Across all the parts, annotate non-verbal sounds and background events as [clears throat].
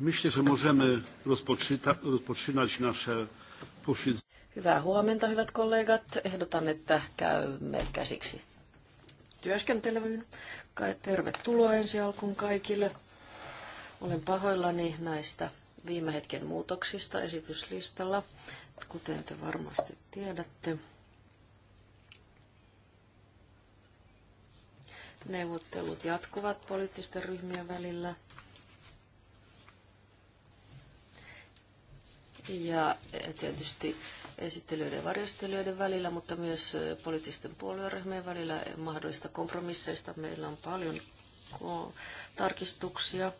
Myślę, że możemy rozpoczynać nasze posiedzenie. Hyvää huomenta, hyvät kollegat. Ehdotan, että käymme käsiksi työskentelyyn. Tervetuloa ensi alkuun kaikille. Olen pahoillani näistä viime hetken muutoksista esityslistalla, kuten te varmasti tiedätte. Neuvottelut jatkuvat poliittisten ryhmien välillä – ja eh, tietysti esittelyiden ja varjostelijoiden välillä, mutta myös eh, poliittisten puolueryhmien välillä mahdollista kompromisseista. Meillä on paljon eh, tarkistuksia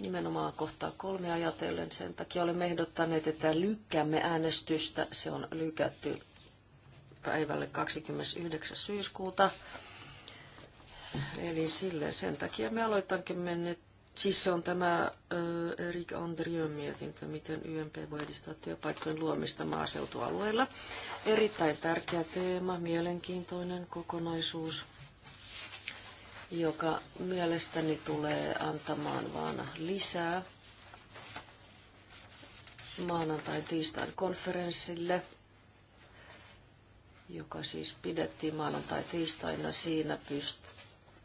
nimenomaan kohtaa kolme ajatellen. Sen takia olemme ehdottaneet, että lykkäämme äänestystä. Se on lykätty päivälle 29. syyskuuta. Eli sille sen takia me aloitankin me nyt Siis se on tämä Erik Andrion mietintö, miten YMP voi edistää työpaikkojen luomista maaseutualueilla. Erittäin tärkeä teema, mielenkiintoinen kokonaisuus, joka mielestäni tulee antamaan vaan lisää maanantai tiistain konferenssille, joka siis pidettiin maanantai tiistaina. Siinä, pyst-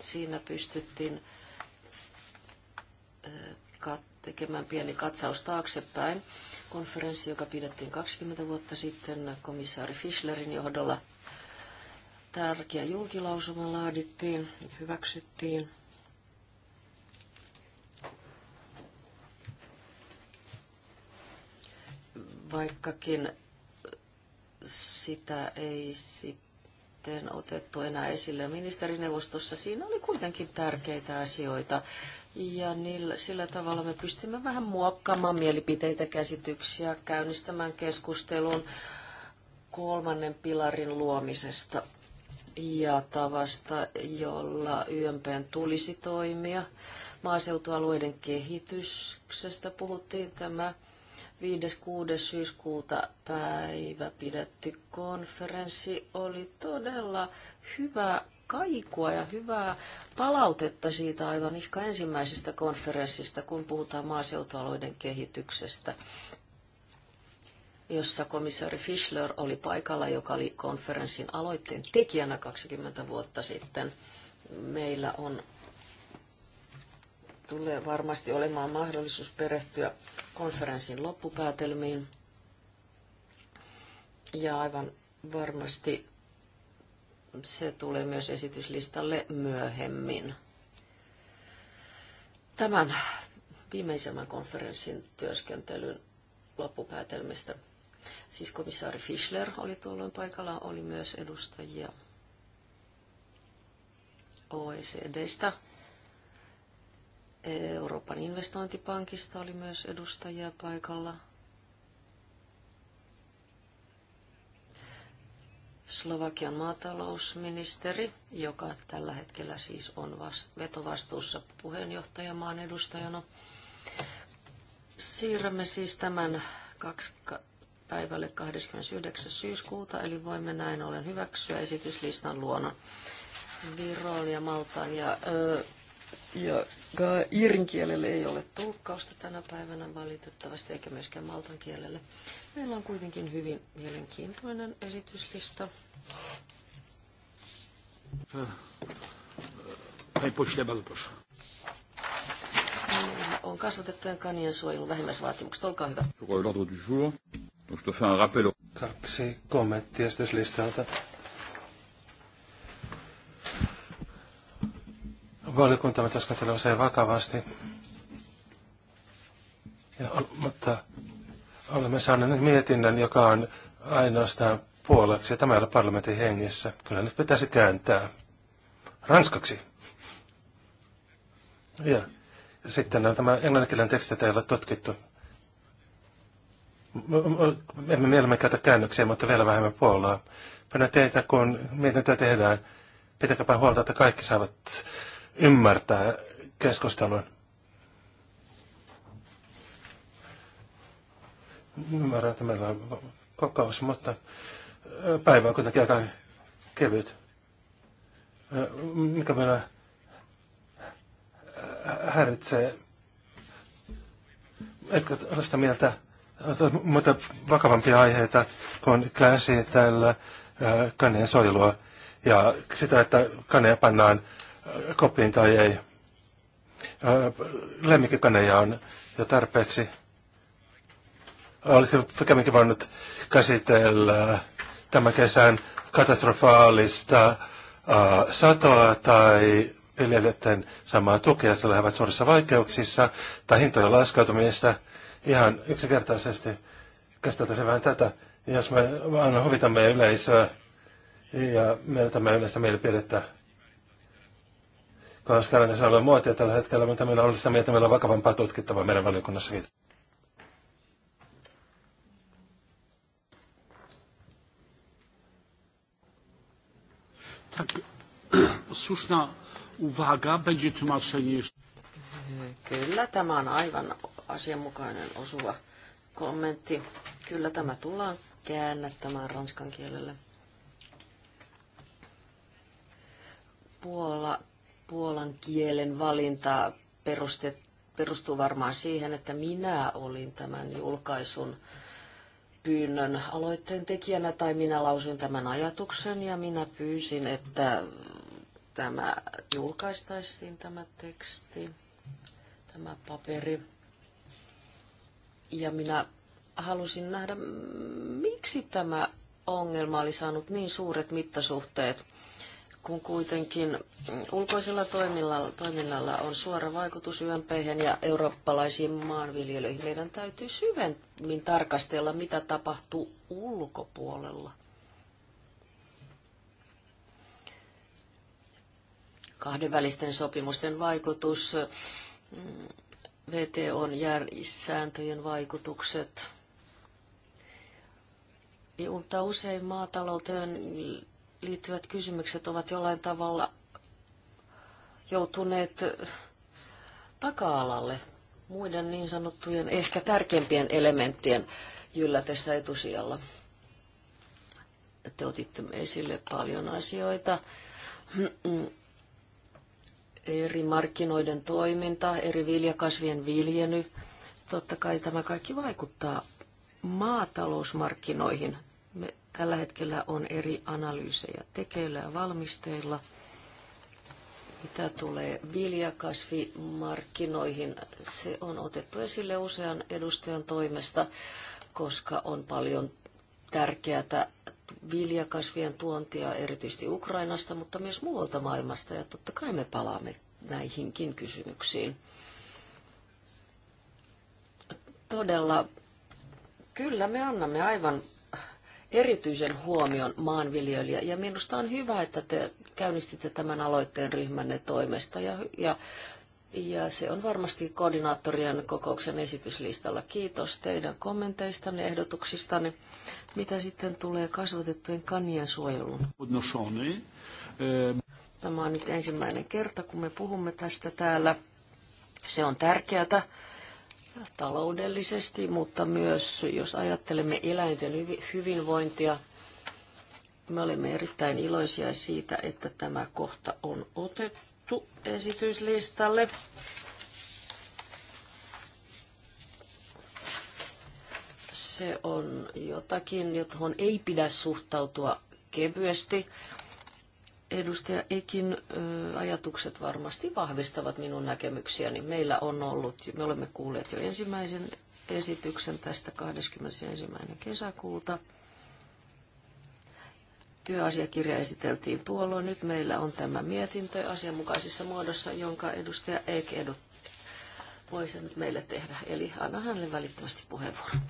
siinä pystyttiin tekemään pieni katsaus taaksepäin. Konferenssi, joka pidettiin 20 vuotta sitten komissaari Fischlerin johdolla. Tärkeä julkilausuma laadittiin ja hyväksyttiin. Vaikkakin sitä ei sitten otettu enää esille ministerineuvostossa, siinä oli kuitenkin tärkeitä asioita ja niillä, sillä tavalla me pystymme vähän muokkaamaan mielipiteitä, käsityksiä, käynnistämään keskustelun kolmannen pilarin luomisesta ja tavasta, jolla YMPn tulisi toimia. Maaseutualueiden kehityksestä puhuttiin tämä 5.6. syyskuuta päivä pidetty konferenssi oli todella hyvä kaikua ja hyvää palautetta siitä aivan ehkä ensimmäisestä konferenssista, kun puhutaan maaseutualueiden kehityksestä jossa komissaari Fischler oli paikalla, joka oli konferenssin aloitteen tekijänä 20 vuotta sitten. Meillä on tulee varmasti olemaan mahdollisuus perehtyä konferenssin loppupäätelmiin. Ja aivan varmasti se tulee myös esityslistalle myöhemmin. Tämän viimeisemmän konferenssin työskentelyn loppupäätelmistä. Siis komissaari Fischler oli tuolloin paikalla, oli myös edustajia OECDstä. Euroopan investointipankista oli myös edustajia paikalla – Slovakian maatalousministeri, joka tällä hetkellä siis on vetovastuussa puheenjohtajamaan edustajana. Siirrämme siis tämän kaksi päivälle 29. syyskuuta, eli voimme näin ollen hyväksyä esityslistan luona Viroon ja Maltaan ja ö, ja irin kielelle ei ole tulkkausta tänä päivänä valitettavasti, eikä myöskään maltan kielelle. Meillä on kuitenkin hyvin mielenkiintoinen esityslista. on kasvatettujen kanien suojelun vähimmäisvaatimukset. Olkaa hyvä. Kaksi kommenttia esityslistalta. Valiokuntamme työskentelee usein vakavasti, ja, mutta olemme saaneet mietinnön, joka on ainoastaan puolaksi, ja tämä ei ole parlamentin hengessä. Kyllä nyt pitäisi kääntää ranskaksi. Ja, ja sitten on tämä englanninkielinen teksti ei ole tutkittu. Emme mielemme käytä käännöksiä, mutta vielä vähemmän puolaa. Pidän teitä, kun mietintöä tehdään, pitäkääpä huolta, että kaikki saavat ymmärtää keskustelun. Ymmärrän, että meillä on kokous, mutta päivä on kuitenkin aika kevyt. Mikä meillä häiritsee, etkö ole sitä mieltä, mutta vakavampia aiheita kuin käsitellä kaneen soilua ja sitä, että kaneja pannaan Kopin tai ei. Lemmikkikaneja on jo tarpeeksi. Olisi pikemminkin voinut käsitellä tämän kesän katastrofaalista satoa tai viljelijöiden samaa tukea, sillä he ovat suurissa vaikeuksissa, tai hintojen laskeutumista ihan yksinkertaisesti käsiteltäisiin vähän tätä. Jos me aina huvitamme yleisöä ja meiltämme yleistä mielipidettä, koska se on muotia tällä hetkellä, mitä meillä on sitä mieltä, meillä on vakavampaa tutkittavaa meidän valiokunnassa. Kiitos. Tak, [clears throat] słuszna będzie tłumaczenie. Kyllä, tämä on aivan asianmukainen osuva kommentti. Kyllä tämä tullaan käännättämään ranskan kielelle. Puola puolan kielen valinta peruste, perustuu varmaan siihen, että minä olin tämän julkaisun pyynnön aloitteen tekijänä tai minä lausuin tämän ajatuksen ja minä pyysin, että tämä julkaistaisiin tämä teksti, tämä paperi. Ja minä halusin nähdä, miksi tämä ongelma oli saanut niin suuret mittasuhteet kun kuitenkin ulkoisella toiminnalla, toiminnalla on suora vaikutus YMPhen ja eurooppalaisiin maanviljelyihin. Meidän täytyy syvemmin tarkastella, mitä tapahtuu ulkopuolella. Kahdenvälisten sopimusten vaikutus, VTOn sääntöjen vaikutukset, mutta usein maatalouteen liittyvät kysymykset ovat jollain tavalla joutuneet taka-alalle muiden niin sanottujen ehkä tärkeimpien elementtien yllätessä etusijalla. Te otitte esille paljon asioita. Eri markkinoiden toiminta, eri viljakasvien viljely. Totta kai tämä kaikki vaikuttaa maatalousmarkkinoihin. Me Tällä hetkellä on eri analyysejä tekeillä ja valmisteilla. Mitä tulee viljakasvimarkkinoihin, se on otettu esille usean edustajan toimesta, koska on paljon tärkeää viljakasvien tuontia erityisesti Ukrainasta, mutta myös muualta maailmasta. Ja totta kai me palaamme näihinkin kysymyksiin. Todella, kyllä me annamme aivan erityisen huomion maanviljelijä. Ja minusta on hyvä, että te käynnistitte tämän aloitteen ryhmänne toimesta ja, ja ja se on varmasti koordinaattorien kokouksen esityslistalla. Kiitos teidän kommenteistanne, ehdotuksistanne. Mitä sitten tulee kasvatettujen kanien suojeluun? Tämä on nyt ensimmäinen kerta, kun me puhumme tästä täällä. Se on tärkeää taloudellisesti, mutta myös jos ajattelemme eläinten hyvinvointia, me olemme erittäin iloisia siitä, että tämä kohta on otettu esityslistalle. Se on jotakin, johon ei pidä suhtautua kevyesti. Edustaja Ekin ajatukset varmasti vahvistavat minun näkemyksiäni. Meillä on ollut, me olemme kuulleet jo ensimmäisen esityksen tästä 21. kesäkuuta. Työasiakirja esiteltiin tuolloin. Nyt meillä on tämä mietintö asianmukaisessa muodossa, jonka edustaja Eik edu voi sen nyt meille tehdä. Eli anna hänelle välittömästi puheenvuoron.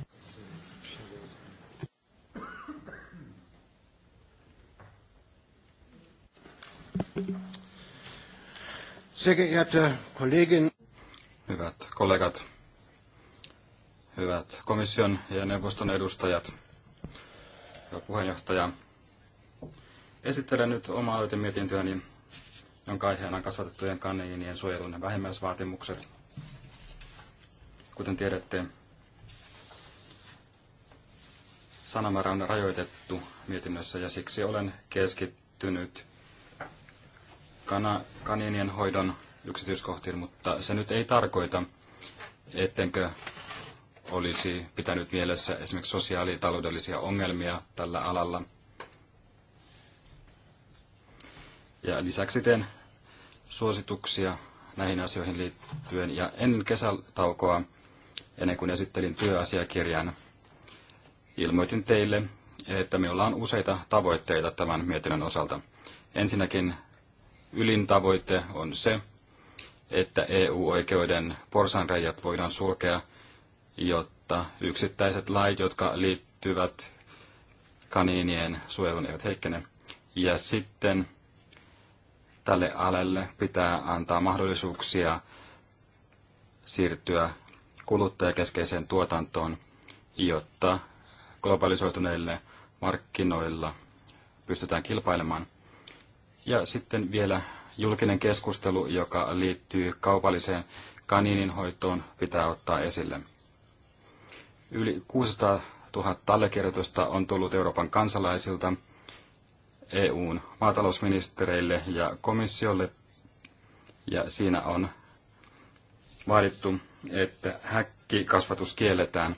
Sehr geehrte Kollegin. Hyvät kollegat, hyvät komission ja neuvoston edustajat, ja puheenjohtaja. Esittelen nyt omaa aloitemietintöäni, jonka aiheena on kasvatettujen kaniinien suojelun vähimmäisvaatimukset. Kuten tiedätte, sanamäärä on rajoitettu mietinnössä ja siksi olen keskittynyt kana, kaninien hoidon yksityiskohtiin, mutta se nyt ei tarkoita, ettenkö olisi pitänyt mielessä esimerkiksi sosiaalitaloudellisia ongelmia tällä alalla. Ja lisäksi teen suosituksia näihin asioihin liittyen ja en kesätaukoa, ennen kuin esittelin työasiakirjan, ilmoitin teille, että meillä on useita tavoitteita tämän mietinnön osalta. Ensinnäkin ylin tavoite on se, että EU-oikeuden porsanreijat voidaan sulkea, jotta yksittäiset lait, jotka liittyvät kaniinien suojelun, eivät heikkene. Ja sitten tälle alalle pitää antaa mahdollisuuksia siirtyä kuluttajakeskeiseen tuotantoon, jotta globalisoituneille markkinoilla pystytään kilpailemaan – ja sitten vielä julkinen keskustelu, joka liittyy kaupalliseen kaniininhoitoon, pitää ottaa esille. Yli 600 000 allekirjoitusta on tullut Euroopan kansalaisilta, EUn maatalousministereille ja komissiolle, ja siinä on vaadittu, että häkkikasvatus kielletään.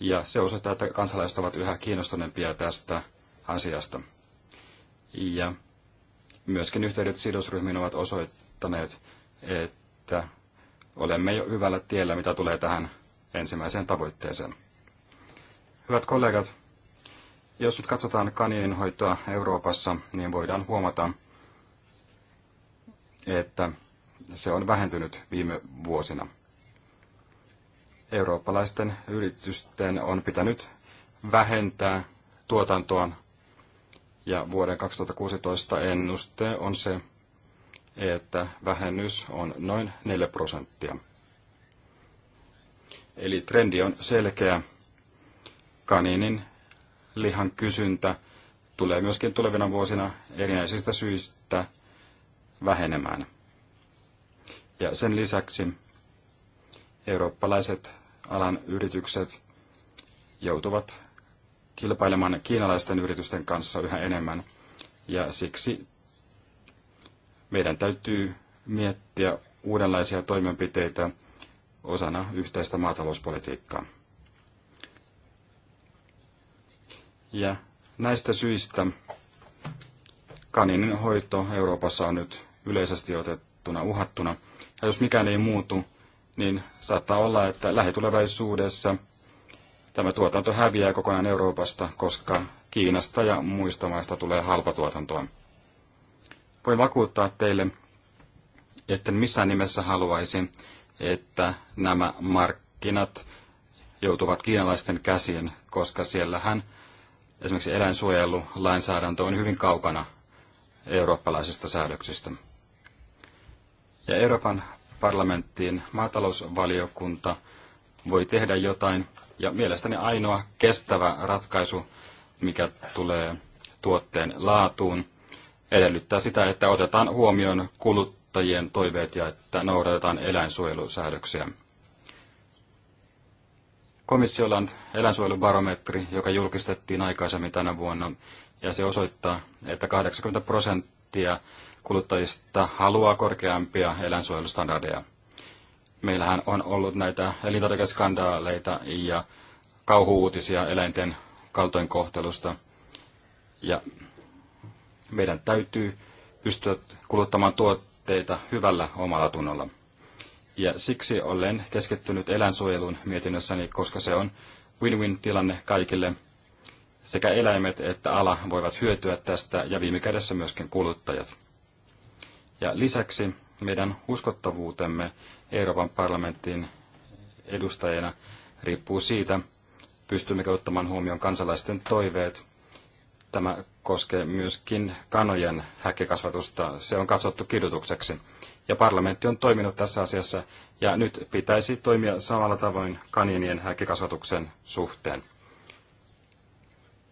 Ja se osoittaa, että kansalaiset ovat yhä kiinnostuneempia tästä asiasta. Ja myöskin yhteydet sidosryhmiin ovat osoittaneet, että olemme jo hyvällä tiellä, mitä tulee tähän ensimmäiseen tavoitteeseen. Hyvät kollegat, jos nyt katsotaan kanienhoitoa Euroopassa, niin voidaan huomata, että se on vähentynyt viime vuosina. Eurooppalaisten yritysten on pitänyt vähentää tuotantoa. Ja vuoden 2016 ennuste on se, että vähennys on noin 4 prosenttia. Eli trendi on selkeä. Kaninin lihan kysyntä tulee myöskin tulevina vuosina erinäisistä syistä vähenemään. Ja sen lisäksi eurooppalaiset alan yritykset joutuvat kilpailemaan kiinalaisten yritysten kanssa yhä enemmän. Ja siksi meidän täytyy miettiä uudenlaisia toimenpiteitä osana yhteistä maatalouspolitiikkaa. Ja näistä syistä kaninin hoito Euroopassa on nyt yleisesti otettuna uhattuna. Ja jos mikään ei muutu, niin saattaa olla, että lähitulevaisuudessa – tämä tuotanto häviää kokonaan Euroopasta, koska Kiinasta ja muista maista tulee halpatuotantoa. Voin vakuuttaa teille, että missään nimessä haluaisin, että nämä markkinat joutuvat kiinalaisten käsiin, koska siellähän esimerkiksi eläinsuojelulainsäädäntö on hyvin kaukana eurooppalaisista säädöksistä. Ja Euroopan parlamenttiin maatalousvaliokunta voi tehdä jotain, ja mielestäni ainoa kestävä ratkaisu, mikä tulee tuotteen laatuun, edellyttää sitä, että otetaan huomioon kuluttajien toiveet ja että noudatetaan eläinsuojelusäädöksiä. Komissiolla on eläinsuojelubarometri, joka julkistettiin aikaisemmin tänä vuonna, ja se osoittaa, että 80 prosenttia kuluttajista haluaa korkeampia eläinsuojelustandardeja meillähän on ollut näitä elintarvikeskandaaleita ja kauhuutisia eläinten kaltoinkohtelusta. Ja meidän täytyy pystyä kuluttamaan tuotteita hyvällä omalla tunnolla. Ja siksi olen keskittynyt eläinsuojelun mietinnössäni, koska se on win-win-tilanne kaikille. Sekä eläimet että ala voivat hyötyä tästä ja viime kädessä myöskin kuluttajat. Ja lisäksi meidän uskottavuutemme Euroopan parlamentin edustajina riippuu siitä, pystymmekö ottamaan huomioon kansalaisten toiveet. Tämä koskee myöskin kanojen häkkikasvatusta. Se on katsottu kidutukseksi. Ja parlamentti on toiminut tässä asiassa, ja nyt pitäisi toimia samalla tavoin kaninien häkkikasvatuksen suhteen.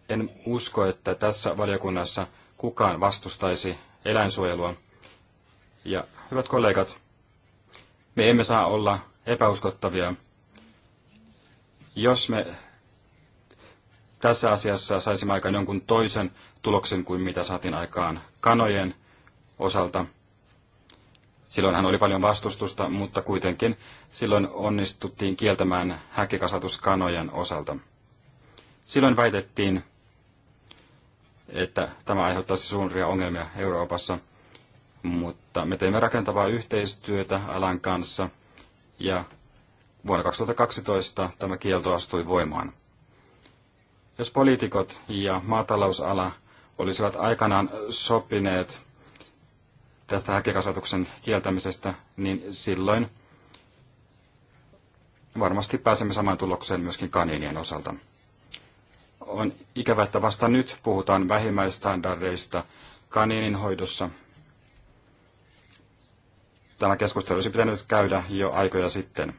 En usko, että tässä valiokunnassa kukaan vastustaisi eläinsuojelua, ja hyvät kollegat, me emme saa olla epäuskottavia. Jos me tässä asiassa saisimme aikaan jonkun toisen tuloksen kuin mitä saatiin aikaan kanojen osalta, silloinhan oli paljon vastustusta, mutta kuitenkin silloin onnistuttiin kieltämään häkkikasvatus kanojen osalta. Silloin väitettiin, että tämä aiheuttaisi suuria ongelmia Euroopassa – mutta me teimme rakentavaa yhteistyötä alan kanssa ja vuonna 2012 tämä kielto astui voimaan. Jos poliitikot ja maatalousala olisivat aikanaan sopineet tästä häkikasvatuksen kieltämisestä, niin silloin varmasti pääsemme samaan tulokseen myöskin kaniinien osalta. On ikävä, että vasta nyt puhutaan vähimmäistandardeista kaniinin hoidossa tämä keskustelu olisi pitänyt käydä jo aikoja sitten.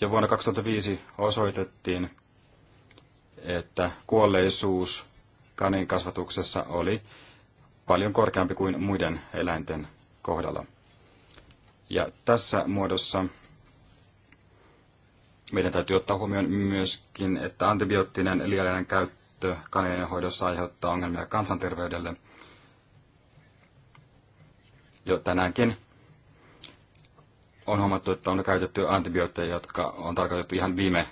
Jo vuonna 2005 osoitettiin, että kuolleisuus kanin kasvatuksessa oli paljon korkeampi kuin muiden eläinten kohdalla. Ja tässä muodossa meidän täytyy ottaa huomioon myöskin, että antibioottinen liiallinen käyttö kanien hoidossa aiheuttaa ongelmia kansanterveydelle. Jo tänäänkin on huomattu, että on käytetty antibiootteja, jotka on tarkoitettu ihan viime,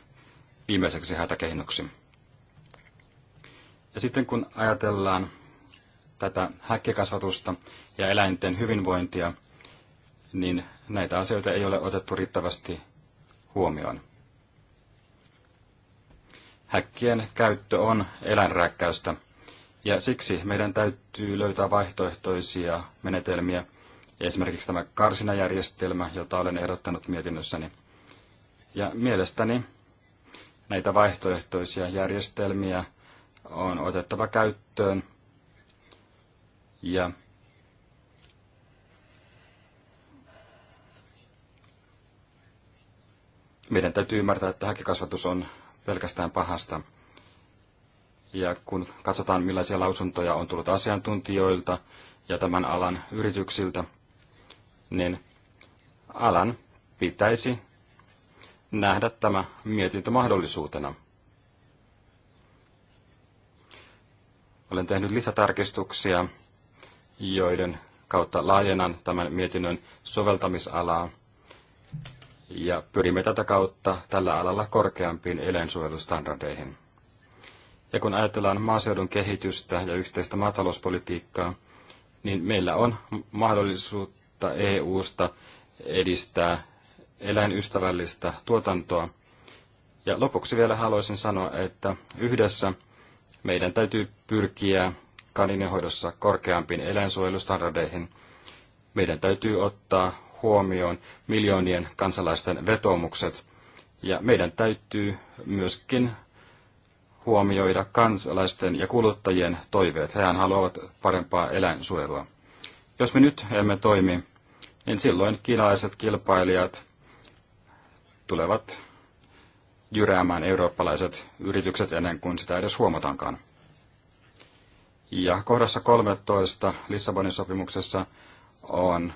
viimeiseksi hätäkeinoksi. Ja sitten kun ajatellaan tätä häkkikasvatusta ja eläinten hyvinvointia, niin näitä asioita ei ole otettu riittävästi huomioon. Häkkien käyttö on eläinrääkkäystä, ja siksi meidän täytyy löytää vaihtoehtoisia menetelmiä – Esimerkiksi tämä karsinajärjestelmä, jota olen ehdottanut mietinnössäni. Ja mielestäni näitä vaihtoehtoisia järjestelmiä on otettava käyttöön ja meidän täytyy ymmärtää, että häkikasvatus on pelkästään pahasta. Ja kun katsotaan, millaisia lausuntoja on tullut asiantuntijoilta ja tämän alan yrityksiltä, niin alan pitäisi nähdä tämä mietintö mahdollisuutena. Olen tehnyt lisätarkistuksia, joiden kautta laajennan tämän mietinnön soveltamisalaa ja pyrimme tätä kautta tällä alalla korkeampiin eläinsuojelustandardeihin. Ja kun ajatellaan maaseudun kehitystä ja yhteistä maatalouspolitiikkaa, niin meillä on mahdollisuus, että EU-sta edistää eläinystävällistä tuotantoa. Ja lopuksi vielä haluaisin sanoa, että yhdessä meidän täytyy pyrkiä kaninehoidossa korkeampiin eläinsuojelustandardeihin. Meidän täytyy ottaa huomioon miljoonien kansalaisten vetomukset ja meidän täytyy myöskin huomioida kansalaisten ja kuluttajien toiveet. Hehän haluavat parempaa eläinsuojelua. Jos me nyt emme toimi, niin silloin kiinalaiset kilpailijat tulevat jyräämään eurooppalaiset yritykset ennen kuin sitä edes huomataankaan. Ja kohdassa 13 Lissabonin sopimuksessa on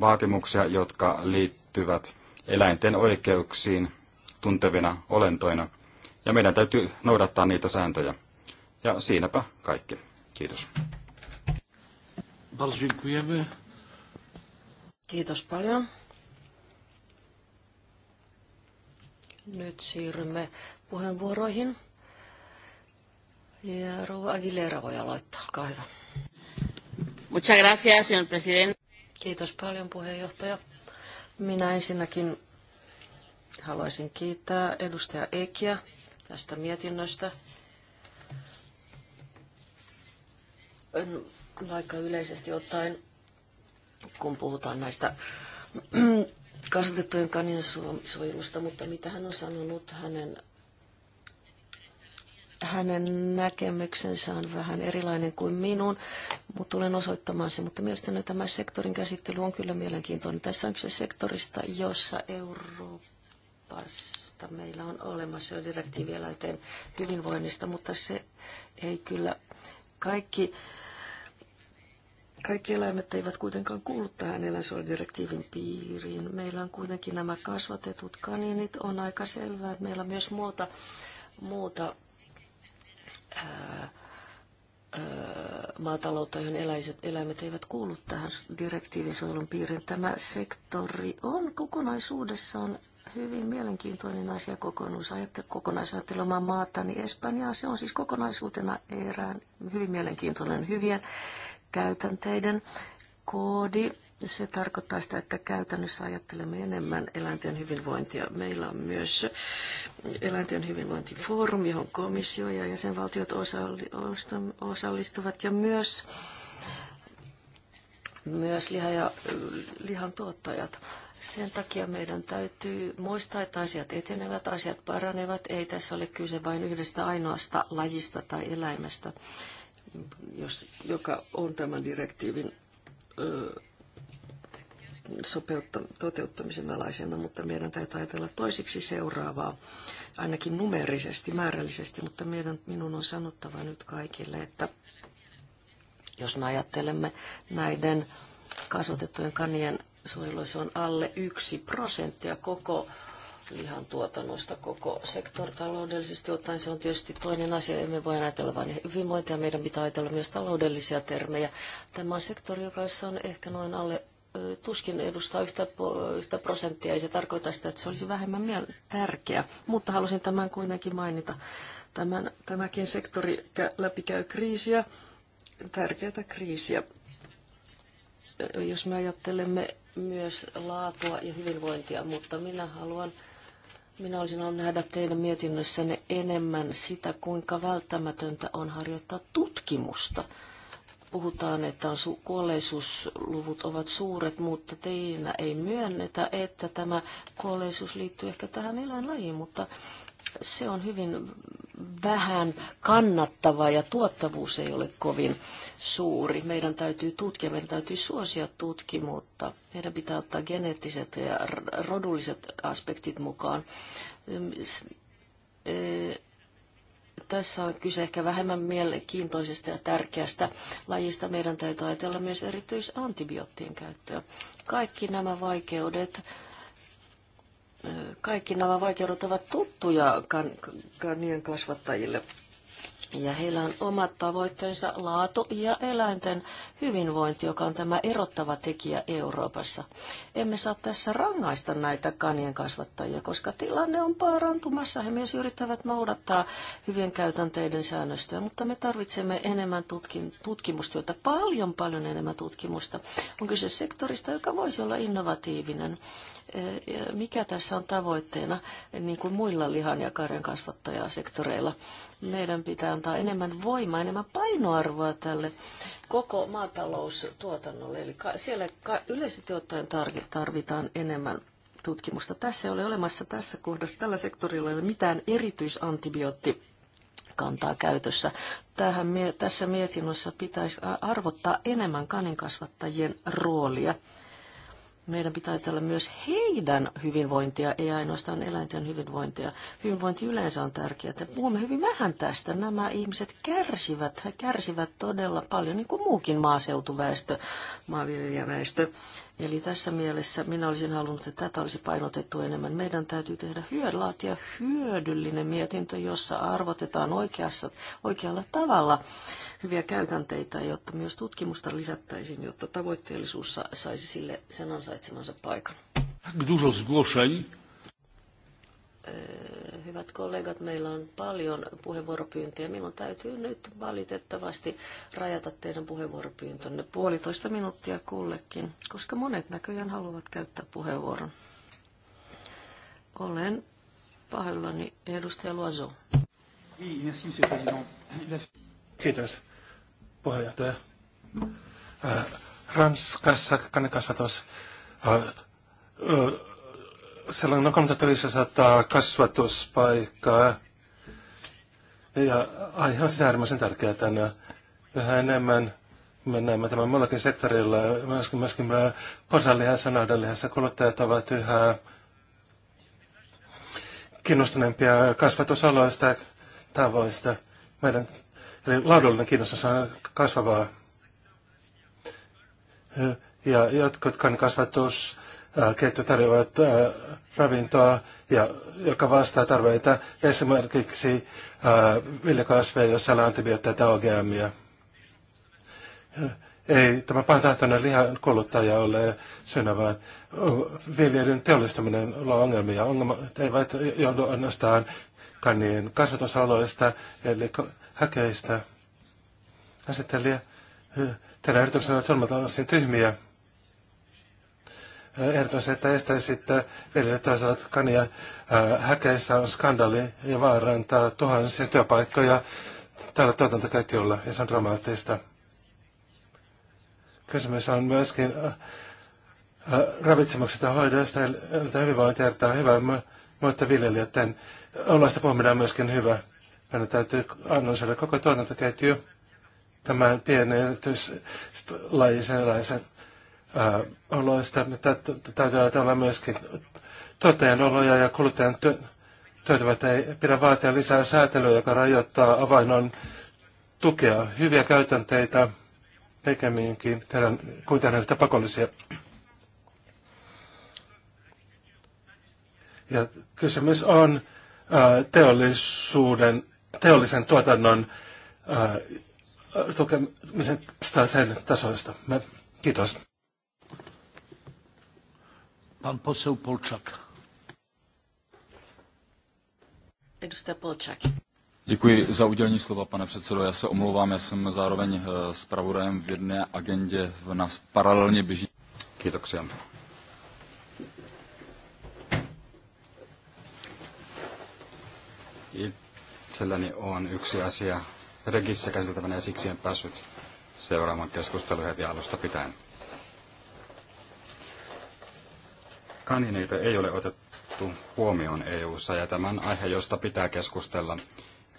vaatimuksia, jotka liittyvät eläinten oikeuksiin tuntevina olentoina. Ja meidän täytyy noudattaa niitä sääntöjä. Ja siinäpä kaikki. Kiitos. Bardzo dziękujemy. Kiitos paljon. Nyt siirrymme puheenvuoroihin. Ja Rouva Aguilera voi aloittaa. Olkaa hyvä. Muchas gracias, señor presidente. Kiitos paljon puheenjohtaja. Minä ensinnäkin haluaisin kiittää edustaja Ekiä tästä mietinnöstä vaikka yleisesti ottaen, kun puhutaan näistä kasvatettujen kanien suojelusta, mutta mitä hän on sanonut, hänen, hänen näkemyksensä on vähän erilainen kuin minun, mutta tulen osoittamaan se. Mutta mielestäni tämä sektorin käsittely on kyllä mielenkiintoinen. Tässä on kyse sektorista, jossa Euroopasta meillä on olemassa jo direktiivieläinten hyvinvoinnista, mutta se ei kyllä kaikki kaikki eläimet eivät kuitenkaan kuulu tähän eläinsuojeludirektiivin piiriin. Meillä on kuitenkin nämä kasvatetut kaninit. On aika selvää, että meillä on myös muuta, muuta ää, maataloutta, johon eläiset, eläimet eivät kuulu tähän direktiivin suojelun piiriin. Tämä sektori on kokonaisuudessaan hyvin mielenkiintoinen asia kokonaisuus. Kokonaisuusajattelu omaa maata, niin Espanjaa se on siis kokonaisuutena erään hyvin mielenkiintoinen hyvien käytänteiden koodi. Se tarkoittaa sitä, että käytännössä ajattelemme enemmän eläinten hyvinvointia. Meillä on myös eläinten hyvinvointifoorumi, johon komissio ja jäsenvaltiot osallistuvat ja myös, myös liha ja, lihan tuottajat. Sen takia meidän täytyy muistaa, että asiat etenevät, asiat paranevat. Ei tässä ole kyse vain yhdestä ainoasta lajista tai eläimestä jos, joka on tämän direktiivin ö, sopeutta, toteuttamisen alaisena, mutta meidän täytyy ajatella toisiksi seuraavaa, ainakin numerisesti, määrällisesti, mutta meidän, minun on sanottava nyt kaikille, että jos me ajattelemme näiden kasvatettujen kanien suojelua, se on alle yksi prosenttia koko lihan tuotannosta koko sektortaloudellisesti ottaen. Se on tietysti toinen asia, emme voi ajatella vain hyvinvointia, meidän pitää ajatella myös taloudellisia termejä. Tämä on sektori, joka on ehkä noin alle tuskin edustaa yhtä, yhtä prosenttia, ei se tarkoita sitä, että se olisi vähemmän tärkeä, mutta halusin tämän kuitenkin mainita. Tämän, tämäkin sektori läpikäy kriisiä, tärkeää kriisiä. Jos me ajattelemme myös laatua ja hyvinvointia, mutta minä haluan minä olisin halunnut nähdä teidän mietinnössänne enemmän sitä, kuinka välttämätöntä on harjoittaa tutkimusta. Puhutaan, että on su- kuolleisuusluvut ovat suuret, mutta teinä ei myönnetä, että tämä kuolleisuus liittyy ehkä tähän eläinlajiin, mutta se on hyvin vähän kannattava ja tuottavuus ei ole kovin suuri. Meidän täytyy tutkia, meidän täytyy suosia tutkimutta. Meidän pitää ottaa geneettiset ja rodulliset aspektit mukaan. E, tässä on kyse ehkä vähemmän mielenkiintoisesta ja tärkeästä lajista. Meidän täytyy ajatella myös erityisantibioottien käyttöä. Kaikki nämä vaikeudet kaikki nämä vaikeudet ovat tuttuja kan, kanien kasvattajille. Ja heillä on omat tavoitteensa laatu ja eläinten hyvinvointi, joka on tämä erottava tekijä Euroopassa. Emme saa tässä rangaista näitä kanien kasvattajia, koska tilanne on parantumassa. He myös yrittävät noudattaa hyvien käytänteiden säännöstöä, mutta me tarvitsemme enemmän tutkin, tutkimustyötä, paljon paljon enemmän tutkimusta. On kyse sektorista, joka voisi olla innovatiivinen mikä tässä on tavoitteena, niin kuin muilla lihan ja karjan kasvattajasektoreilla? Meidän pitää antaa enemmän voimaa, enemmän painoarvoa tälle koko maataloustuotannolle. Eli siellä yleisesti ottaen tarvitaan enemmän tutkimusta. Tässä ei ole olemassa tässä kohdassa, tällä sektorilla ei ole mitään erityisantibiootti kantaa käytössä. Tähän, tässä mietinnössä pitäisi arvottaa enemmän kaninkasvattajien roolia meidän pitää ajatella myös heidän hyvinvointia, ei ainoastaan eläinten hyvinvointia. Hyvinvointi yleensä on tärkeää. Puhumme hyvin vähän tästä. Nämä ihmiset kärsivät. He kärsivät todella paljon, niin kuin muukin maaseutuväestö, maanviljelijäväestö. Eli tässä mielessä minä olisin halunnut, että tätä olisi painotettu enemmän. Meidän täytyy tehdä hyö, laatia hyödyllinen mietintö, jossa arvotetaan oikeassa, oikealla tavalla hyviä käytänteitä, jotta myös tutkimusta lisättäisiin, jotta tavoitteellisuus saisi sille sen ansaitsemansa paikan. Dużo zgłoszeń Äh, hyvät kollegat, meillä on paljon puheenvuoropyyntöjä. Minun täytyy nyt valitettavasti rajata teidän puheenvuoropyyntönne puolitoista minuuttia kullekin, koska monet näköjään haluavat käyttää puheenvuoron. Olen pahoillani edustaja Loiseau. Kiitos, puheenjohtaja. Äh, Ranskassa kannenkasvatus äh, sellainen on saattaa kasvatuspaikkaa. Ja aihe on siis äärimmäisen tärkeää tänään. Yhä enemmän me näemme tämän mullakin sektorilla, myöskin, myöskin me porsanlihassa, naudanlihassa kuluttajat ovat yhä kiinnostuneempia kasvatusaloista ja tavoista. Meidän, eli laadullinen kiinnostus on kasvavaa. Ja jotkut kasvatus Äh, ketjut tarjoavat äh, ravintoa, ja, joka vastaa tarpeita esimerkiksi äh, viljakasveja, jossa on antibiootteja tai OGMia. Ei tämä pantahtoinen lihan kuluttaja ole syynä, vaan viljelyn teollistaminen luo ongelmia. Ongelmat eivät johdu ainoastaan kannien kasvatusaloista, eli häkeistä. liian, teidän yrityksenä on tyhmiä Eh, ehdotus, että estäisitte viljelijät toisaalta kania eh, häkeissä on skandaali ja vaarantaa tuhansia työpaikkoja tällä tuotantoketjulla ja se on dramaattista. Kysymys on myöskin eh, ravitsemuksesta hoidosta ja hyvinvointi on hyvä, mutta viljelijöiden oloista puhuminen on myöskin hyvä. Meidän täytyy annonsoida koko tuotantoketju tämän pienen erityislajisen eläisen oloista. Täytyy olla myöskin tuottajan oloja ja kuluttajan työtä, ei pidä vaatia lisää säätelyä, joka rajoittaa avainon tukea. Hyviä käytänteitä pikemminkin tehdään, kuin tehdään sitä pakollisia. Ja kysymys on teollisuuden, teollisen tuotannon tukemisen tasoista. Mä, kiitos. Edustaja pane předsedající Já se omlouvám, já jsem zároveň eh, zpravodajem v jedné agendě v paralelně běží. Kiitoksia. Itselläni on yksi asia rekissä käsiteltävänä ja siksi en päässyt seuraamaan keskustelua heti alusta pitäen. Kanineita ei ole otettu huomioon EU:ssa ja tämän aihe, josta pitää keskustella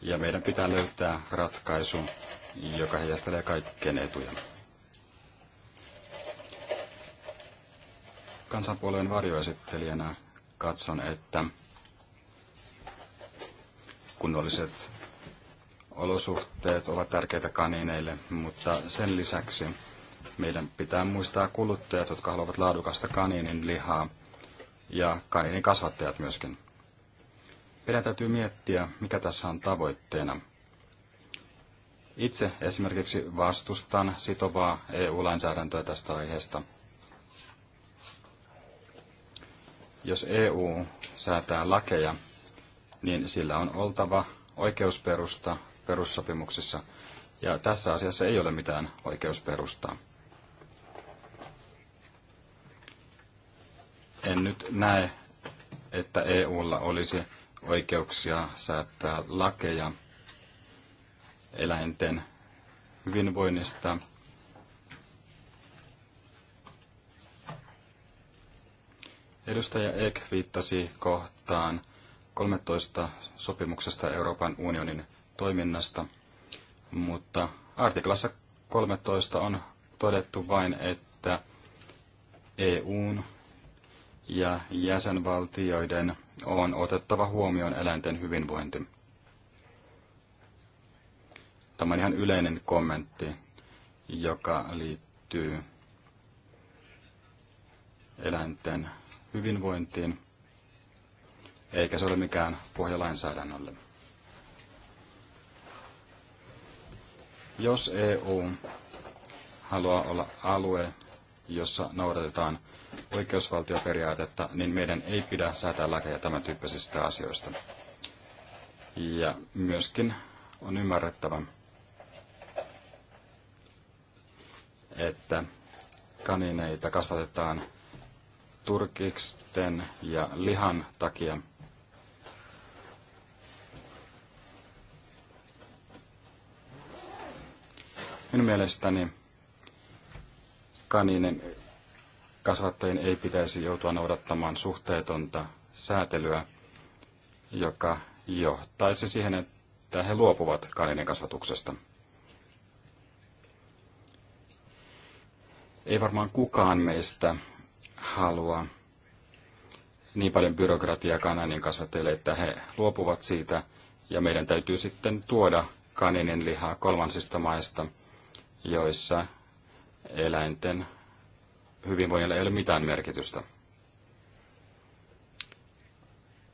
ja meidän pitää löytää ratkaisu, joka heijastelee kaikkien etuja. Kansanpuolueen varjoesittelijänä katson, että kunnolliset olosuhteet ovat tärkeitä kanineille, mutta sen lisäksi meidän pitää muistaa kuluttajat, jotka haluavat laadukasta kaninin lihaa ja kaninin kasvattajat myöskin. Meidän täytyy miettiä, mikä tässä on tavoitteena. Itse esimerkiksi vastustan sitovaa EU-lainsäädäntöä tästä aiheesta. Jos EU säätää lakeja, niin sillä on oltava oikeusperusta perussopimuksissa, ja tässä asiassa ei ole mitään oikeusperustaa. en nyt näe, että EUlla olisi oikeuksia säätää lakeja eläinten hyvinvoinnista. Edustaja Ek viittasi kohtaan 13 sopimuksesta Euroopan unionin toiminnasta, mutta artiklassa 13 on todettu vain, että EUn ja jäsenvaltioiden on otettava huomioon eläinten hyvinvointi. Tämä on ihan yleinen kommentti, joka liittyy eläinten hyvinvointiin, eikä se ole mikään pohja lainsäädännölle. Jos EU haluaa olla alue, jossa noudatetaan oikeusvaltioperiaatetta, niin meidän ei pidä säätää lakeja tämän tyyppisistä asioista. Ja myöskin on ymmärrettävä, että kanineita kasvatetaan turkisten ja lihan takia. Minun mielestäni kaniinen kasvattajien ei pitäisi joutua noudattamaan suhteetonta säätelyä, joka johtaisi siihen, että he luopuvat kaninen kasvatuksesta. Ei varmaan kukaan meistä halua niin paljon byrokratiaa kananien kasvattajille, että he luopuvat siitä, ja meidän täytyy sitten tuoda kaninen lihaa kolmansista maista, joissa eläinten hyvinvoinnilla ei ole mitään merkitystä.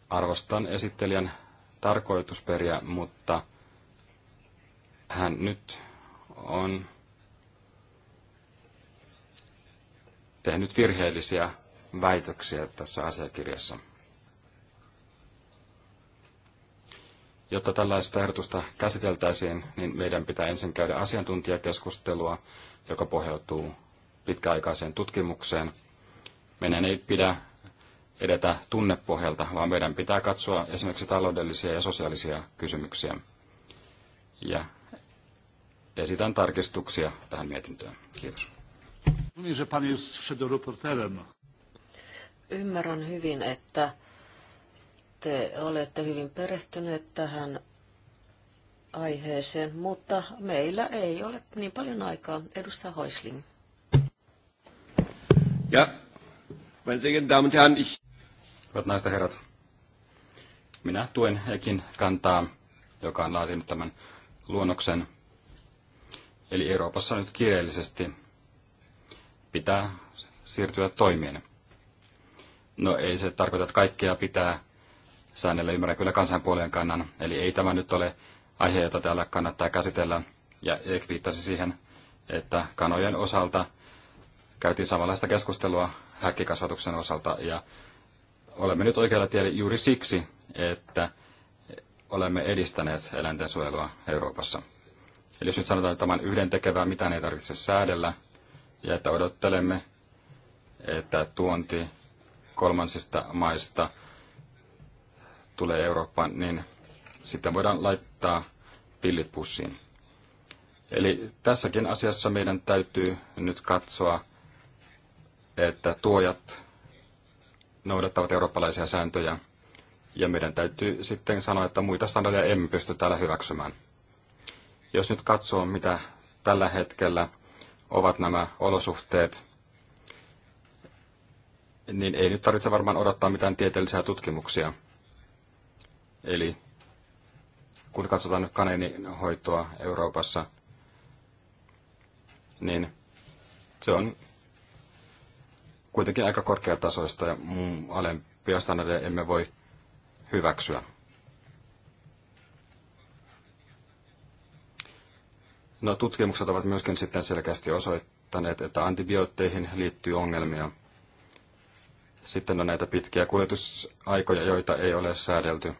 Arvostan esittelijän tarkoitusperiä, mutta hän nyt on tehnyt virheellisiä väitöksiä tässä asiakirjassa. Jotta tällaista ehdotusta käsiteltäisiin, niin meidän pitää ensin käydä asiantuntijakeskustelua joka pohjautuu pitkäaikaiseen tutkimukseen. Meidän ei pidä edetä tunnepohjalta, vaan meidän pitää katsoa esimerkiksi taloudellisia ja sosiaalisia kysymyksiä. Ja esitän tarkistuksia tähän mietintöön. Kiitos. Ymmärrän hyvin, että te olette hyvin perehtyneet tähän aiheeseen, mutta meillä ei ole niin paljon aikaa. Edustaja Häusling. Ja, meine sehr geehrten Damen und Herren, ich... Hyvät naiset ja herrat, minä tuen Ekin kantaa, joka on laatinut tämän luonnoksen. Eli Euroopassa nyt kiireellisesti pitää siirtyä toimien. No ei se tarkoita, että kaikkea pitää säännellä ymmärrä kyllä kansanpuolen kannan. Eli ei tämä nyt ole aihe, jota täällä kannattaa käsitellä. Ja Eek viittasi siihen, että kanojen osalta käytiin samanlaista keskustelua häkkikasvatuksen osalta ja olemme nyt oikealla tiellä juuri siksi, että olemme edistäneet eläinten suojelua Euroopassa. Eli jos nyt sanotaan, että tämän yhden tekevää mitä ei tarvitse säädellä ja että odottelemme, että tuonti kolmansista maista tulee Eurooppaan, niin sitten voidaan laittaa pillit pussiin. Eli tässäkin asiassa meidän täytyy nyt katsoa, että tuojat noudattavat eurooppalaisia sääntöjä, ja meidän täytyy sitten sanoa, että muita standardeja emme pysty täällä hyväksymään. Jos nyt katsoo, mitä tällä hetkellä ovat nämä olosuhteet, niin ei nyt tarvitse varmaan odottaa mitään tieteellisiä tutkimuksia. Eli kun katsotaan nyt hoitoa Euroopassa, niin se on kuitenkin aika korkeatasoista ja muun alempia standardeja emme voi hyväksyä. No, tutkimukset ovat myöskin sitten selkeästi osoittaneet, että antibiootteihin liittyy ongelmia. Sitten on näitä pitkiä kuljetusaikoja, joita ei ole säädelty.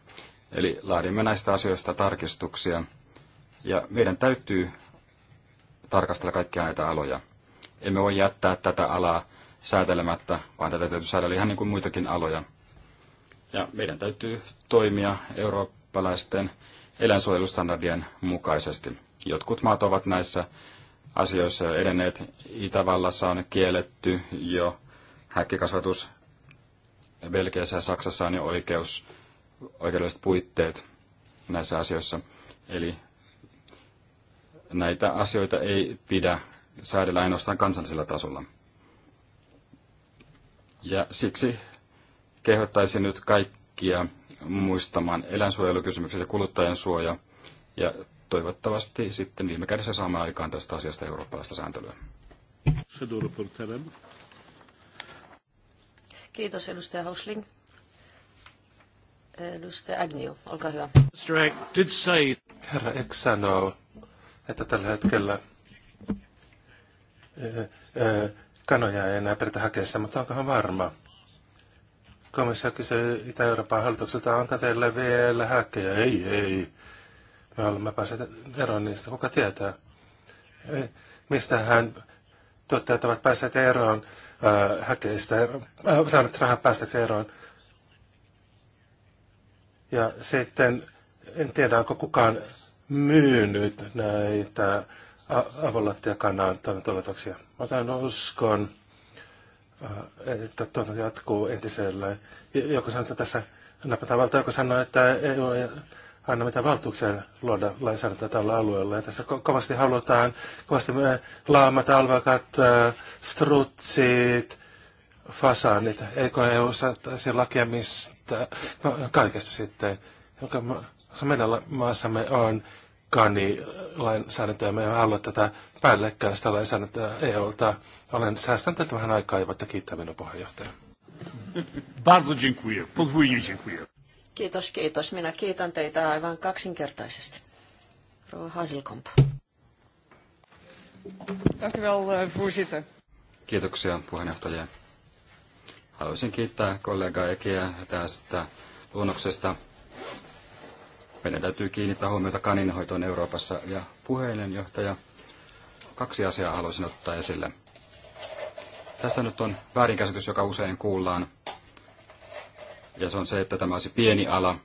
Eli laadimme näistä asioista tarkistuksia. Ja meidän täytyy tarkastella kaikkia näitä aloja. Emme voi jättää tätä alaa säätelemättä, vaan tätä täytyy säädellä ihan niin kuin muitakin aloja. Ja meidän täytyy toimia eurooppalaisten eläinsuojelustandardien mukaisesti. Jotkut maat ovat näissä asioissa edenneet. Itävallassa on kielletty jo häkkikasvatus. Belgiassa ja Saksassa on jo oikeus oikeudelliset puitteet näissä asioissa. Eli näitä asioita ei pidä säädellä ainoastaan kansallisella tasolla. Ja siksi kehottaisin nyt kaikkia muistamaan eläinsuojelukysymykset ja kuluttajan suoja. Ja toivottavasti sitten viime kädessä saamme aikaan tästä asiasta eurooppalaista sääntelyä. Kiitos edustaja Hausling. Edustaja Agnio, olkaa hyvä. Did say, herra Eck sanoo, että tällä hetkellä eh, eh, kanoja ei enää pidetä hakeessa, mutta onkohan varma? Komissio kysyi Itä-Euroopan hallitukselta, onko teillä vielä häkkejä? Ei, ei. Me olemme päässeet eroon niistä, kuka tietää. Eh, Mistä hän tuottajat ovat päässeet eroon häkeistä, äh, saaneet rahaa päästäkseen eroon ja sitten en tiedä, onko kukaan myynyt näitä avolattiakanaan tuotantolaitoksia. Mä otan uskon, äh, että tuotanto jatkuu entisellä. Joku sanoo, että tässä napataan valtaa, joku sanoo, että EU ei anna mitään valtuuksia luoda lainsäädäntöä tällä alueella. Ja tässä kovasti halutaan, kovasti me äh, laamat, alvakat, äh, strutsit, fasaanit. Eikö EU saattaisi lakia mistä no, kaikesta sitten, joka meidän maassamme on kanilainsäädäntöä. Me ei halua tätä sitä lainsäädäntöä EUlta. Olen säästänyt tätä vähän aikaa ja voitte kiittää minun puheenjohtaja. Kiitos, kiitos. Minä kiitän teitä aivan kaksinkertaisesti. Rouva Hasilkomp. Dank u wel, eh, voorzitter. Kiitoksia puheenjohtaja. Haluaisin kiittää kollega Ekeä tästä luonnoksesta. Meidän täytyy kiinnittää huomiota kaninhoitoon Euroopassa ja puheenjohtaja. Kaksi asiaa haluaisin ottaa esille. Tässä nyt on väärinkäsitys, joka usein kuullaan. Ja se on se, että tämä olisi pieni ala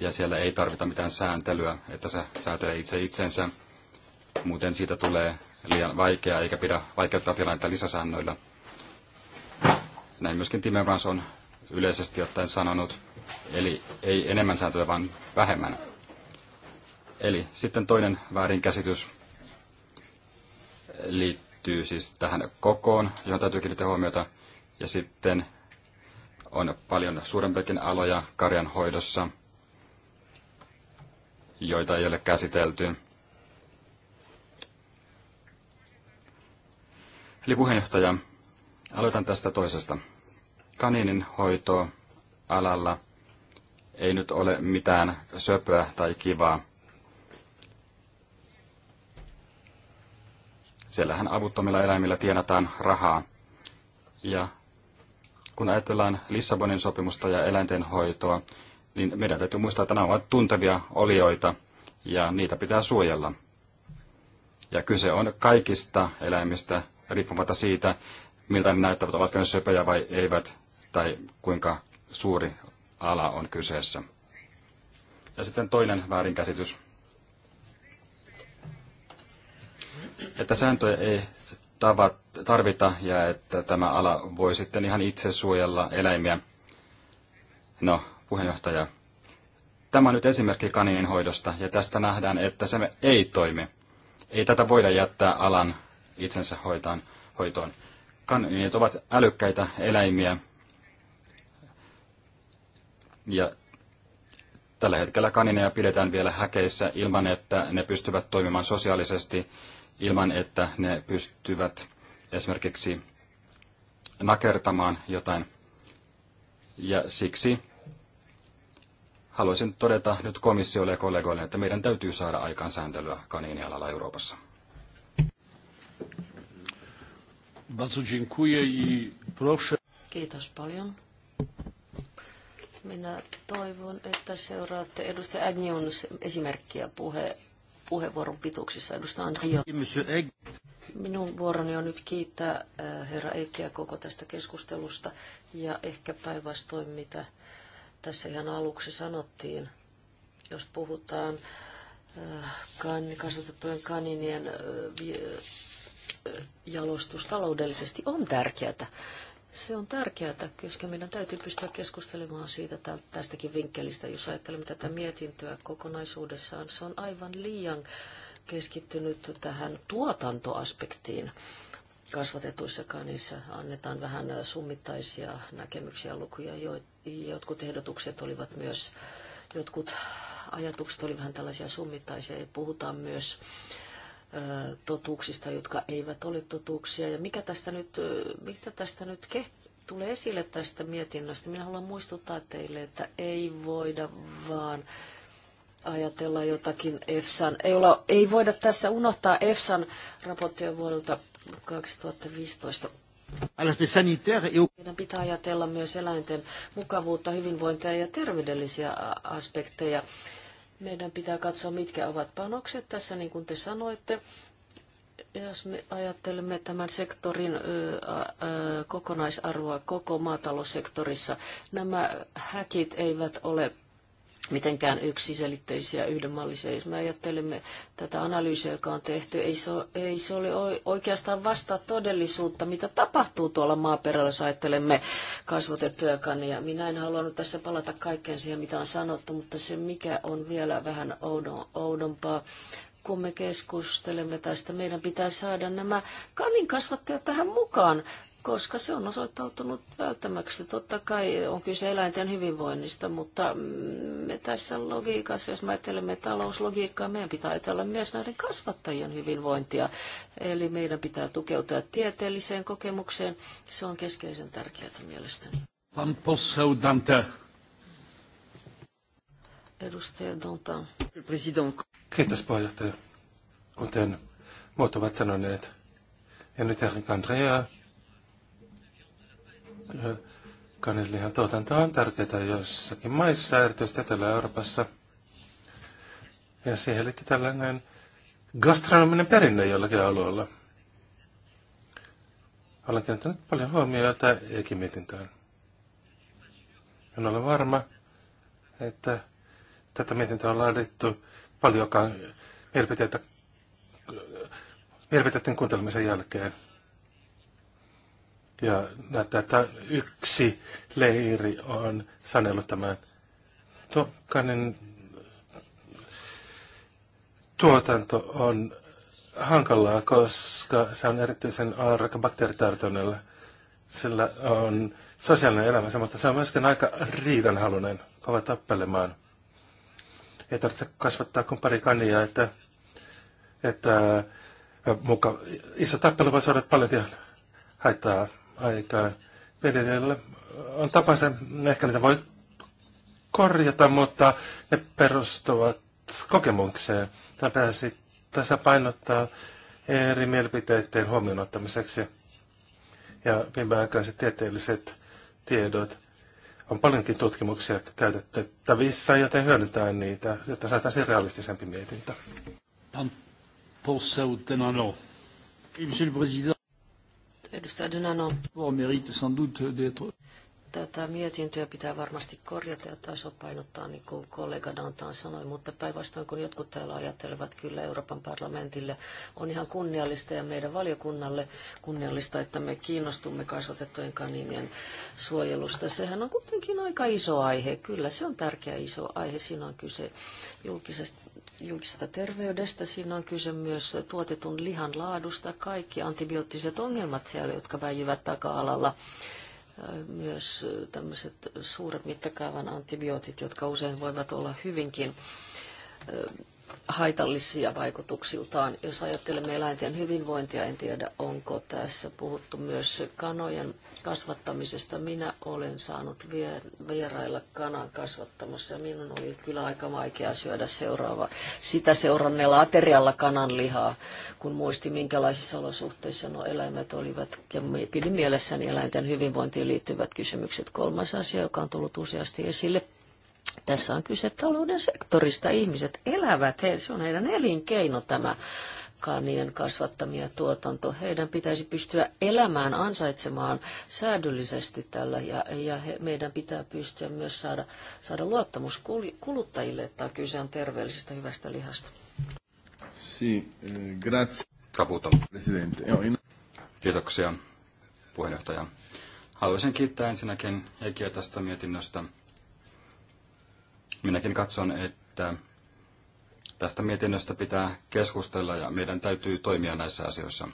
ja siellä ei tarvita mitään sääntelyä, että se säätelee itse itsensä. Muuten siitä tulee liian vaikeaa eikä pidä vaikeuttaa tilannetta lisäsäännöillä. Näin myöskin Timmermans on yleisesti ottaen sanonut, eli ei enemmän sääntöjä, vaan vähemmän. Eli sitten toinen väärinkäsitys liittyy siis tähän kokoon, johon täytyy kiinnittää huomiota, ja sitten on paljon suurempiakin aloja hoidossa, joita ei ole käsitelty. Eli puheenjohtaja, aloitan tästä toisesta. Kaninin hoito alalla ei nyt ole mitään söpöä tai kivaa. Siellähän avuttomilla eläimillä tienataan rahaa. Ja kun ajatellaan Lissabonin sopimusta ja eläinten hoitoa, niin meidän täytyy muistaa, että nämä ovat tuntevia olioita ja niitä pitää suojella. Ja kyse on kaikista eläimistä, riippumatta siitä, miltä ne näyttävät, ovatko ne söpöjä vai eivät tai kuinka suuri ala on kyseessä. Ja sitten toinen väärinkäsitys, että sääntöjä ei tarvita ja että tämä ala voi sitten ihan itse suojella eläimiä. No, puheenjohtaja, tämä on nyt esimerkki kaninin hoidosta ja tästä nähdään, että se ei toimi. Ei tätä voida jättää alan itsensä hoitaan, hoitoon. Kaninit ovat älykkäitä eläimiä ja tällä hetkellä kanineja pidetään vielä häkeissä ilman, että ne pystyvät toimimaan sosiaalisesti, ilman, että ne pystyvät esimerkiksi nakertamaan jotain. Ja siksi haluaisin todeta nyt komissiolle ja kollegoille, että meidän täytyy saada aikaan sääntelyä kaniinialalla Euroopassa. Kiitos paljon. Minä toivon, että seuraatte edustaja Agnion esimerkkiä puhe, puheenvuoron pituuksissa. Edustaja Andrio. Minun vuoroni on nyt kiittää äh, herra Eikkiä koko tästä keskustelusta ja ehkä päinvastoin, mitä tässä ihan aluksi sanottiin, jos puhutaan äh, kasvatettujen kaninien äh, jalostus taloudellisesti on tärkeää. Se on tärkeää, koska meidän täytyy pystyä keskustelemaan siitä tästäkin vinkkelistä, jos ajattelemme tätä mietintöä kokonaisuudessaan. Se on aivan liian keskittynyt tähän tuotantoaspektiin kasvatetuissa kanissa annetaan vähän summittaisia näkemyksiä lukuja. Jotkut ehdotukset olivat myös, jotkut ajatukset olivat vähän tällaisia summittaisia ja puhutaan myös totuuksista, jotka eivät ole totuuksia. Ja mikä tästä nyt, mitä tästä nyt ke tulee esille tästä mietinnöstä. Minä haluan muistuttaa teille, että ei voida vaan ajatella jotakin EFSAn. Ei, olla, ei voida tässä unohtaa EFSAn raporttia vuodelta 2015. Meidän pitää ajatella myös eläinten mukavuutta, hyvinvointia ja terveydellisiä aspekteja. Meidän pitää katsoa, mitkä ovat panokset tässä, niin kuin te sanoitte. Jos me ajattelemme tämän sektorin kokonaisarvoa koko maataloussektorissa, nämä häkit eivät ole mitenkään yksiselitteisiä yhdenmallisia. Jos me ajattelemme tätä analyysiä, joka on tehty, ei se, ole, ei se ole oikeastaan vastaa todellisuutta, mitä tapahtuu tuolla maaperällä, jos ajattelemme kasvotettuja kania. Minä en halunnut tässä palata kaikkeen siihen, mitä on sanottu, mutta se mikä on vielä vähän oudon, oudompaa, kun me keskustelemme tästä, meidän pitää saada nämä kannin kasvattajat tähän mukaan koska se on osoittautunut välttämäksi. Totta kai on kyse eläinten hyvinvoinnista, mutta me tässä logiikassa, jos me ajattelemme talouslogiikkaa, meidän pitää ajatella myös näiden kasvattajien hyvinvointia. Eli meidän pitää tukeutua tieteelliseen kokemukseen. Se on keskeisen tärkeää mielestäni. Pan poseł Dante. Edustaja Dantan. Kiitos puheenjohtaja. Kuten muut ovat sanoneet, ja nyt Erik Andrea, Kanelihan tuotanto on tärkeää joissakin maissa, erityisesti Etelä-Euroopassa. Ja siihen liittyy tällainen gastronominen perinne jollakin alueella. Olen kiinnittänyt paljon huomiota mietintään. En ole varma, että tätä mietintöä on laadittu paljonkaan mielipiteitä, mielipiteiden kuuntelemisen jälkeen. Ja näyttää, että yksi leiri on sanellut tämän Tokkanen tuotanto on hankalaa, koska se on erityisen arka bakteeritartunnalla. Sillä on sosiaalinen elämä, mutta se on myöskin aika riidanhalunen, kova tappelemaan. Ei tarvitse kasvattaa kuin pari kania, että, että muka iso tappelu voi saada paljon haittaa aikaa. Viljelijöillä on tapansa, ehkä niitä voi korjata, mutta ne perustuvat kokemukseen. Tämä pääsi tasapainottaa eri mielipiteiden huomioon ottamiseksi. Ja viimeaikaiset tieteelliset tiedot. On paljonkin tutkimuksia käytettävissä, joten hyödyntää niitä, jotta saataisiin realistisempi mietintä. Pan Monsieur le Président. Edustaja Dynano. Tuo sans doute d'être. Tätä mietintöä pitää varmasti korjata ja tasapainottaa, niin kuin kollega Dantaan sanoi, mutta päinvastoin kun jotkut täällä ajattelevat kyllä Euroopan parlamentille, on ihan kunniallista ja meidän valiokunnalle kunniallista, että me kiinnostumme kasvatettujen kaninien suojelusta. Sehän on kuitenkin aika iso aihe, kyllä se on tärkeä iso aihe, siinä on kyse julkisesta julkisesta terveydestä. Siinä on kyse myös tuotetun lihan laadusta. Kaikki antibioottiset ongelmat siellä, jotka väijyvät taka-alalla. Myös tämmöiset suuret mittakaavan antibiootit, jotka usein voivat olla hyvinkin haitallisia vaikutuksiltaan. Jos ajattelemme eläinten hyvinvointia, en tiedä onko tässä puhuttu myös kanojen kasvattamisesta. Minä olen saanut vierailla kanan kasvattamassa ja minun oli kyllä aika vaikea syödä seuraava, sitä seuranneella aterialla kanan lihaa, kun muisti minkälaisissa olosuhteissa nuo eläimet olivat. Ja pidin mielessäni eläinten hyvinvointiin liittyvät kysymykset. Kolmas asia, joka on tullut useasti esille tässä on kyse talouden sektorista. Ihmiset elävät, he, se on heidän elinkeino tämä kanien kasvattamia tuotanto. Heidän pitäisi pystyä elämään, ansaitsemaan säädöllisesti tällä ja, ja he, meidän pitää pystyä myös saada, saada luottamus kuluttajille, että on kyse on terveellisestä hyvästä lihasta. Si, eh, grazie. Caputo. Presidente. Eh, Kiitoksia puheenjohtaja. Haluaisin kiittää ensinnäkin Hekiä tästä mietinnöstä. Minäkin katson, että tästä mietinnöstä pitää keskustella ja meidän täytyy toimia näissä asioissa.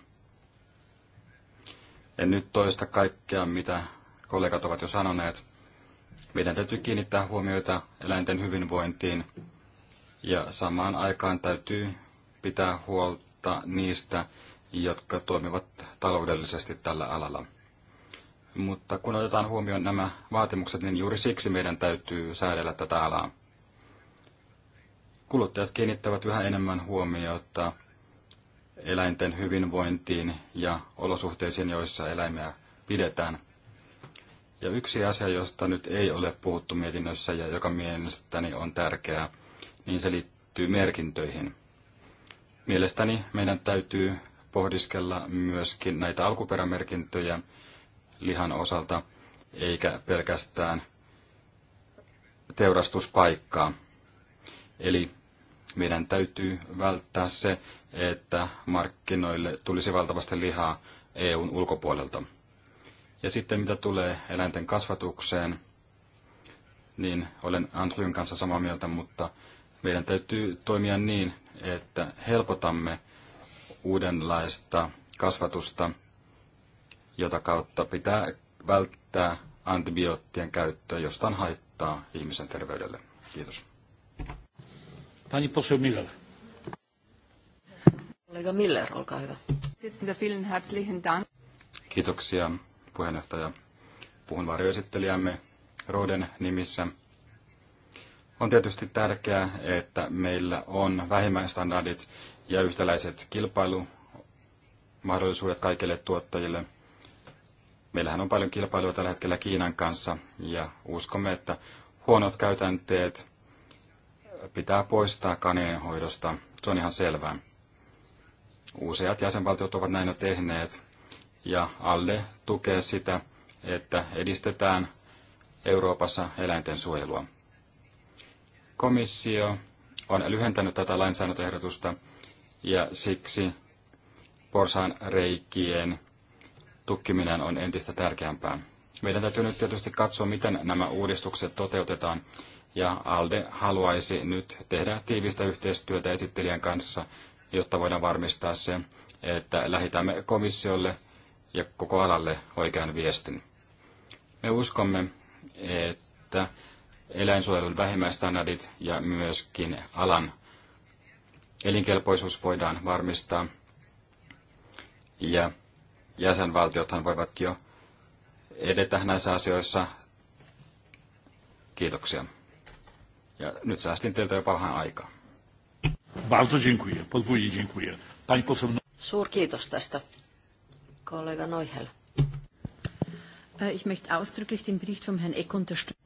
En nyt toista kaikkea, mitä kollegat ovat jo sanoneet. Meidän täytyy kiinnittää huomiota eläinten hyvinvointiin ja samaan aikaan täytyy pitää huolta niistä, jotka toimivat taloudellisesti tällä alalla. Mutta kun otetaan huomioon nämä vaatimukset, niin juuri siksi meidän täytyy säädellä tätä alaa. Kuluttajat kiinnittävät yhä enemmän huomiota eläinten hyvinvointiin ja olosuhteisiin, joissa eläimiä pidetään. Ja yksi asia, josta nyt ei ole puhuttu mietinnössä ja joka mielestäni on tärkeää, niin se liittyy merkintöihin. Mielestäni meidän täytyy pohdiskella myöskin näitä alkuperämerkintöjä lihan osalta, eikä pelkästään teurastuspaikkaa. Eli meidän täytyy välttää se, että markkinoille tulisi valtavasti lihaa EUn ulkopuolelta. Ja sitten mitä tulee eläinten kasvatukseen, niin olen Andryn kanssa samaa mieltä, mutta meidän täytyy toimia niin, että helpotamme uudenlaista kasvatusta jota kautta pitää välttää antibioottien käyttöä, josta on haittaa ihmisen terveydelle. Kiitos. Pani poseł Miller. Kollega Miller, olkaa hyvä. Kiitoksia puheenjohtaja. Puhun varjoesittelijämme Roden nimissä. On tietysti tärkeää, että meillä on vähimmäistandardit ja yhtäläiset kilpailumahdollisuudet kaikille tuottajille – Meillähän on paljon kilpailua tällä hetkellä Kiinan kanssa ja uskomme, että huonot käytänteet pitää poistaa kanien hoidosta. Se on ihan selvää. Useat jäsenvaltiot ovat näin jo tehneet ja alle tukee sitä, että edistetään Euroopassa eläinten suojelua. Komissio on lyhentänyt tätä lainsäädäntöehdotusta ja siksi porsaan reikien tukkiminen on entistä tärkeämpää. Meidän täytyy nyt tietysti katsoa, miten nämä uudistukset toteutetaan, ja ALDE haluaisi nyt tehdä tiivistä yhteistyötä esittelijän kanssa, jotta voidaan varmistaa se, että lähetämme komissiolle ja koko alalle oikean viestin. Me uskomme, että eläinsuojelun vähimmäistandardit ja myöskin alan elinkelpoisuus voidaan varmistaa. Ja jäsenvaltiothan voivat jo edetä näissä asioissa. Kiitoksia. Ja nyt säästin teiltä jopa vähän aikaa. Suur kiitos tästä, kollega Neuhel. Äh, ich möchte ausdrücklich den Bericht Herrn Eck unterstützen.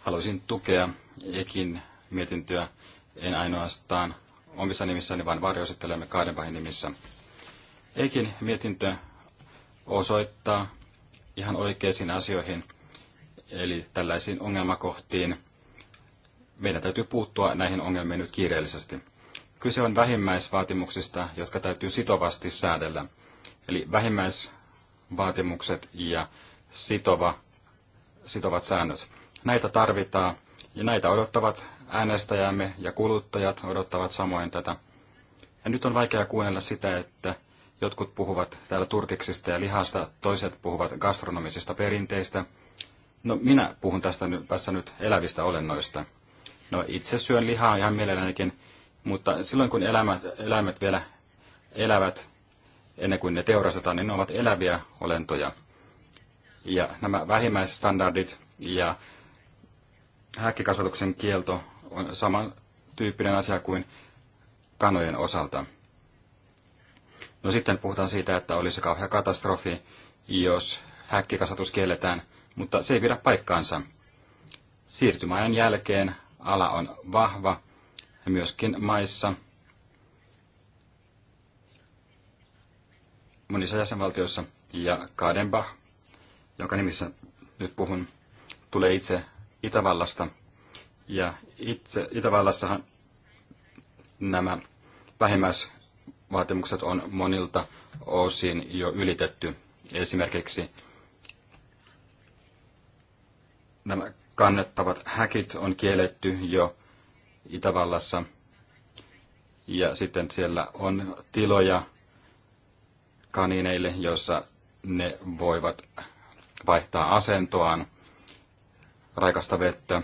Haluaisin tukea Ekin mietintöä, en ainoastaan omissa nimissäni, vaan varjoisittelemme kahden pahin nimissä. Ekin mietintö osoittaa ihan oikeisiin asioihin, eli tällaisiin ongelmakohtiin. Meidän täytyy puuttua näihin ongelmiin nyt kiireellisesti. Kyse on vähimmäisvaatimuksista, jotka täytyy sitovasti säädellä. Eli vähimmäisvaatimukset ja sitova, sitovat säännöt. Näitä tarvitaan ja näitä odottavat äänestäjämme ja kuluttajat odottavat samoin tätä. Ja nyt on vaikea kuunnella sitä, että Jotkut puhuvat täällä turkiksista ja lihasta, toiset puhuvat gastronomisista perinteistä. No minä puhun tästä nyt, tässä nyt elävistä olennoista. No itse syön lihaa ihan mielellänikin, mutta silloin kun elämät, eläimet vielä elävät, ennen kuin ne teurastetaan, niin ne ovat eläviä olentoja. Ja nämä vähimmäisstandardit ja häkkikasvatuksen kielto on samantyyppinen asia kuin kanojen osalta – No sitten puhutaan siitä, että olisi kauhea katastrofi, jos häkkikasvatus kielletään, mutta se ei pidä paikkaansa. Siirtymäajan jälkeen ala on vahva ja myöskin maissa. Monissa jäsenvaltioissa ja Kadenbach, jonka nimissä nyt puhun, tulee itse Itävallasta. Ja itse Itävallassahan nämä vähimmäis vaatimukset on monilta osin jo ylitetty. Esimerkiksi nämä kannettavat häkit on kielletty jo Itävallassa. Ja sitten siellä on tiloja kanineille, joissa ne voivat vaihtaa asentoaan, raikasta vettä.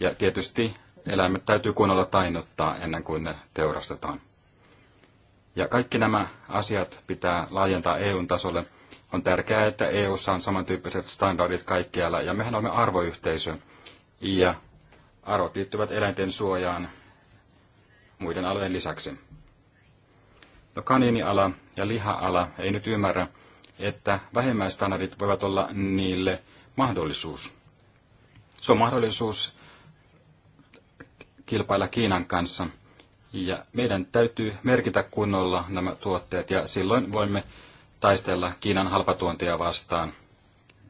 Ja tietysti eläimet täytyy kunnolla tainottaa ennen kuin ne teurastetaan. Ja kaikki nämä asiat pitää laajentaa EUn tasolle. On tärkeää, että EUssa on samantyyppiset standardit kaikkialla, ja mehän olemme arvoyhteisö. Ja arvot liittyvät eläinten suojaan muiden alojen lisäksi. No kaniiniala ja lihaala ei nyt ymmärrä, että vähimmäistandardit voivat olla niille mahdollisuus. Se on mahdollisuus kilpailla Kiinan kanssa – ja meidän täytyy merkitä kunnolla nämä tuotteet ja silloin voimme taistella Kiinan halpatuontia vastaan.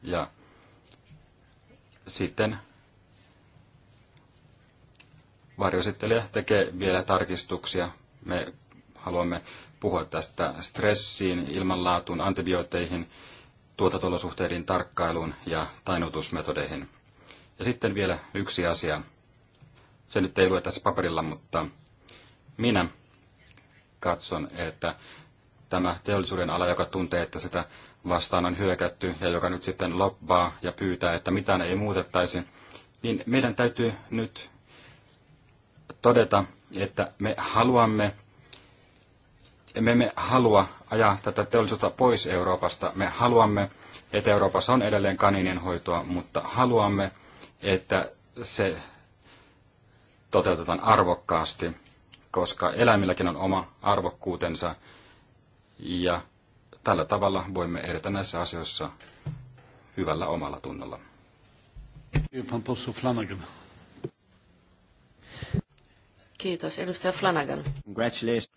Ja sitten varjosittelija tekee vielä tarkistuksia. Me haluamme puhua tästä stressiin, ilmanlaatuun, antibiootteihin, tuotantolosuhteiden tarkkailuun ja tainutusmetodeihin Ja sitten vielä yksi asia. Se nyt ei lue tässä paperilla, mutta minä katson, että tämä teollisuuden ala, joka tuntee, että sitä vastaan on hyökätty ja joka nyt sitten loppaa ja pyytää, että mitään ei muutettaisi, niin meidän täytyy nyt todeta, että me haluamme, emme me halua ajaa tätä teollisuutta pois Euroopasta. Me haluamme, että Euroopassa on edelleen kaninien hoitoa, mutta haluamme, että se toteutetaan arvokkaasti koska eläimilläkin on oma arvokkuutensa ja tällä tavalla voimme edetä näissä asioissa hyvällä omalla tunnolla. Kiitos. Edustaja Flanagan. Congratulations.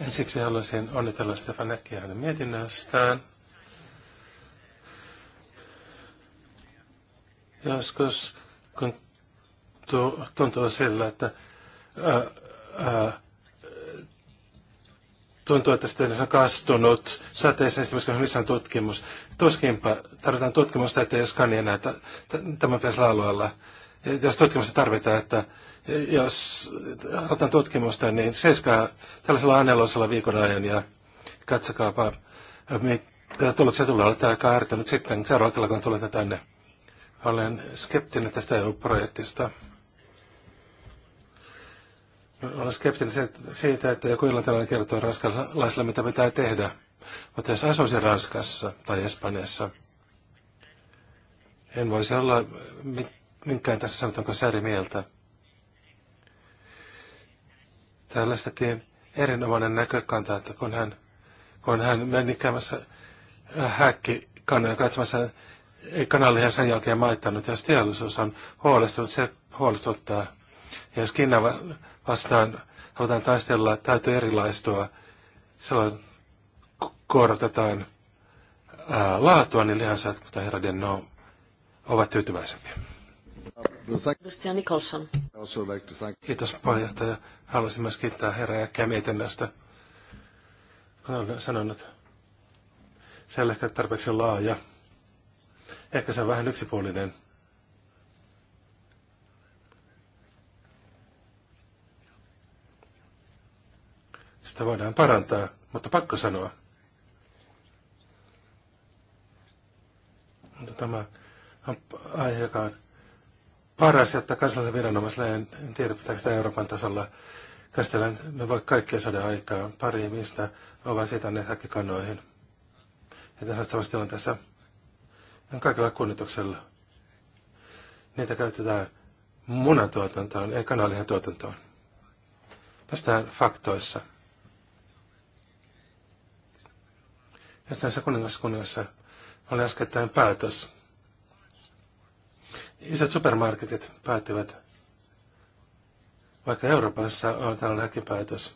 Ensiksi haluaisin onnitella Stefan Ekkiä hänen mietinnöstään. Joskus kun tuntuu sillä, että tuntuu, että sitten on kastunut sateeseen esimerkiksi missään tutkimus. Tuskinpa tarvitaan tutkimusta, että ei skani enää tämän pitäisi alueella. jos tutkimusta tarvitaan, että jos otan tutkimusta, niin seiskaa tällaisella aneloisella viikon ajan ja katsokaapa, mitä tuloksia tulee. Olette aika ärtynyt sitten seuraavalla, kun tulette tänne. Olen skeptinen tästä EU-projektista. Olen skeptinen siitä, että joku illantilainen kertoo ranskalaisille, mitä pitää tehdä. Mutta jos asuisin Ranskassa tai Espanjassa, en voisi olla minkään tässä sanotaanko sääri mieltä. mieltä. Tällaistakin erinomainen näkökanta, että kun hän, kun hän meni käymässä äh, häkkikanoja katsomassa kanalle ja sen jälkeen maittanut, jos teollisuus on huolestunut, se huolestuttaa. Ja jos Kiinan vastaan halutaan taistella, täytyy erilaistua. Silloin korotetaan ää, laatua, niin lihansaat, kuten herra Denno, ovat tyytyväisempiä. Christian Nicholson. Kiitos puheenjohtaja. Haluaisin myös kiittää herra Jäkkää mietinnästä. Olen sanonut, se ei ole ehkä tarpeeksi laaja. Ehkä se on vähän yksipuolinen Sitä voidaan parantaa, mutta pakko sanoa. Mutta tämä on aihe, joka on paras että kansallisen viranomaiselle. En, tiedä, pitääkö sitä Euroopan tasolla käsitellä. Me voi kaikkia saada aikaa. Pari mistä ovat siitä ne kaikki Ja tässä tilanteessa on kaikilla kunnituksella. Niitä käytetään munatuotantoon, ei kanalihan tuotantoon. Päästään faktoissa. tässä kuningaskunnassa oli äskettäin päätös. Isot supermarketit päättivät, vaikka Euroopassa on tällainenkin päätös.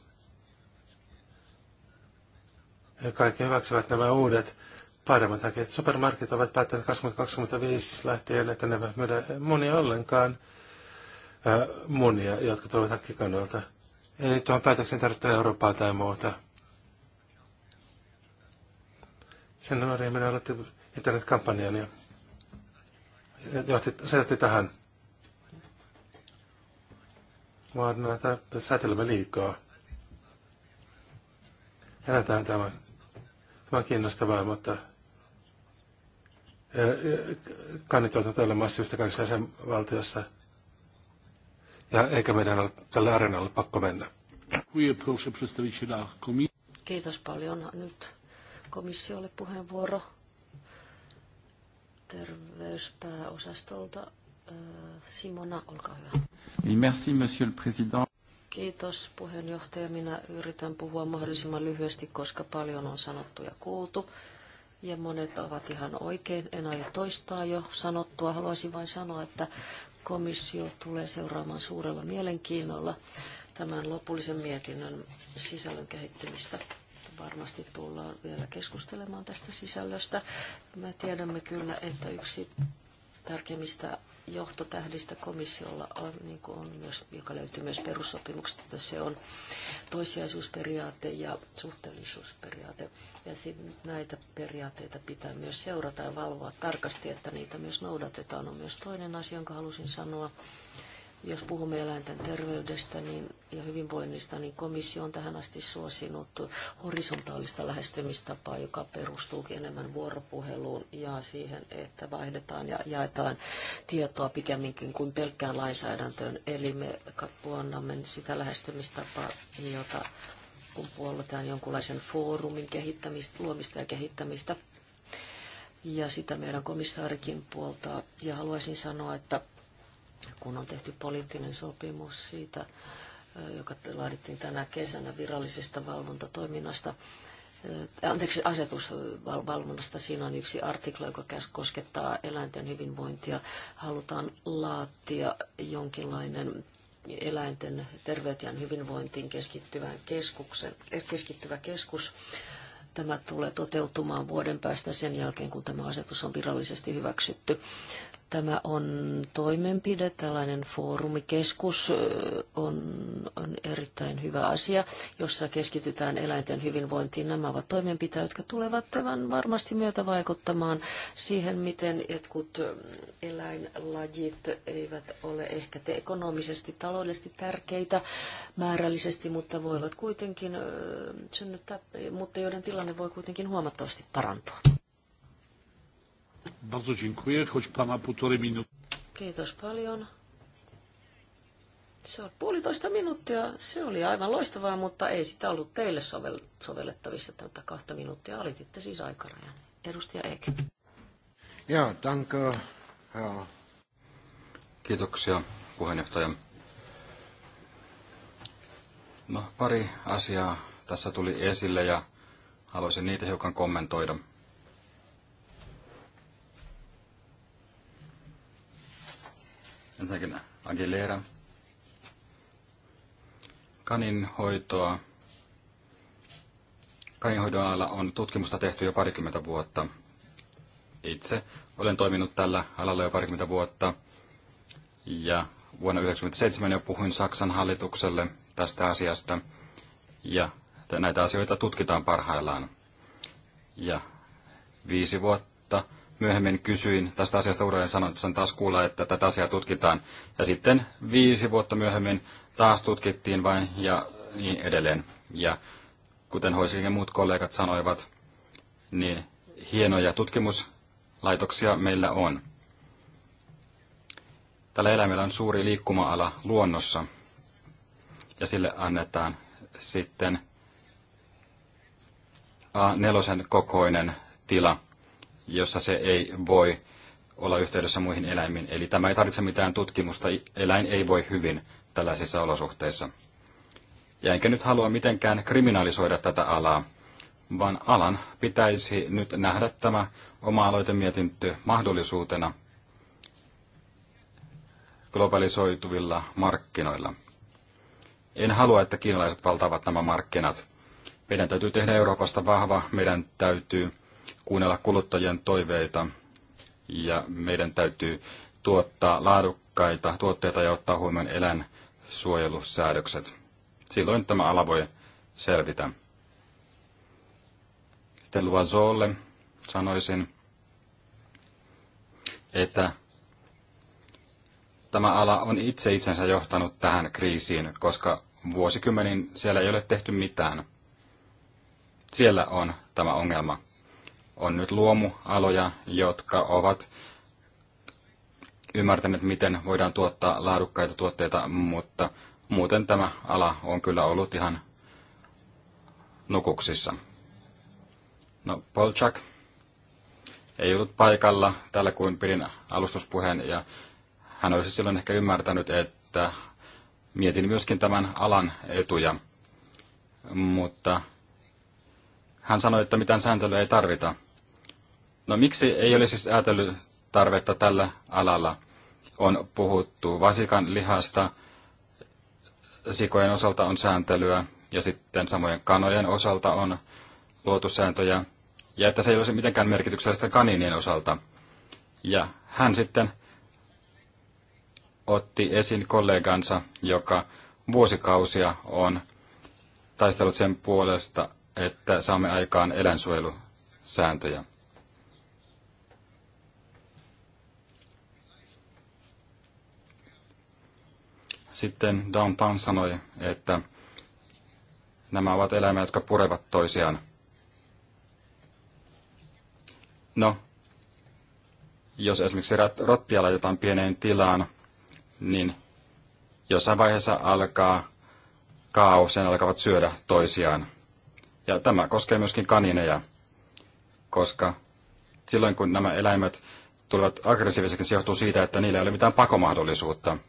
Ja kaikki hyväksyvät nämä uudet paremmat hakijat. Supermarket ovat päättäneet 2025 lähtien, että ne eivät myydä monia ollenkaan ää, äh, monia, jotka tulevat hakkikannalta. Eli tuohon päätöksen tarvitse Eurooppaa tai muuta. Sen nuoria minä aloitti internetkampanjan ja johti, se johti tähän. Vaan näitä säätelemme liikaa. Jätetään tämä. Tämä on kiinnostavaa, mutta tälle massiivista kaikissa jäsenvaltiossa. Ja eikä meidän ole tälle areenalle pakko mennä. Kiitos paljon. Nyt komissiolle puheenvuoro terveyspääosastolta. Simona, olkaa hyvä. Niin, merci, monsieur le président. Kiitos puheenjohtaja. Minä yritän puhua mahdollisimman lyhyesti, koska paljon on sanottu ja kuultu. Ja monet ovat ihan oikein. En aio toistaa jo sanottua. Haluaisin vain sanoa, että komissio tulee seuraamaan suurella mielenkiinnolla tämän lopullisen mietinnön sisällön kehittymistä varmasti tullaan vielä keskustelemaan tästä sisällöstä. Me tiedämme kyllä, että yksi tärkeimmistä johtotähdistä komissiolla on, niin kuin on myös, joka löytyy myös perussopimuksesta, että se on toissijaisuusperiaate ja suhteellisuusperiaate. Ja näitä periaatteita pitää myös seurata ja valvoa tarkasti, että niitä myös noudatetaan. On myös toinen asia, jonka halusin sanoa jos puhumme eläinten terveydestä niin, ja hyvinvoinnista, niin komissio on tähän asti suosinut horisontaalista lähestymistapaa, joka perustuu enemmän vuoropuheluun ja siihen, että vaihdetaan ja jaetaan tietoa pikemminkin kuin pelkkään lainsäädäntöön. Eli me puonnamme sitä lähestymistapaa, jota kun puolletaan jonkunlaisen foorumin kehittämistä, luomista ja kehittämistä. Ja sitä meidän komissaarikin puoltaa. Ja haluaisin sanoa, että kun on tehty poliittinen sopimus siitä, joka laadittiin tänä kesänä virallisesta valvontatoiminnasta, anteeksi, asetusvalvonnasta. Siinä on yksi artikla, joka koskettaa eläinten hyvinvointia. Halutaan laatia jonkinlainen eläinten terveyteen hyvinvointiin keskittyvän keskuksen, eh, keskittyvä keskus. Tämä tulee toteutumaan vuoden päästä sen jälkeen, kun tämä asetus on virallisesti hyväksytty. Tämä on toimenpide, tällainen foorumikeskus on, on erittäin hyvä asia, jossa keskitytään eläinten hyvinvointiin. Nämä ovat toimenpiteitä, jotka tulevat tämän varmasti myötä vaikuttamaan siihen, miten jotkut eläinlajit eivät ole ehkä te ekonomisesti, taloudellisesti tärkeitä määrällisesti, mutta voivat kuitenkin synnyttää, mutta joiden tilanne voi kuitenkin huomattavasti parantua. Bardzo dziękuję, choć pana półtorej Kiitos paljon. Se on puolitoista minuuttia. Se oli aivan loistavaa, mutta ei sitä ollut teille sovellettavissa tätä kahta minuuttia. Alititte siis aikarajan. Edustaja Eke. Ja, danke. Joo. Kiitoksia, puheenjohtaja. No, pari asiaa tässä tuli esille ja haluaisin niitä hiukan kommentoida. ensinnäkin Aguilera. Kanin hoitoa. Kaninhoidon alalla on tutkimusta tehty jo parikymmentä vuotta. Itse olen toiminut tällä alalla jo parikymmentä vuotta ja vuonna 1997 jo puhuin Saksan hallitukselle tästä asiasta ja näitä asioita tutkitaan parhaillaan. Ja viisi vuotta myöhemmin kysyin tästä asiasta uudelleen, sanoin, että sen taas kuulla, että tätä asiaa tutkitaan. Ja sitten viisi vuotta myöhemmin taas tutkittiin vain ja niin edelleen. Ja kuten Hoisikin muut kollegat sanoivat, niin hienoja tutkimuslaitoksia meillä on. Tällä eläimellä on suuri liikkuma-ala luonnossa ja sille annetaan sitten A4 kokoinen tila jossa se ei voi olla yhteydessä muihin eläimiin. Eli tämä ei tarvitse mitään tutkimusta, eläin ei voi hyvin tällaisissa olosuhteissa. Ja enkä nyt halua mitenkään kriminalisoida tätä alaa, vaan alan pitäisi nyt nähdä tämä oma-aloitemietintö mahdollisuutena globalisoituvilla markkinoilla. En halua, että kiinalaiset valtaavat nämä markkinat. Meidän täytyy tehdä Euroopasta vahva, meidän täytyy kuunnella kuluttajien toiveita ja meidän täytyy tuottaa laadukkaita tuotteita ja ottaa huomioon eläinsuojelusäädökset. Silloin tämä ala voi selvitä. Sitten Luazolle sanoisin, että tämä ala on itse itsensä johtanut tähän kriisiin, koska vuosikymmenin siellä ei ole tehty mitään. Siellä on tämä ongelma on nyt luomualoja, jotka ovat ymmärtäneet, miten voidaan tuottaa laadukkaita tuotteita, mutta muuten tämä ala on kyllä ollut ihan nukuksissa. No, Polchak ei ollut paikalla täällä, kuin pidin alustuspuheen, ja hän olisi silloin ehkä ymmärtänyt, että mietin myöskin tämän alan etuja. Mutta hän sanoi, että mitään sääntelyä ei tarvita. No miksi ei ole siis tarvetta tällä alalla? On puhuttu vasikan lihasta, sikojen osalta on sääntelyä ja sitten samojen kanojen osalta on luotu sääntöjä ja että se ei olisi mitenkään merkityksellistä kaninien osalta. Ja hän sitten otti esiin kollegansa, joka vuosikausia on taistellut sen puolesta, että saamme aikaan eläinsuojelusääntöjä. Sitten tan sanoi, että nämä ovat eläimiä, jotka purevat toisiaan. No, jos esimerkiksi rottia laitetaan pieneen tilaan, niin jossain vaiheessa alkaa kaaos ja ne alkavat syödä toisiaan. Ja tämä koskee myöskin kanineja, koska silloin kun nämä eläimet tulevat aggressiiviseksi, se johtuu siitä, että niillä ei ole mitään pakomahdollisuutta –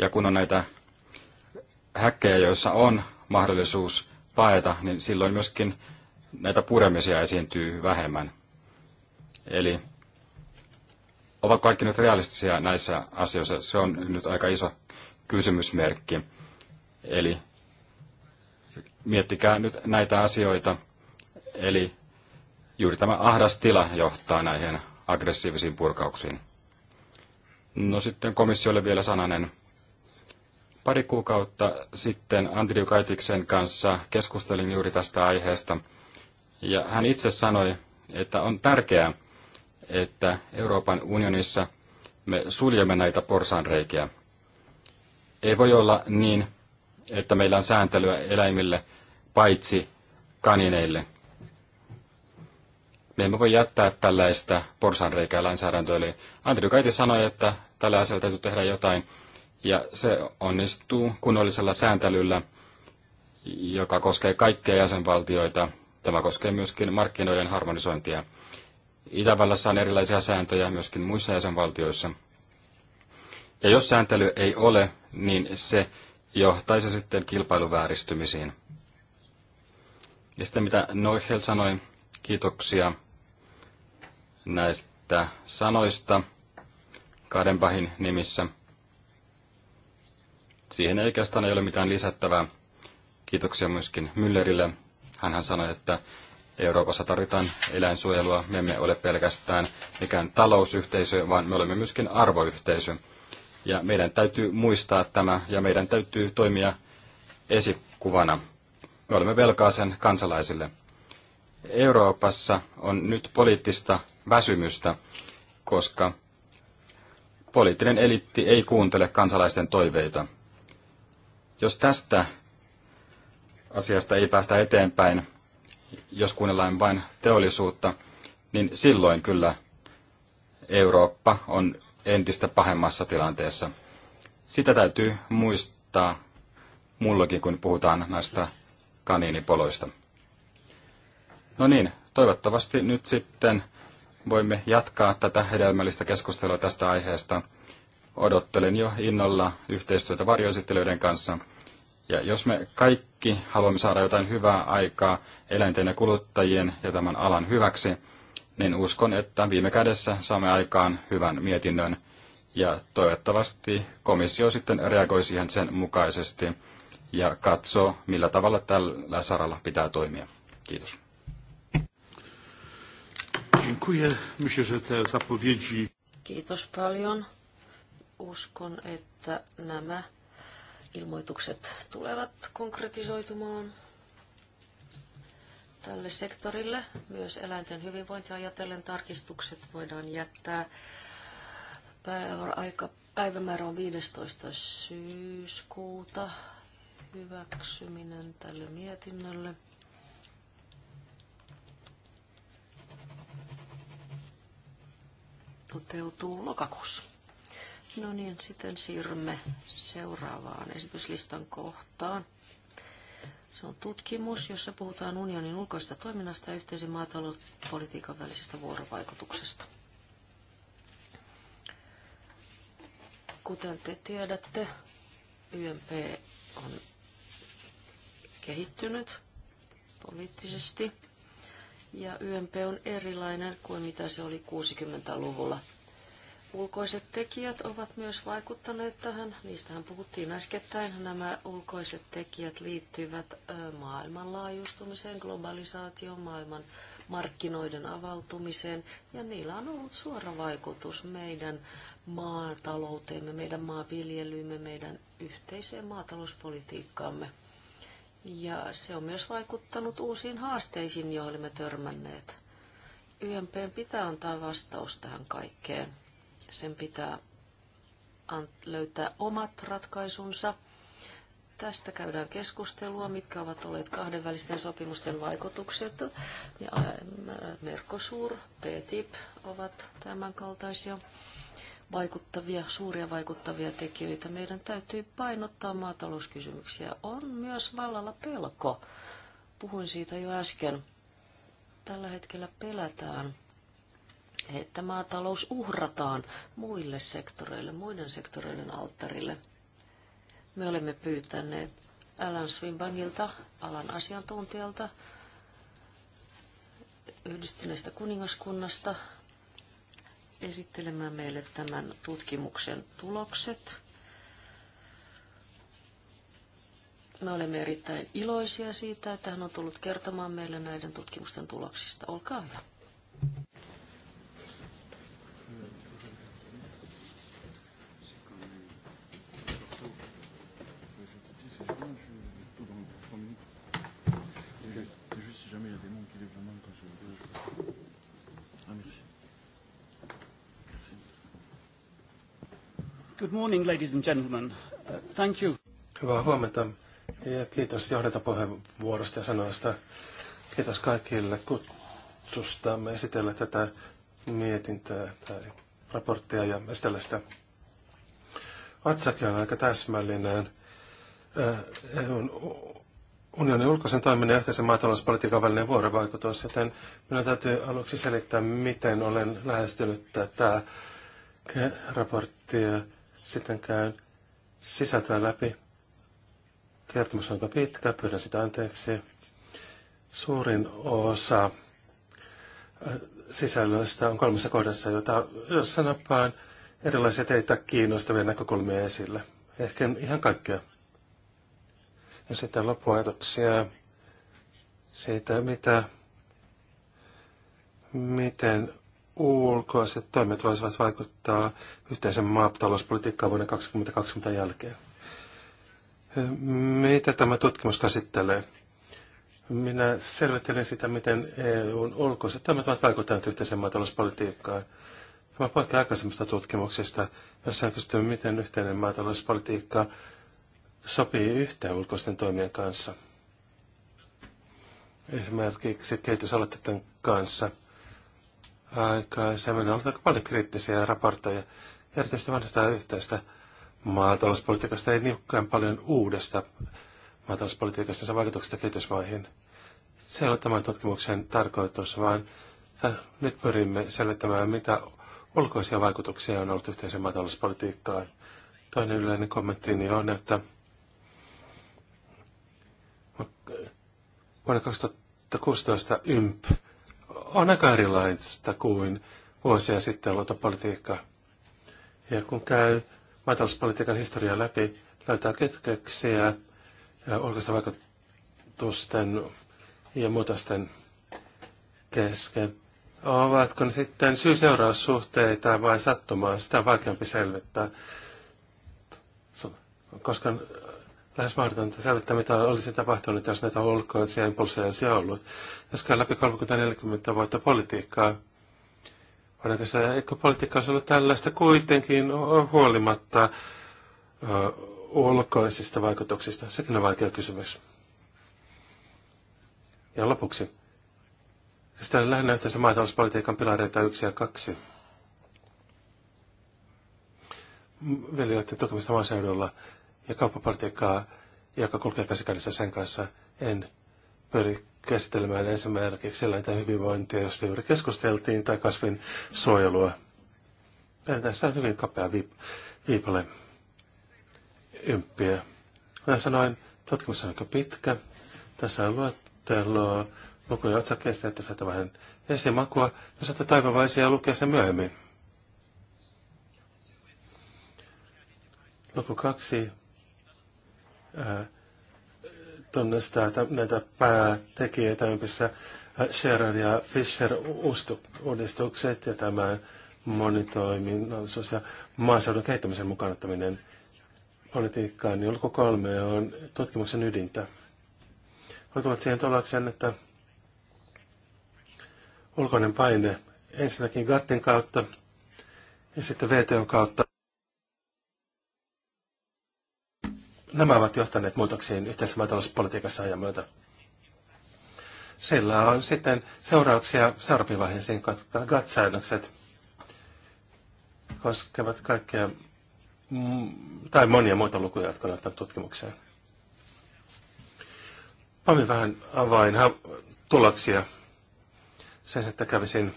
ja kun on näitä häkkejä, joissa on mahdollisuus paeta, niin silloin myöskin näitä puremisia esiintyy vähemmän. Eli ovat kaikki nyt realistisia näissä asioissa? Se on nyt aika iso kysymysmerkki. Eli miettikää nyt näitä asioita. Eli juuri tämä ahdas tila johtaa näihin aggressiivisiin purkauksiin. No sitten komissiolle vielä sananen. Pari kuukautta sitten Andrew Kaitiksen kanssa keskustelin juuri tästä aiheesta, ja hän itse sanoi, että on tärkeää, että Euroopan unionissa me suljemme näitä porsanreikiä. Ei voi olla niin, että meillä on sääntelyä eläimille paitsi kanineille. Me emme voi jättää tällaista porsanreikää lainsäädäntöä. Eli Andrew Kaiti sanoi, että tällä asialla täytyy tehdä jotain. Ja se onnistuu kunnollisella sääntelyllä, joka koskee kaikkia jäsenvaltioita. Tämä koskee myöskin markkinoiden harmonisointia. Itävallassa on erilaisia sääntöjä myöskin muissa jäsenvaltioissa. Ja jos sääntely ei ole, niin se johtaisi sitten kilpailuvääristymisiin. Ja sitten mitä Noichel sanoi, kiitoksia näistä sanoista Kadenbahin nimissä – Siihen ei oikeastaan ei ole mitään lisättävää. Kiitoksia myöskin Müllerille. hän sanoi, että Euroopassa tarvitaan eläinsuojelua. Me emme ole pelkästään mikään talousyhteisö, vaan me olemme myöskin arvoyhteisö. Ja meidän täytyy muistaa tämä ja meidän täytyy toimia esikuvana. Me olemme velkaa sen kansalaisille. Euroopassa on nyt poliittista väsymystä, koska poliittinen elitti ei kuuntele kansalaisten toiveita. Jos tästä asiasta ei päästä eteenpäin, jos kuunnellaan vain teollisuutta, niin silloin kyllä Eurooppa on entistä pahemmassa tilanteessa. Sitä täytyy muistaa mullakin, kun puhutaan näistä kaniinipoloista. No niin, toivottavasti nyt sitten voimme jatkaa tätä hedelmällistä keskustelua tästä aiheesta. Odottelen jo innolla yhteistyötä varjoesittelyiden kanssa ja jos me kaikki haluamme saada jotain hyvää aikaa eläinten ja kuluttajien ja tämän alan hyväksi, niin uskon, että viime kädessä saamme aikaan hyvän mietinnön. Ja toivottavasti komissio sitten reagoi siihen sen mukaisesti ja katsoo, millä tavalla tällä saralla pitää toimia. Kiitos. Kiitos paljon. Uskon, että nämä ilmoitukset tulevat konkretisoitumaan tälle sektorille. Myös eläinten hyvinvointia ajatellen tarkistukset voidaan jättää. Päiväaika, päivämäärä on 15. syyskuuta. Hyväksyminen tälle mietinnölle. Toteutuu lokakuussa. No niin, sitten siirrymme seuraavaan esityslistan kohtaan. Se on tutkimus, jossa puhutaan unionin ulkoista toiminnasta ja yhteisen maatalouspolitiikan välisestä vuorovaikutuksesta. Kuten te tiedätte, YMP on kehittynyt poliittisesti ja YMP on erilainen kuin mitä se oli 60-luvulla Ulkoiset tekijät ovat myös vaikuttaneet tähän. Niistähän puhuttiin äskettäin. Nämä ulkoiset tekijät liittyvät maailmanlaajuistumiseen, globalisaatioon, maailman markkinoiden avautumiseen, ja niillä on ollut suora vaikutus meidän maatalouteemme, meidän maanviljelyymme, meidän yhteiseen maatalouspolitiikkaamme. Ja se on myös vaikuttanut uusiin haasteisiin, joihin me törmänneet. YMP pitää antaa vastaus tähän kaikkeen. Sen pitää löytää omat ratkaisunsa. Tästä käydään keskustelua, mitkä ovat olleet kahdenvälisten sopimusten vaikutukset. Ja Mercosur, TTIP ovat tämänkaltaisia vaikuttavia, suuria vaikuttavia tekijöitä. Meidän täytyy painottaa maatalouskysymyksiä. On myös vallalla pelko. Puhuin siitä jo äsken. Tällä hetkellä pelätään että maatalous uhrataan muille sektoreille, muiden sektoreiden alttarille. Me olemme pyytäneet Alan Swinbangilta, alan asiantuntijalta, yhdistyneestä kuningaskunnasta esittelemään meille tämän tutkimuksen tulokset. Me olemme erittäin iloisia siitä, että hän on tullut kertomaan meille näiden tutkimusten tuloksista. Olkaa hyvä. Good morning, ladies and gentlemen. Uh, thank you. Hyvää huomenta ja kiitos johdantopuheenvuorosta ja sanoista. Kiitos kaikille kutsustamme esitellä tätä mietintöä, tai raporttia ja esitellä sitä. Otsake on aika täsmällinen. unionin ulkoisen toiminnan ja yhteisen maatalouspolitiikan välinen vuorovaikutus, joten minun täytyy aluksi selittää, miten olen lähestynyt tätä raporttia sitten käyn sisältöä läpi. Kertomus on aika pitkä, pyydän sitä anteeksi. Suurin osa äh, sisällöistä on kolmessa kohdassa, jota, jos nappaan erilaisia teitä kiinnostavia näkökulmia esille. Ehkä ihan kaikkea. Ja sitten loppuajatuksia siitä, mitä, miten ulkoiset toimet voisivat vaikuttaa yhteisen maatalouspolitiikkaan vuoden 2020 jälkeen. Mitä tämä tutkimus käsittelee? Minä selvittelin sitä, miten EUn ulkoiset toimet ovat vaikuttaneet yhteiseen maatalouspolitiikkaan. Tämä poikkeaa aikaisemmista tutkimuksista, jossa on kysytty, miten yhteinen maatalouspolitiikka sopii yhteen ulkoisten toimien kanssa. Esimerkiksi kehitysaloitteiden kanssa – aikaisemmin on ollut aika paljon kriittisiä raportteja, erityisesti vanhasta yhteistä maatalouspolitiikasta, ei niinkään paljon uudesta maatalouspolitiikasta ja vaikutuksesta kehitysmaihin. Se ei ole tämän tutkimuksen tarkoitus, vaan nyt pyrimme selvittämään, mitä ulkoisia vaikutuksia on ollut yhteisen maatalouspolitiikkaan. Toinen yleinen kommentti on, että vuonna 2016 YMP on aika erilaista kuin vuosia sitten ollut politiikka. Ja kun käy maatalouspolitiikan historiaa läpi, löytää kytköksiä ja ulkoisten vaikutusten ja muutosten kesken. Ovatko ne sitten syy-seuraussuhteita vai sattumaa, sitä on vaikeampi selvittää. Koska lähes mahdotonta selvittää, mitä olisi tapahtunut, jos näitä ulkoisia impulseja olisi ollut. Jos käy läpi 30-40 vuotta politiikkaa, vaikka se politiikka olisi ollut tällaista kuitenkin huolimatta uh, ulkoisista vaikutuksista. Sekin on vaikea kysymys. Ja lopuksi. Sitten lähinnä yhteensä maatalouspolitiikan pilareita yksi ja kaksi. Viljelijöiden tukemista maaseudulla ja kauppapolitiikkaa, joka kulkee käsikädessä sen kanssa, en pyri käsittelemään esimerkiksi eläinten hyvinvointia, josta juuri keskusteltiin, tai kasvin suojelua. Meillä tässä on hyvin kapea viip- viipale ymppiä. Kuten sanoin, tutkimus on aika pitkä. Tässä on luettelo lukuja otsakkeista, että saatte vähän esimakua, ja saatte taivavaisia lukea sen myöhemmin. Luku kaksi tunnistaa näitä päätekijöitä, missä Sharon ja Fisher uudistukset ja tämä monitoiminnallisuus ja maaseudun kehittämisen mukaan politiikkaan, niin olko kolme on tutkimuksen ydintä. Olet siihen tulokseen, että ulkoinen paine ensinnäkin GATTin kautta ja sitten VTOn kautta Nämä ovat johtaneet muutoksiin yhteisessä maatalouspolitiikassa ajan myötä. Sillä on sitten seurauksia vaiheisiin, koska GATT-säännökset koskevat kaikkea tai monia muita lukuja, jotka on ottanut tutkimukseen. Pamin vähän avain tuloksia. Sen, että kävisin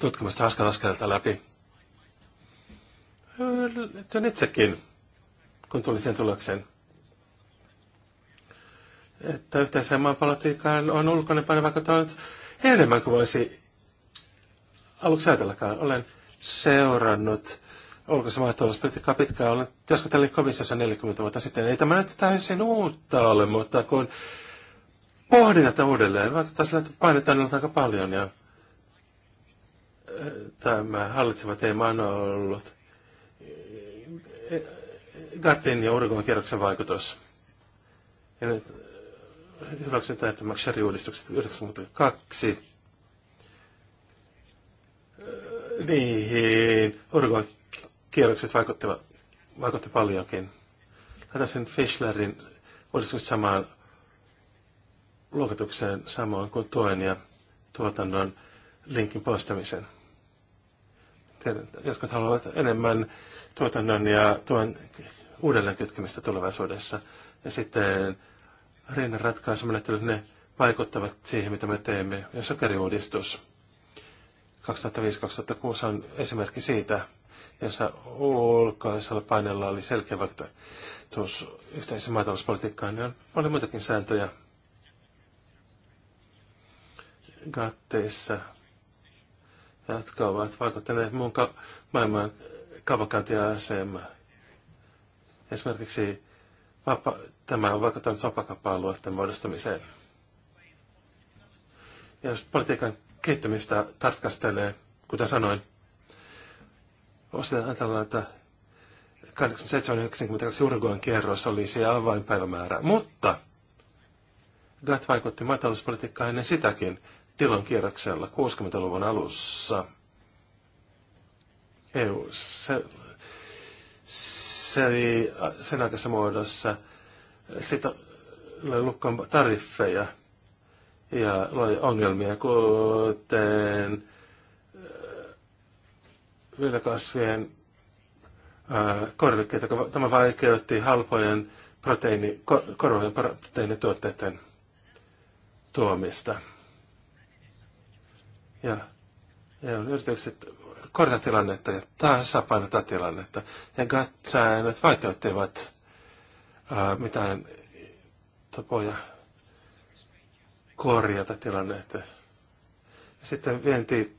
tutkimusta askel askelta läpi. Yritän itsekin kun tuli sen tuloksen, että yhteiseen maapolitiikkaan on ulkoinen paine vaikuttanut enemmän kuin voisi aluksi ajatellakaan. Olen seurannut ulkoisen maatalouspolitiikkaa pitkään. Olen työskentelyt komissiossa 40 vuotta sitten. Ei tämä nyt täysin uutta ole, mutta kun pohdin tätä uudelleen, vaikuttaa sillä, että painetaan ollut aika paljon ja tämä hallitseva teema on ollut Gatin ja Uruguayn kierroksen vaikutus. Ja nyt äh, hyväksyn tämä Shari-uudistukset 92. Niihin Uruguayn kierrokset vaikuttivat vaikutti paljonkin. Laitan Fischlerin uudistukset samaan luokitukseen samoin kuin tuen ja tuotannon linkin poistamisen. jotkut haluavat enemmän tuotannon ja tuen kytkemistä tulevaisuudessa. Ja sitten rinnan ratkaisumenettelyt, ne vaikuttavat siihen, mitä me teemme. Ja sokeriuudistus 2005-2006 on esimerkki siitä, jossa ulkoisella paineella oli selkeä vaikutus yhteisen maatalouspolitiikkaan, niin on paljon muitakin sääntöjä gatteissa, jotka ovat vaikuttaneet muun ka- maailman kaupankäyntiasemaan Esimerkiksi vapa- tämä on vaikuttanut vapakappa-alueiden muodostamiseen. Ja jos politiikan kehittämistä tarkastelee, kuten sanoin, osataan tällä, että 87-92 Uruguayn kierros oli se avainpäivämäärä. Mutta GATT vaikutti maatalouspolitiikkaan ennen sitäkin Dilon kierroksella 60-luvun alussa. EU se oli sen aikaisessa muodossa oli lukkoon tariffeja ja oli ongelmia, kuten äh, viljakasvien äh, korvikkeita. Tämä vaikeutti halpojen proteiini, korvojen proteiinituotteiden tuomista. Ja, ja yritykset korjaa tilannetta ja tasapainottaa tilannetta. Ja gatt vaikeuttivat ää, mitään tapoja korjata tilannetta. Sitten vienti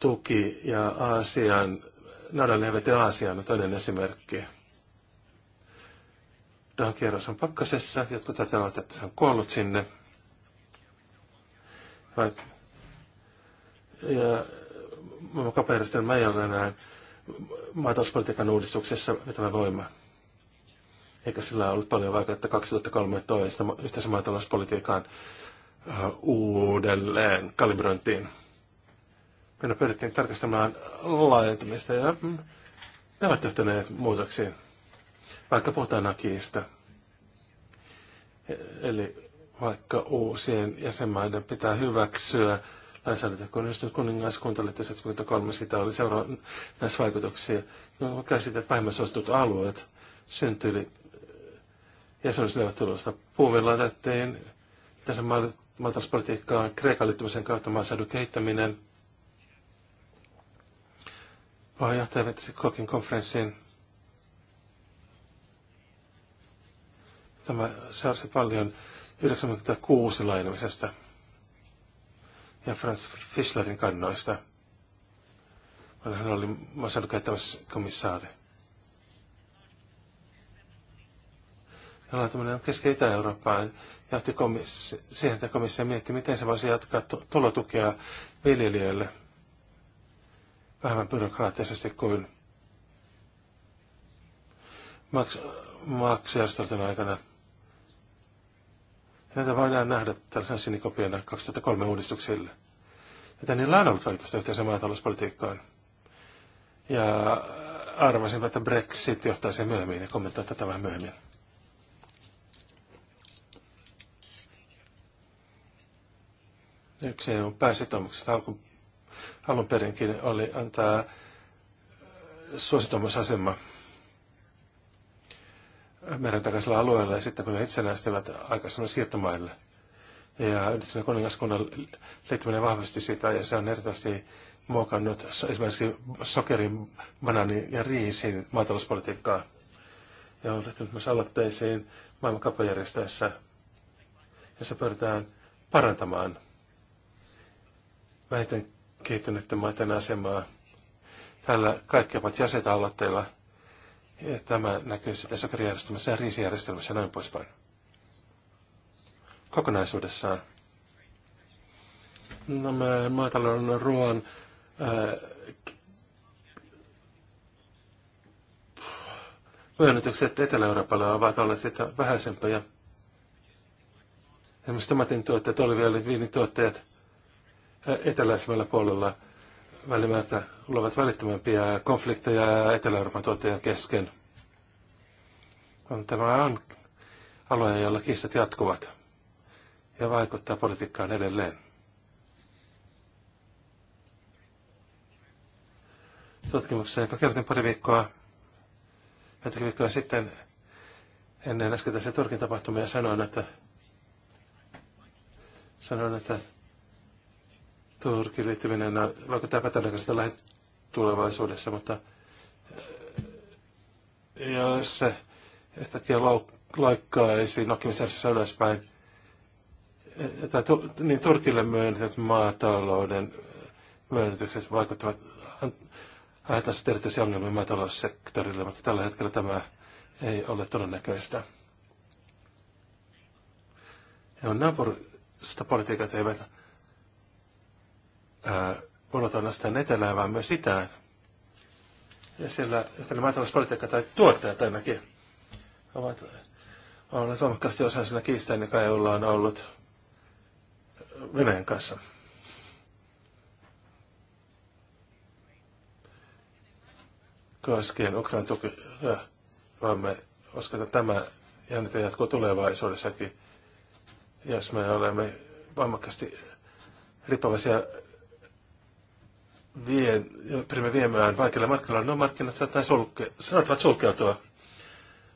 tuki ja Aasian, naudanlevete Aasian on toinen esimerkki. Dahan kierros on pakkasessa, jotkut ajattelevat, että se on kuollut sinne. Vaikka ja kauppajärjestelmä ei ole enää maatalouspolitiikan uudistuksessa vetävä voima. Eikä sillä ollut paljon että 2013 yhteisen maatalouspolitiikan uudelleen kalibrointiin. Meidän pyydettiin tarkastamaan laajentumista ja mm, ne ovat johtaneet muutoksiin, vaikka puhutaan akiista. E-, eli vaikka uusien jäsenmaiden pitää hyväksyä lainsäädäntö, kun yhdistynyt kuningaskunta oli 73, sitä oli seurannassa vaikutuksia. No, käsitte, että vähemmän suositut alueet syntyi jäsenyysneuvotteluista. Puumin laitettiin tässä maatalouspolitiikkaan Kreikan liittymisen kautta maaseudun kehittäminen. Puheenjohtaja vetäisi Kokin konferenssiin. Tämä seurasi paljon 96 lainamisesta ja Franz Fischlerin kannoista, kun hän oli masennukäyttämässä komissaari. Hän oli tämmöinen Keski-Itä-Eurooppaan ja otti siihen, että komissio mietti, miten se voisi jatkaa tulotukea viljelijöille vähemmän byrokraattisesti kuin maks- maksujärjestelmän aikana – Tätä voidaan nähdä tällaisena sinikopiana 2003 uudistuksille. Että niillä on ollut vaikutusta yhteensä maatalouspolitiikkaan. Ja arvasin, että Brexit johtaa sen myöhemmin ja kommentoin tätä vähän myöhemmin. Yksi EUn pääsitoimuksesta alku, alun perinkin oli antaa suositoimusasema meren takaisella alueella ja sitten kun he itsenäistyvät aikaisemmin siirtomaille. Ja yhdistyneen kuningaskunnan liittyminen vahvasti sitä ja se on erityisesti muokannut esimerkiksi sokerin, bananin ja riisin maatalouspolitiikkaa. Ja on ryhtynyt myös aloitteisiin maailmankauppajärjestöissä, jossa pyritään parantamaan vähiten kehittyneiden maiden asemaa. Tällä kaikki ovat aloitteilla – tämä näkyy sitten sokerijärjestelmässä ja riisijärjestelmässä ja noin poispäin. Kokonaisuudessaan no, maatalouden ruoan äh, myönnytykset Etelä-Euroopalle ovat olleet sitä vähäisempiä. Esimerkiksi tomatin tuotteet, viinituotteet äh, eteläisemmällä puolella – välimäärältä luovat välittömämpiä konflikteja Etelä-Euroopan tuottajien kesken. Tämä on alue, jolla kissat jatkuvat ja vaikuttaa politiikkaan edelleen. Tutkimuksessa, joka kerrotin pari viikkoa, jotakin viikkoa sitten ennen äskettäisiä Turkin tapahtumia sanoin, että, sanoin, että Turkin liittyminen no, vaikuttaa epätodennäköiseltä tulevaisuudessa, mutta eh, jos se yhtäkkiä laikkaisi nokkimisessa ylöspäin, eh, tai niin Turkille myönnetyt maatalouden eh, myönnytykset vaikuttavat aiheuttaisivat erityisiä ongelmia maataloussektorille, mutta tällä hetkellä tämä ei ole todennäköistä. Ja naapurista politiikat eivät monotonastaan äh, etelään, vaan myös itään. Ja siellä yhtenä maatalouspolitiikka tai tuottajat ainakin ovat olleet huomakkaasti osa siinä kiistain, joka EUlla on ollut Venäjän kanssa. Koskien Ukrainan tukea, voimme uskata tämä jännite jatkuu tulevaisuudessakin, jos me olemme voimakkaasti riippuvaisia vien, pyrimme viemään vaikeilla markkinoilla, no markkinat saattaa sulke, saattavat sulkeutua.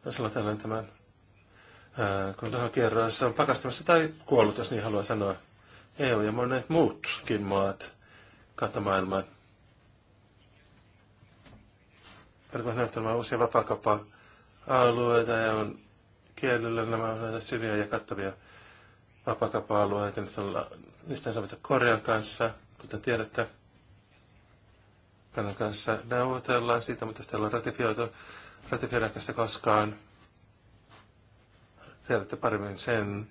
Mä tällainen tällöin tämän, ää, kun rahakerroissa on pakastamassa tai kuollut, jos niin haluaa sanoa. EU ja monet muutkin maat kautta maailman. Pyrkivät näyttämään uusia vapaakauppaa-alueita ja on kielillä nämä näitä syviä ja kattavia vapaakauppaa-alueita. Niistä, on, niistä on sovittu Korean kanssa, kuten tiedätte. Kanan kanssa neuvotellaan siitä, mutta sitä ei ole ratifioitu, ratifioidaanko sitä koskaan. Tiedätte paremmin sen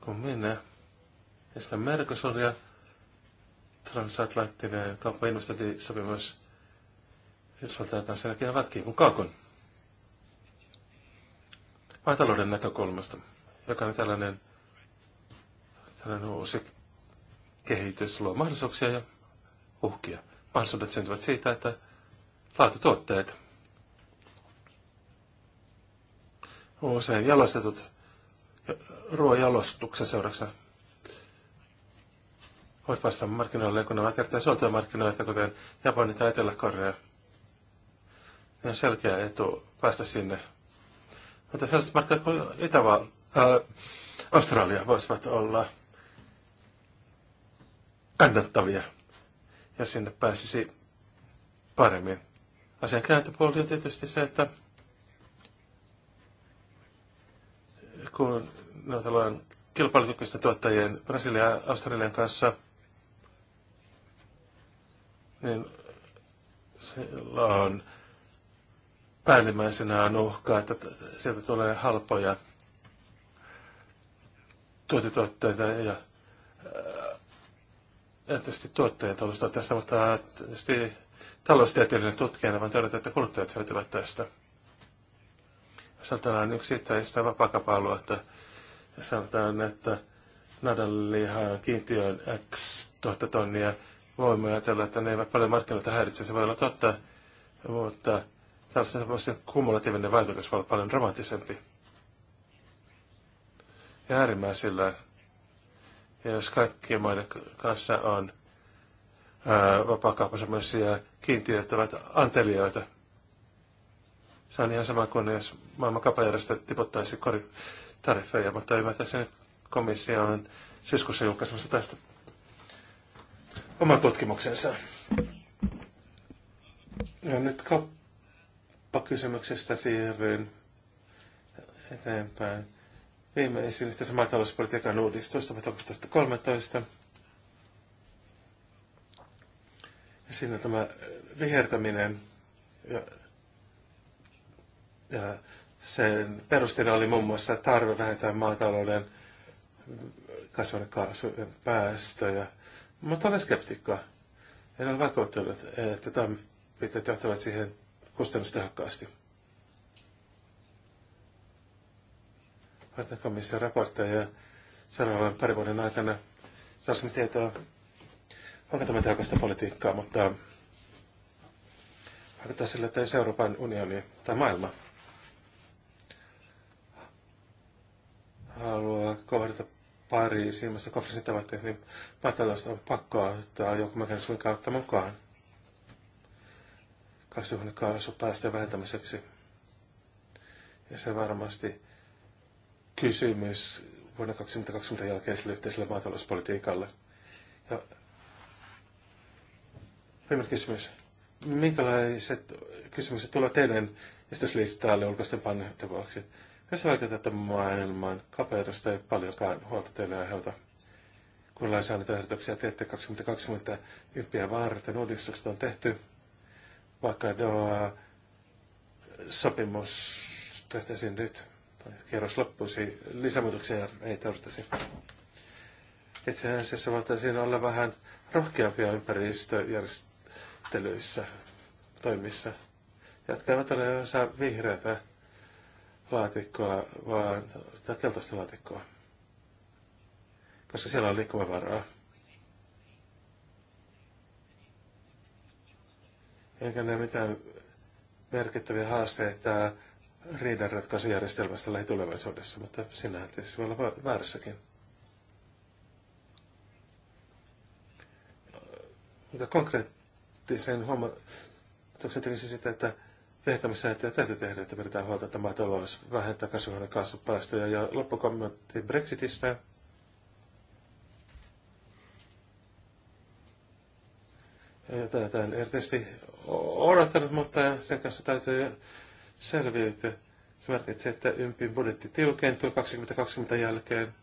kuin minä. Ja sitten Mercosur ja transatlanttinen kauppainvestointisopimus Yhdysvaltain kanssa näkin ovat kiikun Maatalouden näkökulmasta, joka on tällainen, tällainen uusi kehitys, luo mahdollisuuksia ja uhkia mahdollisuudet syntyvät siitä, että laatutuotteet, usein jalostetut ruoajalostuksen seurauksena voit päästä markkinoille, kun ne ovat erittäin suoltuja markkinoita, kuten Japani tai Etelä-Korea. Ne on selkeä etu päästä sinne. Mutta sellaiset markkinat kuin Itäval- äh, Australia voisivat olla kannattavia ja sinne pääsisi paremmin. Asian kääntöpuoli on tietysti se, että kun neuvotellaan kilpailukykyistä tuottajien Brasilian ja Australian kanssa, niin on päällimmäisenä on uhka, että sieltä tulee halpoja tuotetuotteita ja tietysti tuottajat olisivat tästä, mutta tietysti taloustieteellinen tutkijana vaan todeta, että kuluttajat hyötyvät tästä. Jos ajatellaan yksittäistä että sanotaan, että nadanlihan kiintiö on X tuhatta tonnia, voimme ajatella, että ne eivät paljon markkinoita häiritse. Se voi olla totta, mutta tällaisen kumulatiivinen vaikutus voi olla paljon dramaattisempi. Ja äärimmäisillä ja jos kaikkien maiden kanssa on vapaakauppasemmoisia kiintiöittävät antelijoita, se on ihan sama kuin jos maailman kapajärjestö tariffeja, mutta ymmärtääkseni komissio on syyskuussa julkaisemassa tästä oman tutkimuksensa. Ja nyt kauppakysymyksestä siirryn eteenpäin viimeisin yhteisen maatalouspolitiikan uudistus tapahtui 2013. Ja siinä tämä vihertäminen ja, ja sen perusteena oli muun muassa tarve vähentää maatalouden kasvanekaasujen päästöjä. Mutta olen skeptikko. En ole vakuuttunut, että toimenpiteet johtavat siihen kustannustehokkaasti. varten komission raportteja seuraavan parin vuoden aikana. Saisimme tietoa, onko tämä tehokasta politiikkaa, mutta vaikuttaa sillä, että jos Euroopan unioni tai maailma haluaa kohdata Pariisin konfliktin tavoitteet, niin maataloudesta on pakko ottaa jonkun mekanismin kautta mukaan kasvihuonekaasupäästöjen vähentämiseksi. Ja se varmasti kysymys vuonna 2020 jälkeiselle yhteiselle maatalouspolitiikalle. Ja viimeinen kysymys. Minkälaiset kysymykset tulevat teidän esityslistalle ulkoisten pannettavaksi? Jos että maailman kapeudesta ei paljonkaan huolta teille aiheuta. Kun lainsäädäntöehdotuksia teette 2020 ympiä varten, uudistukset on tehty, vaikka doha sopimus tehtäisiin nyt kierros loppuisi, lisämuutoksia ei tarvitsisi. Itse asiassa voitaisiin olla vähän rohkeampia ympäristöjärjestelyissä toimissa, Jatkaa eivät ole osa vihreätä laatikkoa, vaan tai keltaista laatikkoa, koska siellä on liikkumavaraa. Enkä näe mitään merkittäviä haasteita riidanratkaisujärjestelmästä lähitulevaisuudessa, mutta sinähän tietysti voi olla väärässäkin. Mutta konkreettisen huomautuksen tekisi sitä, että vehtämissäätöjä täytyy tehdä, että pidetään huolta, että maatalous vähentää kasvihuonekaasupäästöjä. Ja loppukommentti Brexitistä. Tätä en erityisesti odottanut, mutta sen kanssa täytyy selviyty. Se merkitsi, että ympin budjetti tiukentui 2020 jälkeen.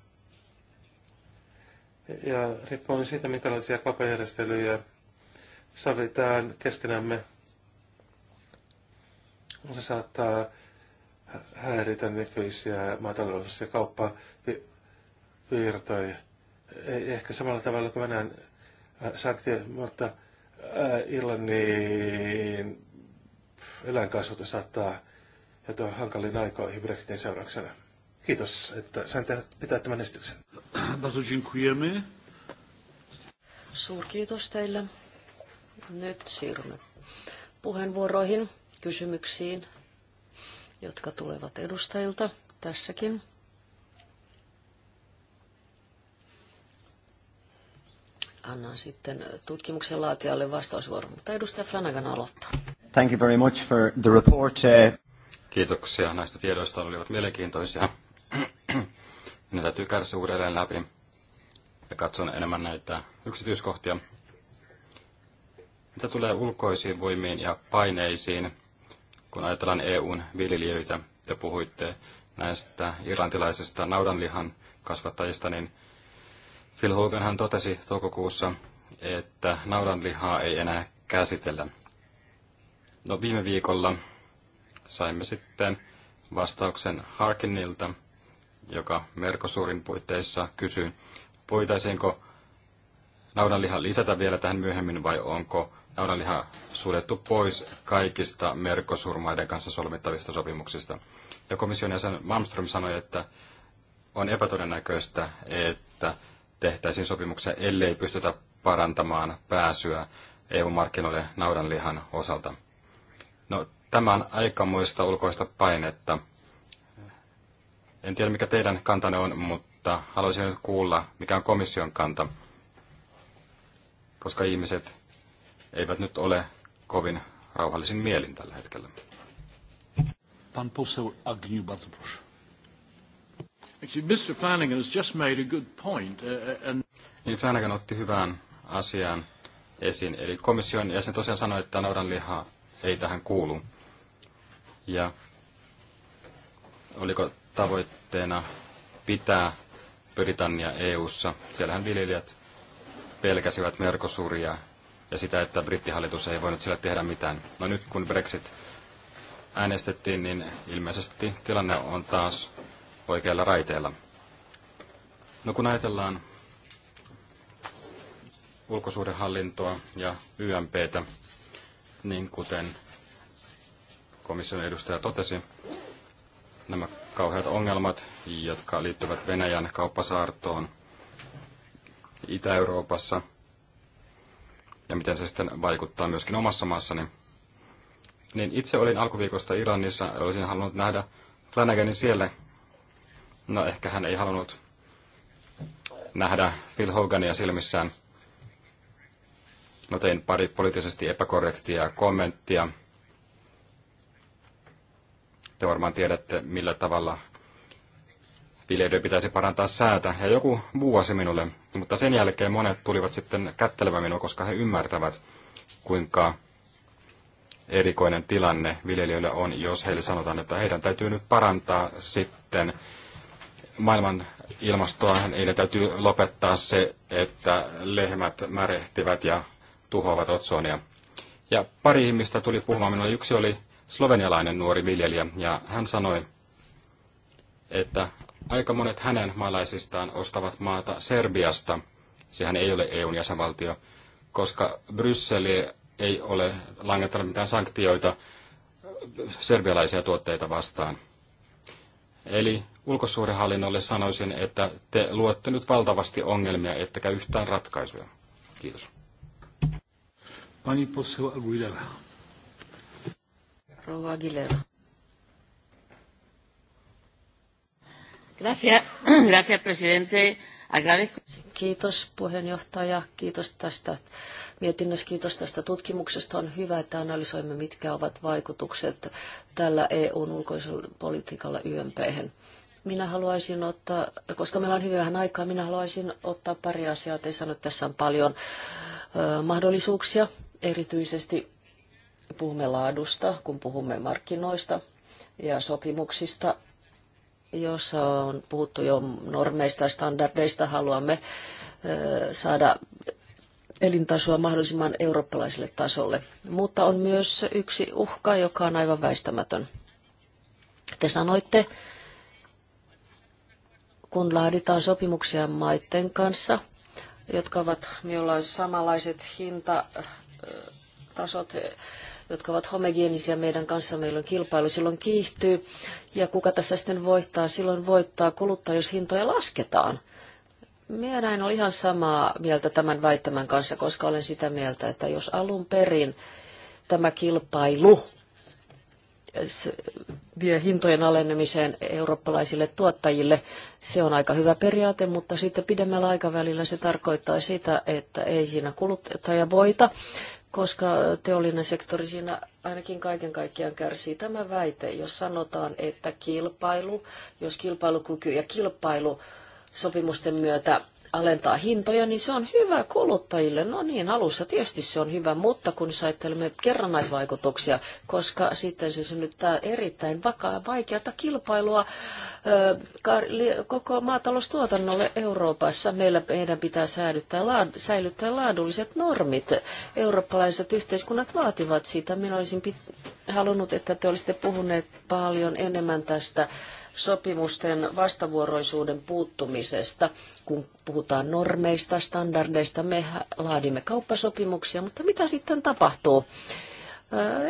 Ja riippuen siitä, minkälaisia kauppajärjestelyjä sovitaan keskenämme, se saattaa häiritä nykyisiä maatalous- ja kauppavirtoja. Ei ehkä samalla tavalla kuin Venäjän sanktio, mutta Irlannin eläinkasvatus saattaa joutua hankaliin aikoihin Brexitin seurauksena. Kiitos, että sain tehdä, pitää tämän esityksen. [clears throat] Bardzo Suurkiitos teille. Nyt siirrymme puheenvuoroihin, kysymyksiin, jotka tulevat edustajilta tässäkin. Annan sitten tutkimuksen laatijalle vastausvuoron, mutta edustaja Flanagan aloittaa. Thank you very much for the report. Uh, Kiitoksia näistä tiedoista, olivat mielenkiintoisia. [clears throat] ne täytyy käydä uudelleen läpi ja katson enemmän näitä yksityiskohtia. Mitä tulee ulkoisiin voimiin ja paineisiin, kun ajatellaan EUn viljelijöitä, te puhuitte näistä irlantilaisista naudanlihan kasvattajista, niin Phil Hoganhan totesi toukokuussa, että naudanlihaa ei enää käsitellä. No viime viikolla saimme sitten vastauksen Harkinilta, joka Merkosuurin puitteissa kysyy, voitaisiinko naudanliha lisätä vielä tähän myöhemmin vai onko naudanliha suljettu pois kaikista merkosurmaiden kanssa solmittavista sopimuksista. Ja komission jäsen Malmström sanoi, että on epätodennäköistä, että tehtäisiin sopimuksia, ellei pystytä parantamaan pääsyä EU-markkinoille naudanlihan osalta. No, tämä on aikamoista ulkoista painetta. En tiedä, mikä teidän kantanne on, mutta haluaisin nyt kuulla, mikä on komission kanta, koska ihmiset eivät nyt ole kovin rauhallisin mielin tällä hetkellä. Pan poseł Agniu, bardzo proszę. Mr. Flanagan has just made a good point. Uh, uh and... Niin Flanagan otti hyvän asian esiin. Eli komission jäsen tosiaan sanoi, että naudanliha ei tähän kuulu. Ja oliko tavoitteena pitää Britannia EU-ssa? Siellähän viljelijät pelkäsivät Mercosuria ja sitä, että brittihallitus ei voinut sillä tehdä mitään. No nyt kun Brexit äänestettiin, niin ilmeisesti tilanne on taas oikealla raiteella. No kun ajatellaan ulkosuhdehallintoa ja YMPtä, niin kuten komission edustaja totesi, nämä kauheat ongelmat, jotka liittyvät Venäjän kauppasaartoon Itä-Euroopassa ja miten se sitten vaikuttaa myöskin omassa maassani. Niin itse olin alkuviikosta Iranissa ja olisin halunnut nähdä Flanaganin siellä. No ehkä hän ei halunnut nähdä Phil Hogania silmissään – No tein pari poliittisesti epäkorrektia kommenttia. Te varmaan tiedätte, millä tavalla viljelyä pitäisi parantaa säätä. Ja joku vuosi minulle, mutta sen jälkeen monet tulivat sitten kättelemään minua, koska he ymmärtävät, kuinka erikoinen tilanne viljelijöillä on, jos heille sanotaan, että heidän täytyy nyt parantaa sitten maailman ilmastoa, heidän täytyy lopettaa se, että lehmät märehtivät ja tuhoavat otsonia. Ja pari ihmistä tuli puhumaan minulle. Yksi oli slovenialainen nuori viljelijä, ja hän sanoi, että aika monet hänen maalaisistaan ostavat maata Serbiasta. Sehän ei ole EUn jäsenvaltio, koska Brysseli ei ole langettanut mitään sanktioita serbialaisia tuotteita vastaan. Eli ulkosuhdehallinnolle sanoisin, että te luotte nyt valtavasti ongelmia, ettekä yhtään ratkaisuja. Kiitos. Pani poseł Aguilera. Aguilera. Gracias, [clears throat] gracias presidente. Kiitos puheenjohtaja, kiitos tästä mietinnöstä, kiitos tästä tutkimuksesta. On hyvä, että analysoimme, mitkä ovat vaikutukset tällä EUn ulkoisella politiikalla ymp minä haluaisin ottaa, koska meillä on hyvin vähän aikaa, minä haluaisin ottaa pari asiaa. Te sanoitte, että tässä on paljon ö, mahdollisuuksia. Erityisesti puhumme laadusta, kun puhumme markkinoista ja sopimuksista, jossa on puhuttu jo normeista ja standardeista. Haluamme saada elintasoa mahdollisimman eurooppalaiselle tasolle. Mutta on myös yksi uhka, joka on aivan väistämätön. Te sanoitte, kun laaditaan sopimuksia maiden kanssa, jotka ovat, joilla samanlaiset hinta, tasot, jotka ovat homogeenisia meidän kanssa. Meillä on kilpailu, silloin kiihtyy. Ja kuka tässä sitten voittaa? Silloin voittaa kuluttaa, jos hintoja lasketaan. Minä en ole ihan samaa mieltä tämän väittämän kanssa, koska olen sitä mieltä, että jos alun perin tämä kilpailu vie hintojen alenemiseen eurooppalaisille tuottajille. Se on aika hyvä periaate, mutta sitten pidemmällä aikavälillä se tarkoittaa sitä, että ei siinä kuluttaja voita, koska teollinen sektori siinä ainakin kaiken kaikkiaan kärsii tämä väite, jos sanotaan, että kilpailu, jos kilpailukyky ja kilpailu sopimusten myötä alentaa hintoja, niin se on hyvä kuluttajille. No niin, alussa tietysti se on hyvä, mutta kun saittelemme kerrannaisvaikutuksia, koska sitten se synnyttää erittäin vakaa, vaikeata kilpailua koko maataloustuotannolle Euroopassa. Meillä meidän pitää säilyttää, säilyttää laadulliset normit. Eurooppalaiset yhteiskunnat vaativat sitä. Minä olisin halunnut, että te olisitte puhuneet paljon enemmän tästä sopimusten vastavuoroisuuden puuttumisesta, kun puhutaan normeista, standardeista. Me laadimme kauppasopimuksia, mutta mitä sitten tapahtuu?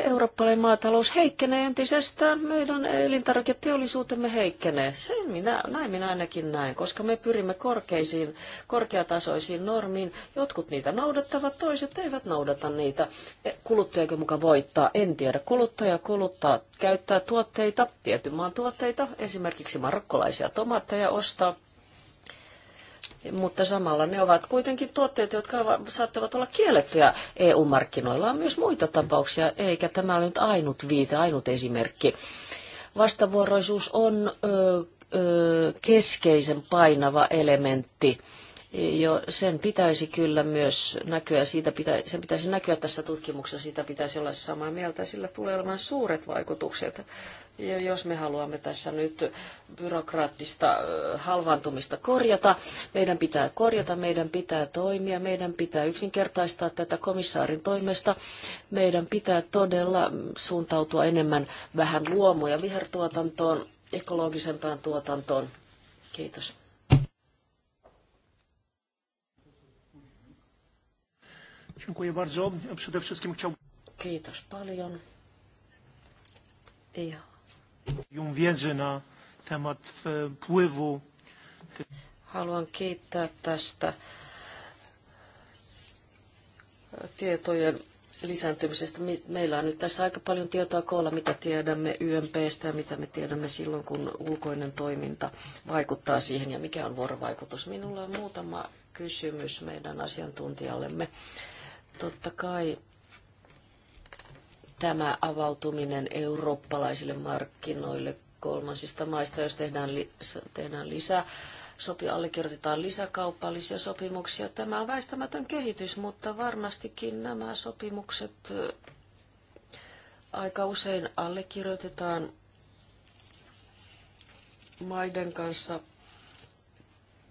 eurooppalainen maatalous heikkenee entisestään, meidän elintarviketeollisuutemme heikkenee. Sen minä, näin minä ainakin näen, koska me pyrimme korkeisiin, korkeatasoisiin normiin. Jotkut niitä noudattavat, toiset eivät noudata niitä. E, Kuluttajakin muka voittaa? En tiedä. Kuluttaja kuluttaa, käyttää tuotteita, tietyn maan tuotteita, esimerkiksi marokkolaisia tomaatteja ostaa – mutta samalla ne ovat kuitenkin tuotteet, jotka saattavat olla kiellettyjä EU-markkinoilla. On myös muita tapauksia, eikä tämä ole nyt ainut viite, ainut esimerkki. Vastavuoroisuus on ö, ö, keskeisen painava elementti. Jo, sen pitäisi kyllä myös näkyä, siitä pitä, sen pitäisi näkyä tässä tutkimuksessa, siitä pitäisi olla samaa mieltä, sillä tulee olemaan suuret vaikutukset ja jos me haluamme tässä nyt byrokraattista halvantumista korjata, meidän pitää korjata, meidän pitää toimia, meidän pitää yksinkertaistaa tätä komissaarin toimesta. Meidän pitää todella suuntautua enemmän vähän luomu- ja vihertuotantoon, ekologisempaan tuotantoon. Kiitos. Kiitos paljon. Ja wiedzy na temat e, wpływu. Haluan kiittää tästä tietojen lisääntymisestä. Meillä on nyt tässä aika paljon tietoa koolla, mitä tiedämme YMPstä ja mitä me tiedämme silloin, kun ulkoinen toiminta vaikuttaa siihen ja mikä on vuorovaikutus. Minulla on muutama kysymys meidän asiantuntijallemme. Totta kai tämä avautuminen eurooppalaisille markkinoille kolmansista maista, jos tehdään, li, tehdään lisää, sopi, allekirjoitetaan lisäkaupallisia sopimuksia. Tämä on väistämätön kehitys, mutta varmastikin nämä sopimukset aika usein allekirjoitetaan maiden kanssa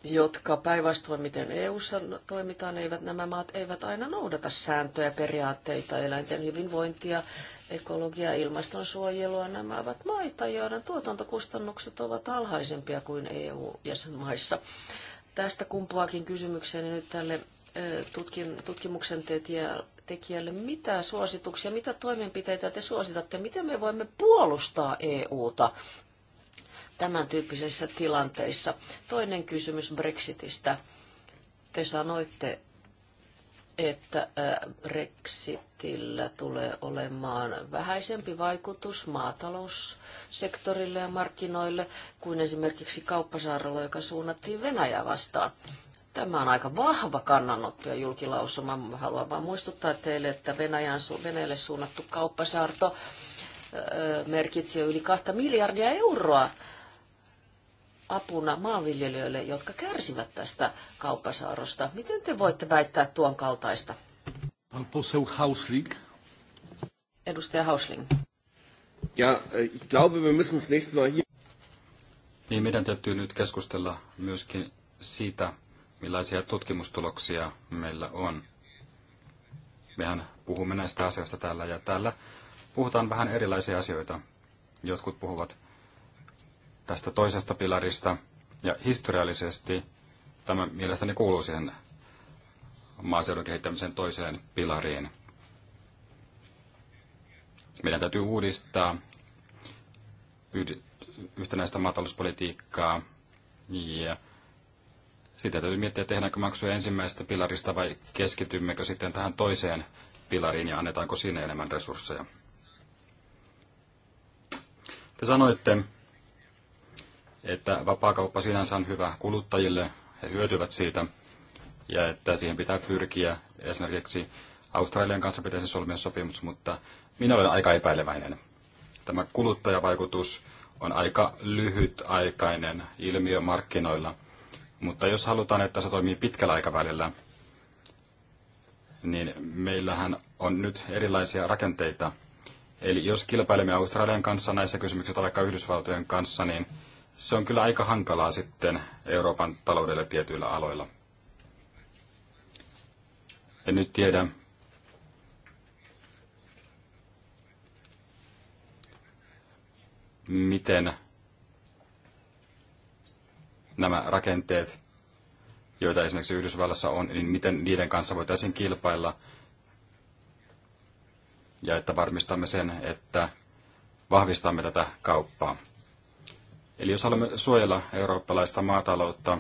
jotka päinvastoin miten EU-ssa toimitaan, eivät nämä maat eivät aina noudata sääntöjä, periaatteita, eläinten hyvinvointia, ekologiaa, ilmastonsuojelua. Nämä ovat maita, joiden tuotantokustannukset ovat alhaisempia kuin EU-jäsenmaissa. Tästä kumpuakin kysymykseni nyt tälle tutkimuksen tekijälle, mitä suosituksia, mitä toimenpiteitä te suositatte, miten me voimme puolustaa EUta tämän tyyppisissä tilanteissa. Toinen kysymys Brexitistä. Te sanoitte, että Brexitillä tulee olemaan vähäisempi vaikutus maataloussektorille ja markkinoille kuin esimerkiksi kauppasaarella, joka suunnattiin Venäjä vastaan. Tämä on aika vahva kannanotto ja julkilausuma. Haluan vain muistuttaa teille, että Venäjän, Venäjälle suunnattu kauppasaarto merkitsi jo yli kahta miljardia euroa apuna maanviljelijöille, jotka kärsivät tästä kauppasaarosta. Miten te voitte väittää tuon kaltaista? Hausling. Edustaja Hausling. Ja, äh, ich glaube, wir müssen das nächste Mal hier... Niin, meidän täytyy nyt keskustella myöskin siitä, millaisia tutkimustuloksia meillä on. Mehän puhumme näistä asioista täällä ja täällä puhutaan vähän erilaisia asioita. Jotkut puhuvat tästä toisesta pilarista. Ja historiallisesti tämä mielestäni kuuluu siihen maaseudun kehittämisen toiseen pilariin. Meidän täytyy uudistaa yhtenäistä maatalouspolitiikkaa ja sitä täytyy miettiä, tehdäänkö maksuja ensimmäisestä pilarista vai keskitymmekö sitten tähän toiseen pilariin ja annetaanko sinne enemmän resursseja. Te sanoitte, että vapaakauppa sinänsä on hyvä kuluttajille, he hyötyvät siitä, ja että siihen pitää pyrkiä. Esimerkiksi Australian kanssa pitäisi solmia sopimus, mutta minä olen aika epäileväinen. Tämä kuluttajavaikutus on aika lyhytaikainen ilmiö markkinoilla, mutta jos halutaan, että se toimii pitkällä aikavälillä, niin meillähän on nyt erilaisia rakenteita. Eli jos kilpailemme Australian kanssa näissä kysymyksissä tai vaikka Yhdysvaltojen kanssa, niin se on kyllä aika hankalaa sitten Euroopan taloudelle tietyillä aloilla. En nyt tiedä, miten nämä rakenteet, joita esimerkiksi Yhdysvallassa on, niin miten niiden kanssa voitaisiin kilpailla ja että varmistamme sen, että vahvistamme tätä kauppaa. Eli jos haluamme suojella eurooppalaista maataloutta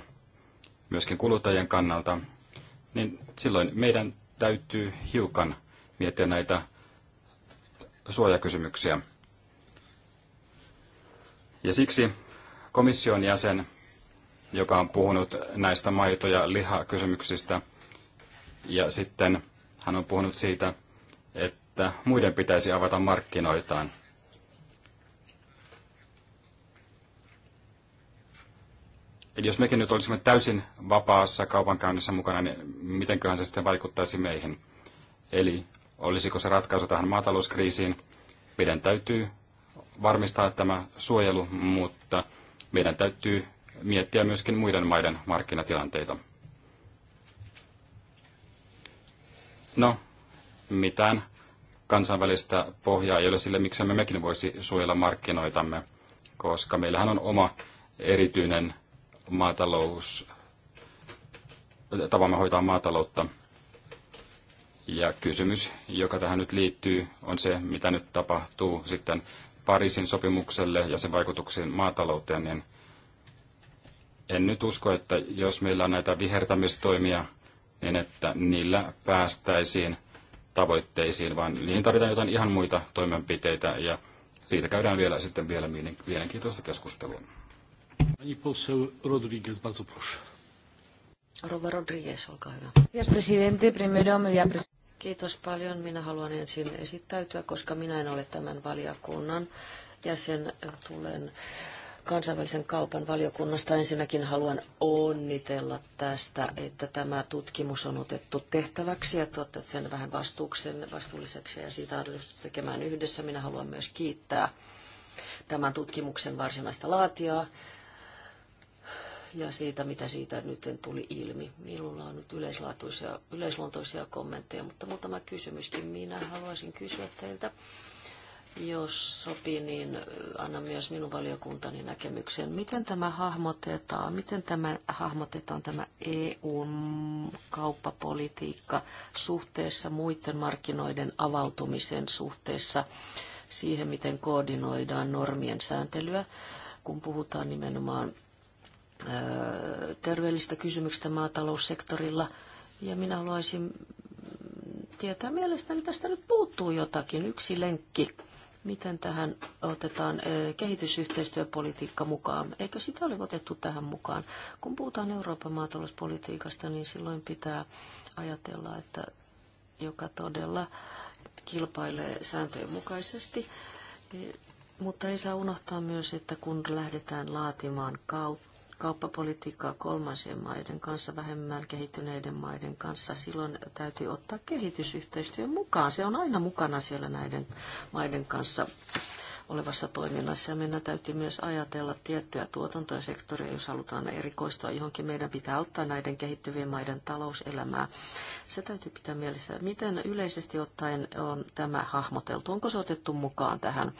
myöskin kuluttajien kannalta, niin silloin meidän täytyy hiukan miettiä näitä suojakysymyksiä. Ja siksi komission jäsen, joka on puhunut näistä maito- ja lihakysymyksistä, ja sitten hän on puhunut siitä, että muiden pitäisi avata markkinoitaan. Eli jos mekin nyt olisimme täysin vapaassa kaupankäynnissä mukana, niin mitenköhän se sitten vaikuttaisi meihin? Eli olisiko se ratkaisu tähän maatalouskriisiin? Meidän täytyy varmistaa tämä suojelu, mutta meidän täytyy miettiä myöskin muiden maiden markkinatilanteita. No, mitään kansainvälistä pohjaa ei ole sille, miksemme mekin voisi suojella markkinoitamme, koska meillähän on oma erityinen maatalous, tavamme hoitaa maataloutta. Ja kysymys, joka tähän nyt liittyy, on se, mitä nyt tapahtuu sitten Pariisin sopimukselle ja sen vaikutuksiin maatalouteen, niin en nyt usko, että jos meillä on näitä vihertämistoimia, niin että niillä päästäisiin tavoitteisiin, vaan niihin tarvitaan jotain ihan muita toimenpiteitä ja siitä käydään vielä sitten vielä mielenkiintoista keskustelua. Pani poseł Rodriguez, bardzo proszę. Rova olkaa hyvä. Kiitos presidente. Primero me voy a Kiitos paljon. Minä haluan ensin esittäytyä, koska minä en ole tämän valiokunnan jäsen. Tulen kansainvälisen kaupan valiokunnasta. Ensinnäkin haluan onnitella tästä, että tämä tutkimus on otettu tehtäväksi ja tuottaa sen vähän vastuuksen, vastuulliseksi ja siitä on ryhdytty tekemään yhdessä. Minä haluan myös kiittää tämän tutkimuksen varsinaista laatijaa ja siitä, mitä siitä nyt tuli ilmi. Minulla on nyt yleislaatuisia, yleisluontoisia kommentteja, mutta muutama kysymyskin. Minä haluaisin kysyä teiltä, jos sopii, niin anna myös minun valiokuntani näkemyksen. Miten tämä hahmotetaan? Miten tämä hahmotetaan tämä EU kauppapolitiikka suhteessa muiden markkinoiden avautumisen suhteessa siihen, miten koordinoidaan normien sääntelyä? kun puhutaan nimenomaan terveellistä kysymyksistä maataloussektorilla. Ja minä haluaisin tietää mielestäni tästä nyt puuttuu jotakin, yksi lenkki. Miten tähän otetaan kehitysyhteistyöpolitiikka mukaan? Eikö sitä ole otettu tähän mukaan? Kun puhutaan Euroopan maatalouspolitiikasta, niin silloin pitää ajatella, että joka todella kilpailee sääntöjen mukaisesti. Mutta ei saa unohtaa myös, että kun lähdetään laatimaan kautta, kauppapolitiikkaa kolmansien maiden kanssa, vähemmän kehittyneiden maiden kanssa, silloin täytyy ottaa kehitysyhteistyö mukaan. Se on aina mukana siellä näiden maiden kanssa olevassa toiminnassa. Ja meidän täytyy myös ajatella tiettyä tuotantoa sektoria, jos halutaan erikoistua johonkin. Meidän pitää auttaa näiden kehittyvien maiden talouselämää. Se täytyy pitää mielessä. Miten yleisesti ottaen on tämä hahmoteltu? Onko se otettu mukaan tähän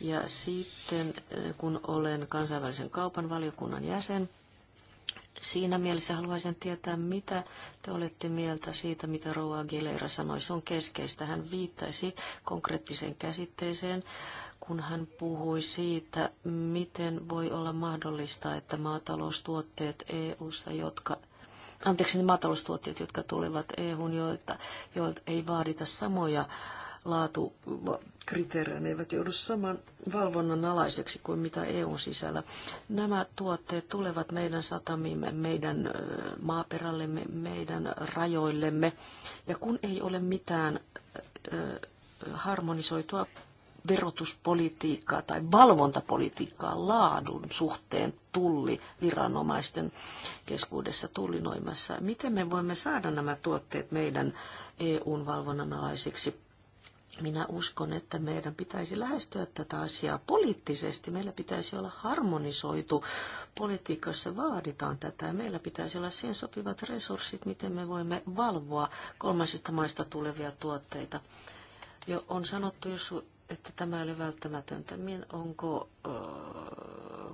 ja sitten, eh, kun olen kansainvälisen kaupan valiokunnan jäsen, siinä mielessä haluaisin tietää, mitä te olette mieltä siitä, mitä Rouva Aguilera sanoi. Se on keskeistä. Hän viittaisi konkreettiseen käsitteeseen, kun hän puhui siitä, miten voi olla mahdollista, että maataloustuotteet EU-ssa, jotka anteeksi, ne niin maataloustuotteet, jotka tulevat EU-hun, joilta, joilta ei vaadita samoja äh, laatukriteerejä, ne eivät joudu saman valvonnan alaiseksi kuin mitä EUn sisällä. Nämä tuotteet tulevat meidän satamiimme, meidän maaperällemme, meidän rajoillemme. Ja kun ei ole mitään harmonisoitua verotuspolitiikkaa tai valvontapolitiikkaa laadun suhteen tulli viranomaisten keskuudessa tullinoimassa. Miten me voimme saada nämä tuotteet meidän EUn valvonnan alaisiksi? Minä uskon, että meidän pitäisi lähestyä tätä asiaa poliittisesti. Meillä pitäisi olla harmonisoitu. Politiikassa vaaditaan tätä ja meillä pitäisi olla siihen sopivat resurssit, miten me voimme valvoa kolmansista maista tulevia tuotteita. Jo on sanottu, jos että tämä ei ole välttämätöntä. Onko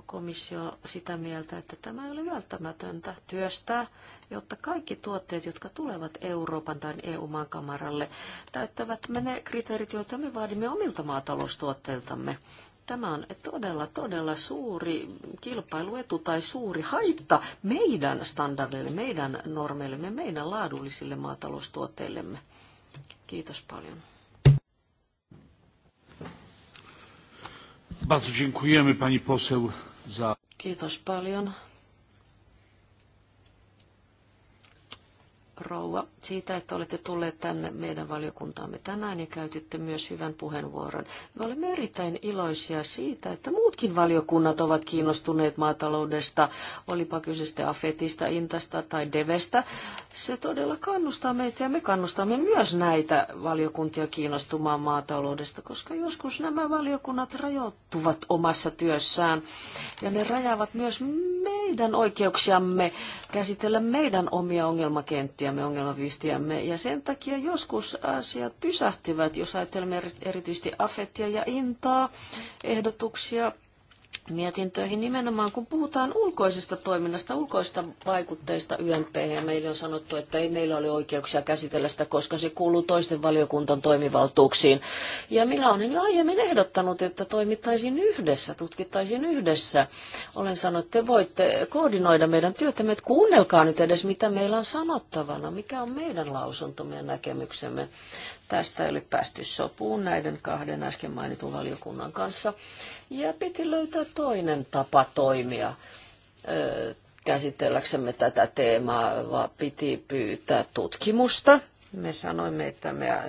komissio sitä mieltä, että tämä ei ole välttämätöntä työstää, jotta kaikki tuotteet, jotka tulevat Euroopan tai EU-maan kamaralle, täyttävät ne kriteerit, joita me vaadimme omilta maataloustuotteiltamme. Tämä on todella, todella suuri kilpailuetu tai suuri haitta meidän standardeille, meidän normeillemme, meidän laadullisille maataloustuotteillemme. Kiitos paljon. Bardzo dziękujemy pani poseł za... Kiitos paljon rouva siitä, että olette tulleet tänne meidän valiokuntaamme tänään ja käytitte myös hyvän puheenvuoron. Me olemme erittäin iloisia siitä, että muutkin valiokunnat ovat kiinnostuneet maataloudesta, olipa kyse sitten Afetista, Intasta tai Devestä. Se todella kannustaa meitä ja me kannustamme myös näitä valiokuntia kiinnostumaan maataloudesta, koska joskus nämä valiokunnat rajoittuvat omassa työssään ja ne rajaavat myös meidän oikeuksiamme käsitellä meidän omia ongelmakenttiä me ongelmavyhtiämme. Ja sen takia joskus asiat pysähtyvät, jos ajattelemme erityisesti afettia ja intaa, ehdotuksia, mietintöihin nimenomaan, kun puhutaan ulkoisesta toiminnasta, ulkoista vaikutteista YMP, ja meille on sanottu, että ei meillä ole oikeuksia käsitellä sitä, koska se kuuluu toisten valiokuntan toimivaltuuksiin. Ja minä olen jo aiemmin ehdottanut, että toimittaisiin yhdessä, tutkittaisiin yhdessä. Olen sanonut, että te voitte koordinoida meidän työtämme, että kuunnelkaa nyt edes, mitä meillä on sanottavana, mikä on meidän lausuntomme ja näkemyksemme. Tästä ei ole päästy sopuun näiden kahden äsken mainitun valiokunnan kanssa. Ja piti löytää toinen tapa toimia käsitelläksemme tätä teemaa, vaan piti pyytää tutkimusta me sanoimme, että me äh,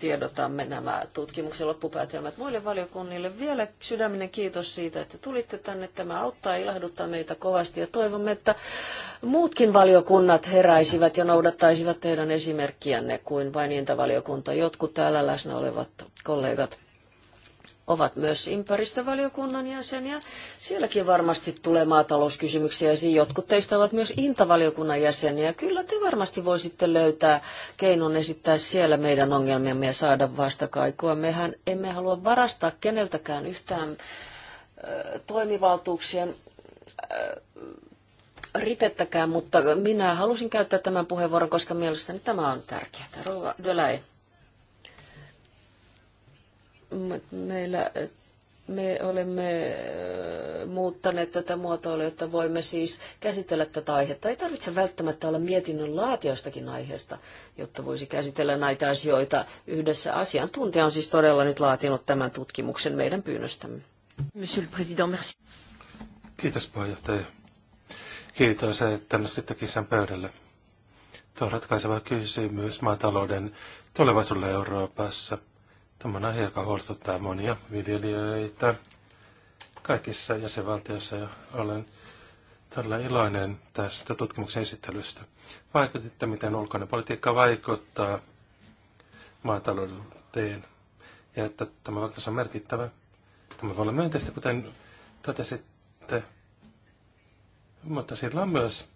tiedotamme nämä tutkimuksen loppupäätelmät muille valiokunnille. Vielä sydäminen kiitos siitä, että tulitte tänne. Tämä auttaa ja ilahduttaa meitä kovasti ja toivomme, että muutkin valiokunnat heräisivät ja noudattaisivat teidän esimerkkiänne kuin vain niitä valiokunta. Jotkut täällä läsnä olevat kollegat ovat myös ympäristövaliokunnan jäseniä. Sielläkin varmasti tulee maatalouskysymyksiä esiin. Jotkut teistä ovat myös intavaliokunnan jäseniä. Kyllä te varmasti voisitte löytää keinon esittää siellä meidän ongelmiamme ja saada vastakaikua. Mehän emme halua varastaa keneltäkään yhtään toimivaltuuksien ripettäkään, mutta minä halusin käyttää tämän puheenvuoron, koska mielestäni tämä on tärkeää. Rouva Döläi meillä me olemme muuttaneet tätä muotoilua, jotta voimme siis käsitellä tätä aihetta. Ei tarvitse välttämättä olla mietinnön laatiostakin aiheesta, jotta voisi käsitellä näitä asioita yhdessä. Asiantuntija on siis todella nyt laatinut tämän tutkimuksen meidän pyynnöstämme. Monsieur le Président, merci. Kiitos puheenjohtaja. Kiitos, että sitten kissan pöydälle. Tuo ratkaiseva kysymys maatalouden tulevaisuudelle Euroopassa – Tämä on aihe, joka huolestuttaa monia viljelijöitä kaikissa jäsenvaltioissa ja olen todella iloinen tästä tutkimuksen esittelystä. Vaikutitte, miten ulkoinen politiikka vaikuttaa maatalouteen ja että tämä vaikutus on merkittävä. Tämä voi olla myönteistä, kuten totesitte, mutta sillä on myös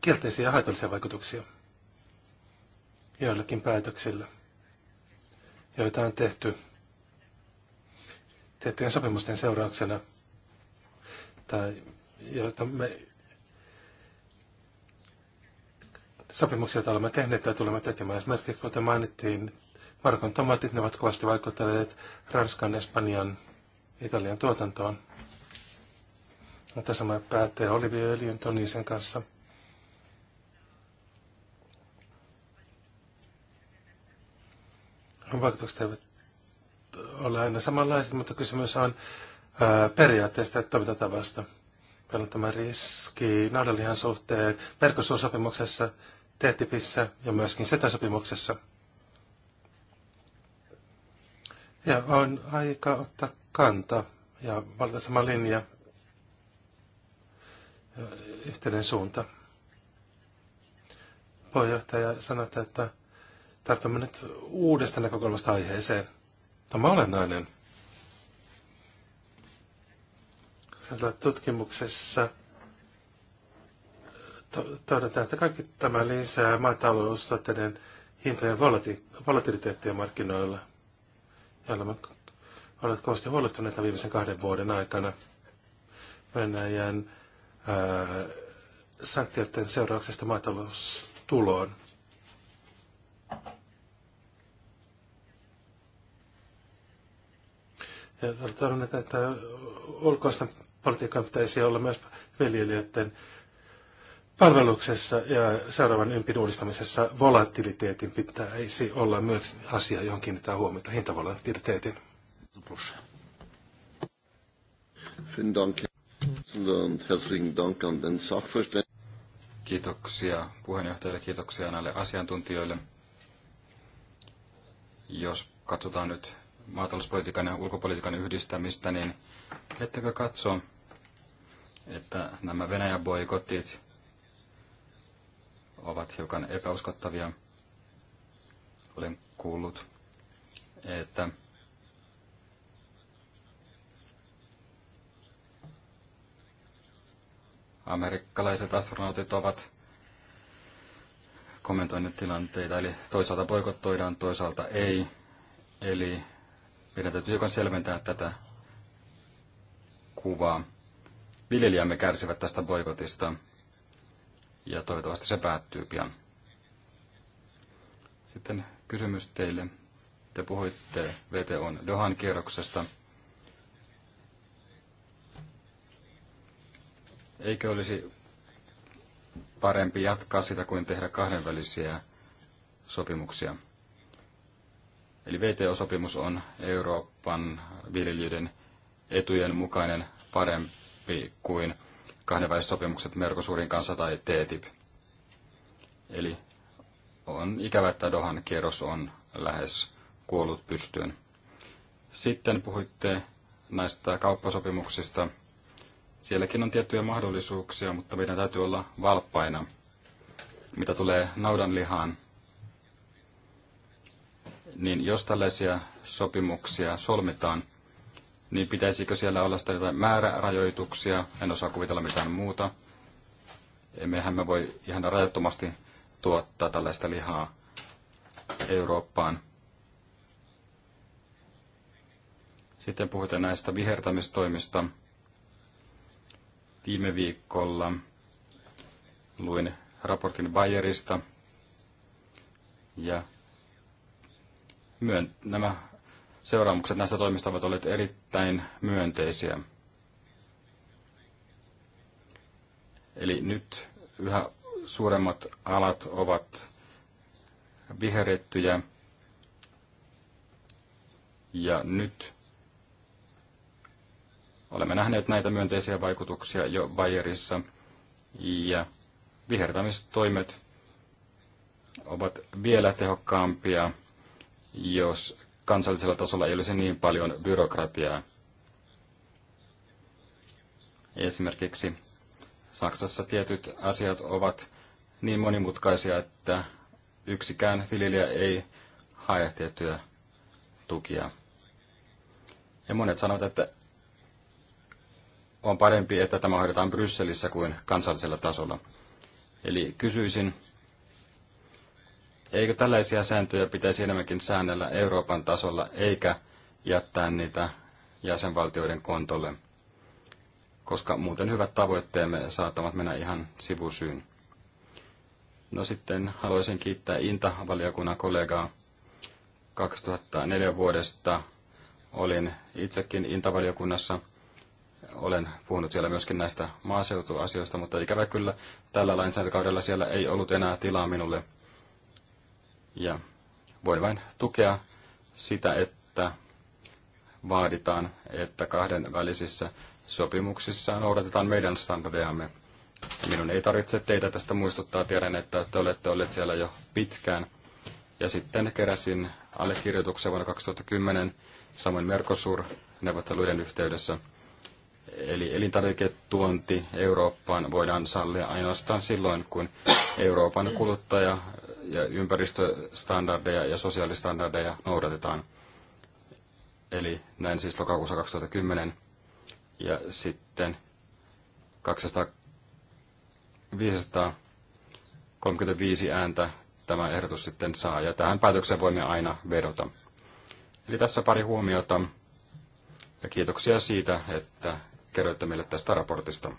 kielteisiä ja haitallisia vaikutuksia joillakin päätöksillä joita on tehty tiettyjen sopimusten seurauksena, tai joita me sopimuksia, joita olemme tehneet tai tulemme tekemään. Esimerkiksi kuten mainittiin, Markon tomaatit, ne ovat kovasti vaikuttaneet Ranskan, Espanjan, Italian tuotantoon. No, tässä mä päätteen oliviöljyn Tonisen kanssa – vaikutukset eivät ole aina samanlaiset, mutta kysymys on periaatteesta ja toimintatavasta. Meillä on tämä riski naudanlihan suhteen Mercosur-sopimuksessa, TTIPissä ja myöskin SETA-sopimuksessa. Ja on aika ottaa kanta ja valita sama linja ja yhteinen suunta. Puheenjohtaja sanoi, että tartumme nyt uudesta näkökulmasta aiheeseen. Tämä on olennainen. tutkimuksessa todetaan, että kaikki tämä lisää maataloustuotteiden hintojen volatiliteettia markkinoilla, joilla me olemme kovasti huolestuneita viimeisen kahden vuoden aikana. Venäjän ää, sanktioiden seurauksesta maataloustuloon. Ja toivon, että, että ulkoisten politiikan pitäisi olla myös viljelijöiden palveluksessa ja seuraavan ympin uudistamisessa volatiliteetin pitäisi olla myös asia, johon kiinnitetään huomiota, hintavolatiliteetin. Kiitoksia puheenjohtajalle, kiitoksia näille asiantuntijoille. Jos katsotaan nyt maatalouspolitiikan ja ulkopolitiikan yhdistämistä, niin ettekö katso, että nämä Venäjän boikotit ovat hiukan epäuskottavia? Olen kuullut, että amerikkalaiset astronautit ovat kommentoineet tilanteita, eli toisaalta boikottoidaan, toisaalta ei. Eli meidän täytyy hiukan selventää tätä kuvaa. Viljelijämme kärsivät tästä boikotista ja toivottavasti se päättyy pian. Sitten kysymys teille. Te puhuitte VTOn Dohan kierroksesta. Eikö olisi parempi jatkaa sitä kuin tehdä kahdenvälisiä sopimuksia? Eli VTO-sopimus on Euroopan viljelijöiden etujen mukainen parempi kuin kahdenväliset sopimukset Mercosurin kanssa tai TTIP. Eli on ikävä, että Dohan kierros on lähes kuollut pystyyn. Sitten puhuitte näistä kauppasopimuksista. Sielläkin on tiettyjä mahdollisuuksia, mutta meidän täytyy olla valppaina. Mitä tulee naudanlihaan, niin jos tällaisia sopimuksia solmitaan, niin pitäisikö siellä olla sitä jotain määrärajoituksia? En osaa kuvitella mitään muuta. Emmehän me voi ihan rajoittomasti tuottaa tällaista lihaa Eurooppaan. Sitten puhutaan näistä vihertämistoimista. Viime viikolla luin raportin Bayerista ja myön, nämä seuraamukset näistä toimista ovat olleet erittäin myönteisiä. Eli nyt yhä suuremmat alat ovat viherettyjä ja nyt olemme nähneet näitä myönteisiä vaikutuksia jo Bayerissa ja vihertämistoimet ovat vielä tehokkaampia jos kansallisella tasolla ei olisi niin paljon byrokratiaa. Esimerkiksi Saksassa tietyt asiat ovat niin monimutkaisia, että yksikään viljelijä ei hae tiettyjä tukia. Ja monet sanovat, että on parempi, että tämä hoidetaan Brysselissä kuin kansallisella tasolla. Eli kysyisin, Eikö tällaisia sääntöjä pitäisi enemmänkin säännellä Euroopan tasolla, eikä jättää niitä jäsenvaltioiden kontolle, koska muuten hyvät tavoitteemme saattavat mennä ihan sivusyyn. No sitten haluaisin kiittää Inta-valiokunnan kollegaa 2004 vuodesta. Olin itsekin Inta-valiokunnassa. Olen puhunut siellä myöskin näistä maaseutuasioista, mutta ikävä kyllä tällä lainsäädäntökaudella siellä ei ollut enää tilaa minulle – ja voin vain tukea sitä, että vaaditaan, että kahden välisissä sopimuksissa noudatetaan meidän standardeamme. Minun ei tarvitse teitä tästä muistuttaa. Tiedän, että te olette olleet siellä jo pitkään. Ja sitten keräsin allekirjoituksen vuonna 2010 samoin Mercosur-neuvotteluiden yhteydessä. Eli elintarviketuonti Eurooppaan voidaan sallia ainoastaan silloin, kun Euroopan kuluttaja ja ympäristöstandardeja ja sosiaalistandardeja noudatetaan. Eli näin siis lokakuussa 2010. Ja sitten 200, 535 ääntä tämä ehdotus sitten saa. Ja tähän päätökseen voimme aina vedota. Eli tässä pari huomiota ja kiitoksia siitä, että kerroitte meille tästä raportista.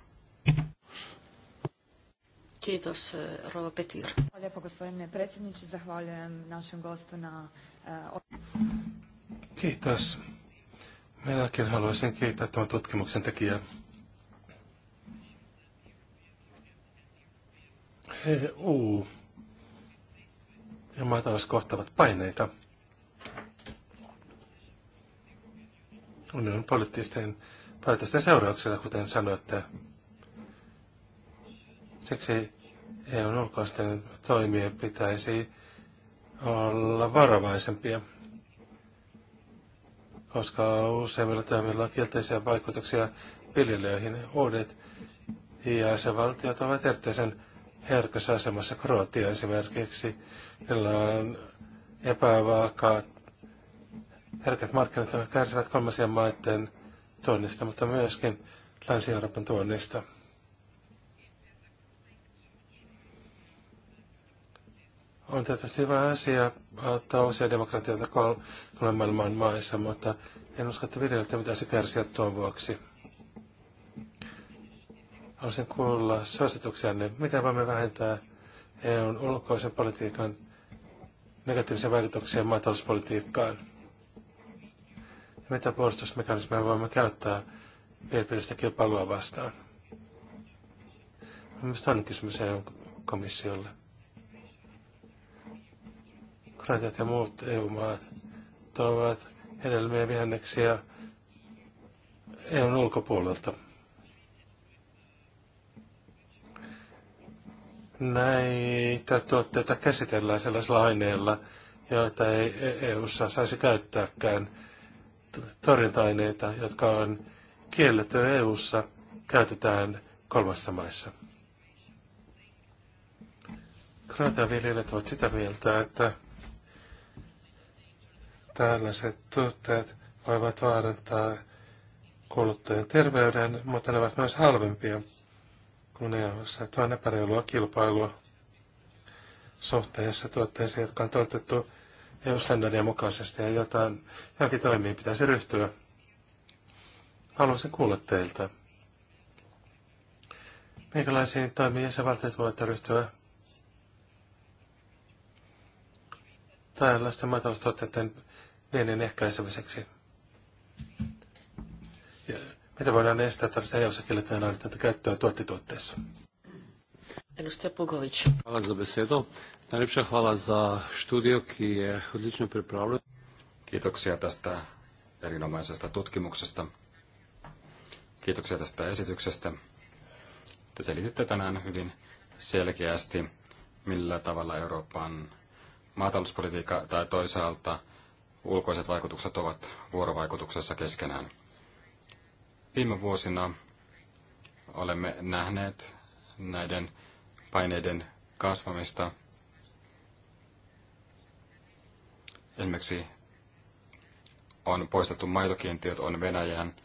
Kiitos, eh, Rova Petir. Lijepo, gospodine predsjedniče. Zahvaljujem našem gostu na... Eh, Kiitos. Minäkin haluaisin kiittää tämän tutkimuksen tekijää. EU ja maatalous kohtavat paineita. Unionin poliittisten päätösten seurauksena, kuten sanoitte, Siksi EUn ulkoisten toimien pitäisi olla varovaisempia, koska useimmilla toimilla on kielteisiä vaikutuksia viljelijöihin. Uudet IAS-valtiot ovat erityisen herkässä asemassa. Kroatia esimerkiksi, niillä on epävakaat, herkät markkinat, jotka kärsivät kolmasien maiden tuonnista, mutta myöskin Länsi-Euroopan tuonnista. On tietysti hyvä asia ottaa uusia demokratioita kolmen maailman maissa, mutta en usko, että viljelijöiltä pitäisi kärsiä tuon vuoksi. Haluaisin kuulla suosituksianne, niin miten voimme vähentää EUn ulkoisen politiikan negatiivisia vaikutuksia maatalouspolitiikkaan. Ja mitä puolustusmekanismeja voimme käyttää vilpillistä kilpailua vastaan? Mielestäni on kysymys EUn komissiolle. Kroatiat ja muut EU-maat toivat hedelmiä vihanneksia EUn ulkopuolelta. Näitä tuotteita käsitellään sellaisella aineella, joita ei EU-ssa saisi käyttääkään torjunta-aineita, jotka on kielletty EU-ssa, käytetään kolmassa maissa. Kroatian viljelijät ovat sitä mieltä, että Tällaiset tuotteet voivat vaarantaa kuluttajan terveyden, mutta ne ovat myös halvempia kuin ne ovat Tuo on epäreilua kilpailua suhteessa tuotteisiin, jotka on tuotettu EU-standardien mukaisesti ja jotain, johonkin toimiin pitäisi ryhtyä. Haluaisin kuulla teiltä. Minkälaisiin toimiin jäsenvaltiot voivat ryhtyä tällaisten maataloustuotteiden niin ehkäisemiseksi. Ja mitä voidaan estää tällaista EU-kielten aineiden käyttöä tuottituotteissa? Edustaja Pugovic. Hvala za besedo. Najlepša hvala za studio, ki je odlično pripravljen. Kiitoksia tästä erinomaisesta tutkimuksesta. Kiitoksia tästä esityksestä. Te selititte tänään hyvin selkeästi, millä tavalla Euroopan maatalouspolitiikka tai toisaalta – ulkoiset vaikutukset ovat vuorovaikutuksessa keskenään. Viime vuosina olemme nähneet näiden paineiden kasvamista. Esimerkiksi on poistettu maitokiintiöt, on Venäjän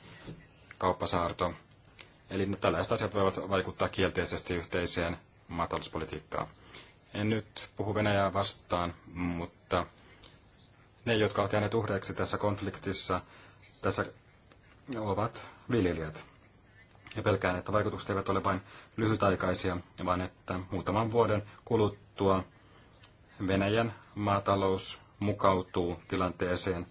kauppasaarto. Eli tällaiset asiat voivat vaikuttaa kielteisesti yhteiseen maatalouspolitiikkaan. En nyt puhu Venäjää vastaan, mutta ne, jotka ovat jääneet uhreiksi tässä konfliktissa, tässä ovat viljelijät. Ja pelkään, että vaikutukset eivät ole vain lyhytaikaisia, vaan että muutaman vuoden kuluttua Venäjän maatalous mukautuu tilanteeseen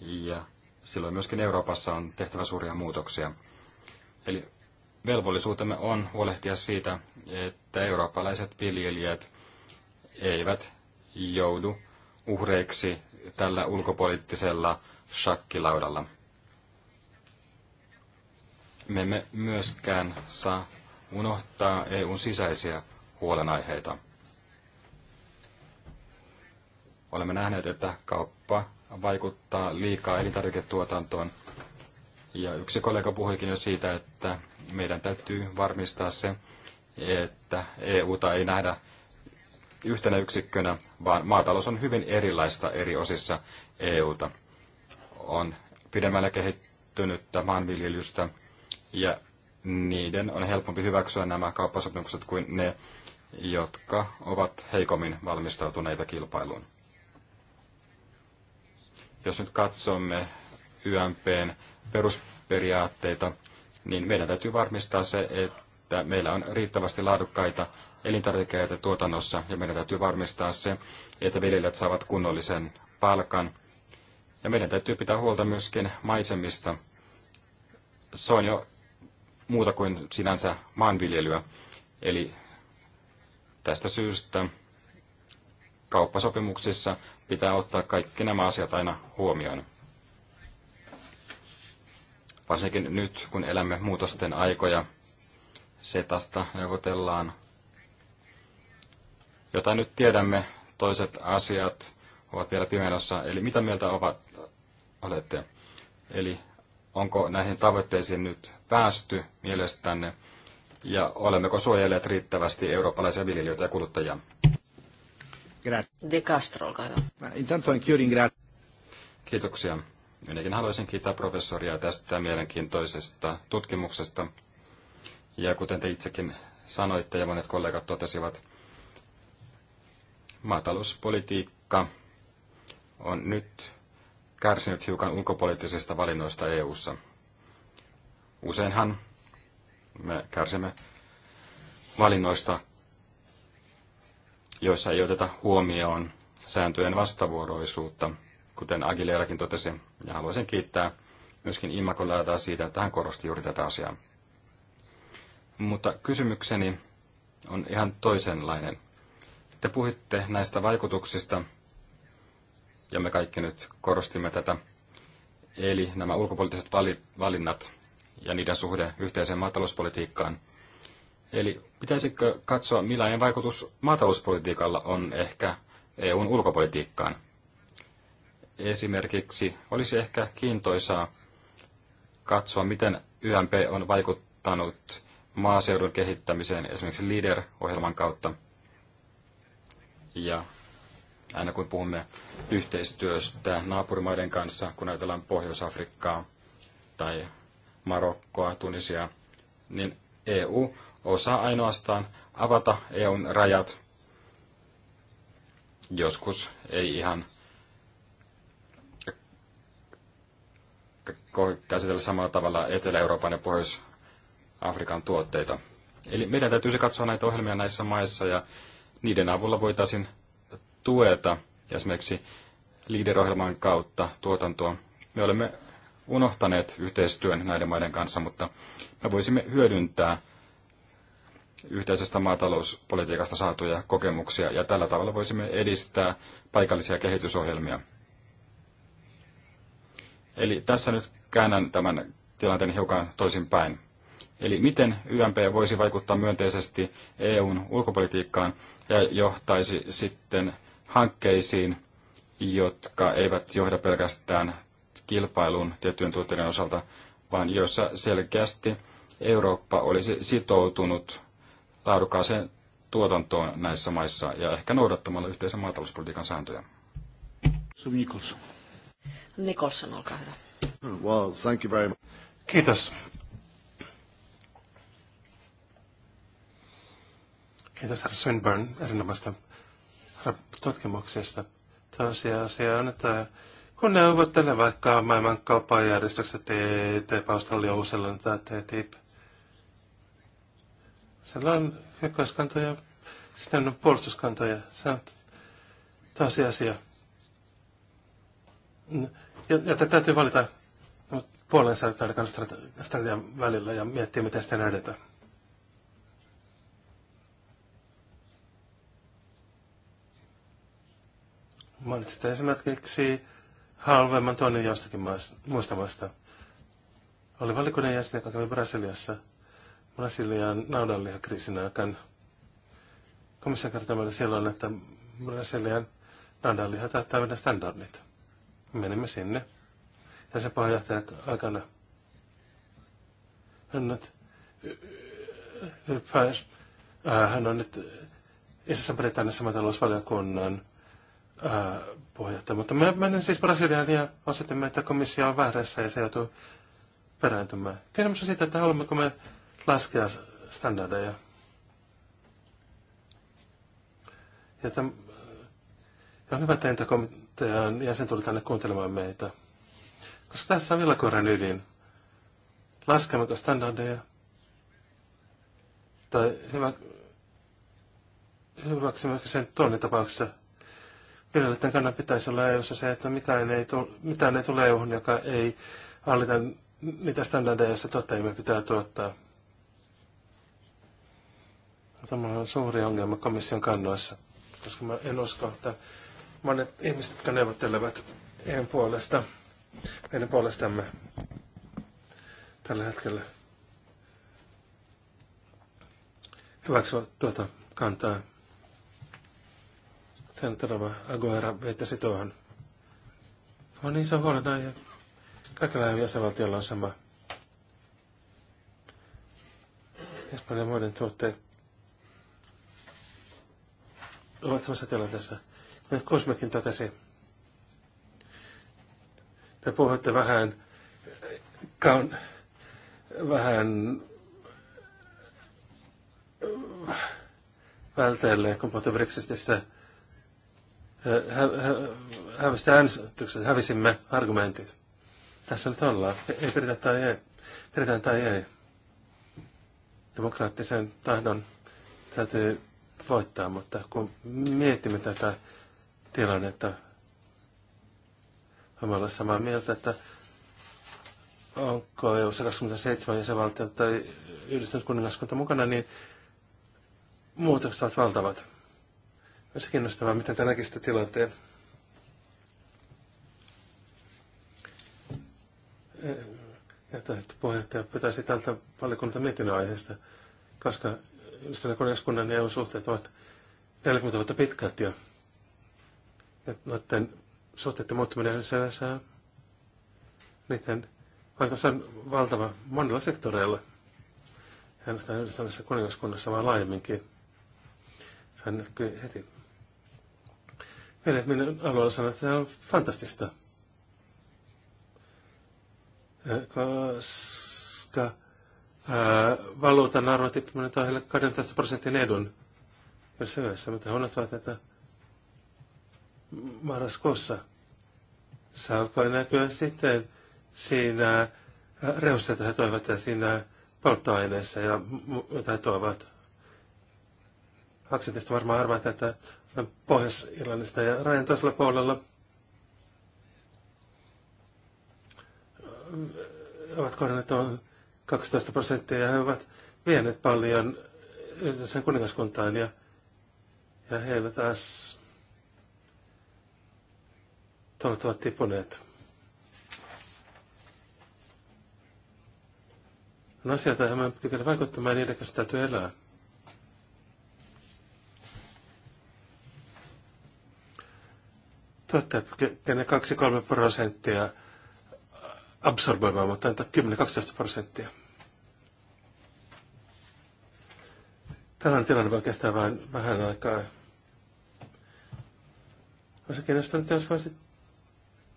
ja silloin myöskin Euroopassa on tehtävä suuria muutoksia. Eli velvollisuutemme on huolehtia siitä, että eurooppalaiset viljelijät eivät joudu uhreiksi tällä ulkopoliittisella shakkilaudalla. Me emme myöskään saa unohtaa EUn sisäisiä huolenaiheita. Olemme nähneet, että kauppa vaikuttaa liikaa elintarviketuotantoon. Ja yksi kollega puhuikin jo siitä, että meidän täytyy varmistaa se, että EUta ei nähdä yhtenä yksikkönä, vaan maatalous on hyvin erilaista eri osissa EUta. On pidemmällä kehittynyttä maanviljelystä ja niiden on helpompi hyväksyä nämä kauppasopimukset kuin ne, jotka ovat heikommin valmistautuneita kilpailuun. Jos nyt katsomme YMPn perusperiaatteita, niin meidän täytyy varmistaa se, että meillä on riittävästi laadukkaita elintarvikkeita tuotannossa ja meidän täytyy varmistaa se, että viljelijät saavat kunnollisen palkan. Ja meidän täytyy pitää huolta myöskin maisemista. Se on jo muuta kuin sinänsä maanviljelyä. Eli tästä syystä kauppasopimuksissa pitää ottaa kaikki nämä asiat aina huomioon. Varsinkin nyt, kun elämme muutosten aikoja, setasta neuvotellaan jota nyt tiedämme, toiset asiat ovat vielä pimennossa. Eli mitä mieltä ovat, olette? Eli onko näihin tavoitteisiin nyt päästy mielestänne? Ja olemmeko suojelleet riittävästi eurooppalaisia viljelijöitä ja kuluttajia? De Castro, olkaa Kiitoksia. Minäkin haluaisin kiittää professoria tästä mielenkiintoisesta tutkimuksesta. Ja kuten te itsekin sanoitte ja monet kollegat totesivat, maatalouspolitiikka on nyt kärsinyt hiukan ulkopoliittisista valinnoista EU:ssa. Useinhan me kärsimme valinnoista, joissa ei oteta huomioon sääntöjen vastavuoroisuutta, kuten Agileerakin totesi, ja haluaisin kiittää myöskin Immakon laataa siitä, että hän korosti juuri tätä asiaa. Mutta kysymykseni on ihan toisenlainen. Te puhuitte näistä vaikutuksista, ja me kaikki nyt korostimme tätä, eli nämä ulkopoliittiset valinnat ja niiden suhde yhteiseen maatalouspolitiikkaan. Eli pitäisikö katsoa, millainen vaikutus maatalouspolitiikalla on ehkä EUn ulkopolitiikkaan? Esimerkiksi olisi ehkä kiintoisaa katsoa, miten YMP on vaikuttanut maaseudun kehittämiseen esimerkiksi LEADER-ohjelman kautta – ja aina kun puhumme yhteistyöstä naapurimaiden kanssa, kun ajatellaan Pohjois-Afrikkaa tai Marokkoa, Tunisia, niin EU osaa ainoastaan avata EUn rajat. Joskus ei ihan käsitellä samalla tavalla Etelä-Euroopan ja Pohjois-Afrikan tuotteita. Eli meidän täytyisi katsoa näitä ohjelmia näissä maissa ja niiden avulla voitaisiin tueta esimerkiksi liiderohjelman kautta tuotantoa. Me olemme unohtaneet yhteistyön näiden maiden kanssa, mutta me voisimme hyödyntää yhteisestä maatalouspolitiikasta saatuja kokemuksia ja tällä tavalla voisimme edistää paikallisia kehitysohjelmia. Eli tässä nyt käännän tämän tilanteen hiukan toisinpäin. Eli miten YMP voisi vaikuttaa myönteisesti EUn ulkopolitiikkaan ja johtaisi sitten hankkeisiin, jotka eivät johda pelkästään kilpailuun tiettyjen tuotteiden osalta, vaan joissa selkeästi Eurooppa olisi sitoutunut laadukkaaseen tuotantoon näissä maissa ja ehkä noudattamalla yhteisen maatalouspolitiikan sääntöjä. Nicholson. olkaa hyvä. Well, thank you very much. Kiitos Kiitos herra Swinburne erinomaista tutkimuksesta. Tosiasia on, että kun neuvottelee vaikka maailman kaupanjärjestykset TTIP, Australia, Uusillan tai TTIP, siellä on hyökkäyskantoja, sitten on puolustuskantoja. Se on tosiasia. Joten täytyy valita puolensa näiden strategian välillä ja miettiä, miten sitä edetään. mainitsit esimerkiksi halvemman toinen jostakin maasta, muista maista. Oli valikoinen jäsen, joka kävi Brasiliassa Brasilian naudanlihakriisin aikana. Komissio kertoi meille silloin, että Brasilian naudanliha täyttää meidän standardit. Menimme sinne. Ja se puheenjohtaja aikana hän nyt hän on nyt Isossa Britanniassa maatalousvaliokunnan puheenjohtaja. Mutta mä menen siis Brasiliaan ja osoitimme, että komissio on väärässä ja se joutuu perääntymään. Kysymys on siitä, että haluammeko me laskea standardeja. Ja, tämän, ja on hyvä, että entäkomitean jäsen tuli tänne kuuntelemaan meitä. Koska tässä on villakoiran ydin. Laskemmeko standardeja? Tai hyvä, hyväksymmekö sen tuonnin tapauksessa viljelijöiden kannan pitäisi olla eu se, että mikään ei tule, mitään ei tule eu joka ei hallita niitä standardeja, joista tuottajille pitää tuottaa. Tämä on suuri ongelma komission kannoissa, koska mä en usko, että monet ihmiset, jotka neuvottelevat EUn puolesta, meidän puolestamme tällä hetkellä hyväksyvät tuota kantaa. Sitten Aguera vetäisi tuohon. On niin, se on huolenaihe. Kaikilla jäsenvaltiolla on sama. Espanjan muiden tuotteet ovat samassa tilanteessa. Kosmekin totesi, te puhutte vähän, kaun, vähän välteelleen, kun puhutte Brexitistä hävistä äänestykset, hävisimme argumentit. Tässä nyt ollaan. E, ei pidetä tai ei. pidetään tai ei. Demokraattisen tahdon täytyy voittaa, mutta kun mietimme tätä tilannetta, voimme olla samaa mieltä, että onko EU 27 jäsenvaltiota tai yhdistynyt kuningaskunta mukana, niin muutokset ovat valtavat. Olisi kiinnostavaa, mitä te näkisitte tilanteen. Ja että puheenjohtaja pitäisi tältä valiokunta mietinnön aiheesta, koska yhdistyneen kuningaskunnan ja EU-suhteet ovat 40 vuotta pitkät jo. ja noiden suhteiden muuttuminen yhdessä niiden vaikutus on valtava monilla sektoreilla. Ja ainoastaan yhdessä kuningaskunnassa vaan laajemminkin. Se näkyy heti Menet minä haluan sanoa, että se on fantastista. Koska valuutan arvo tippuminen toi heille 12 prosentin edun. se yössä, mitä unohtavat tätä marraskuussa. Se alkoi näkyä sitten siinä reussa, jota he toivat ja siinä polttoaineessa ja he tuovat. Aksentista varmaan arvaat, että Pohjois-Irlannista ja rajan toisella puolella ovat kohdanneet 12 prosenttia ja he ovat vieneet paljon sen kuningaskuntaan ja, ja heillä taas tulot ovat tipuneet. On asioita, johon mä kykene vaikuttamaan, niiden kanssa täytyy elää. totta, että 2-3 prosenttia absorboimaan, mutta antaa 10-12 prosenttia. Tällainen tilanne voi kestää vain vähän aikaa. Olisi kiinnostunut, jos voisi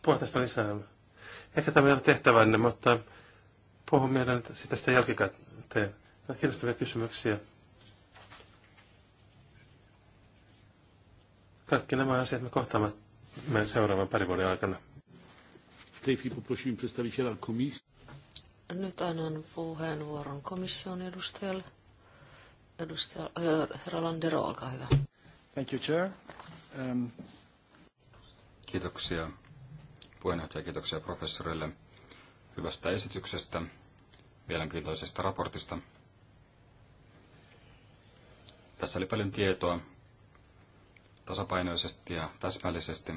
puhua tästä lisää. Ehkä tämä ei ole tehtävänne, mutta puhun mielen sitä sitä jälkikäteen. kiinnostavia kysymyksiä. Kaikki nämä asiat me kohtaamme seuraavan parin vuoden aikana. Nyt annan puheenvuoron komission edustajalle. Edustaja, herra Landero, olkaa hyvä. Thank you, Chair. Um... Kiitoksia puheenjohtaja, kiitoksia professorille hyvästä esityksestä, mielenkiintoisesta raportista. Tässä oli paljon tietoa, tasapainoisesti ja täsmällisesti.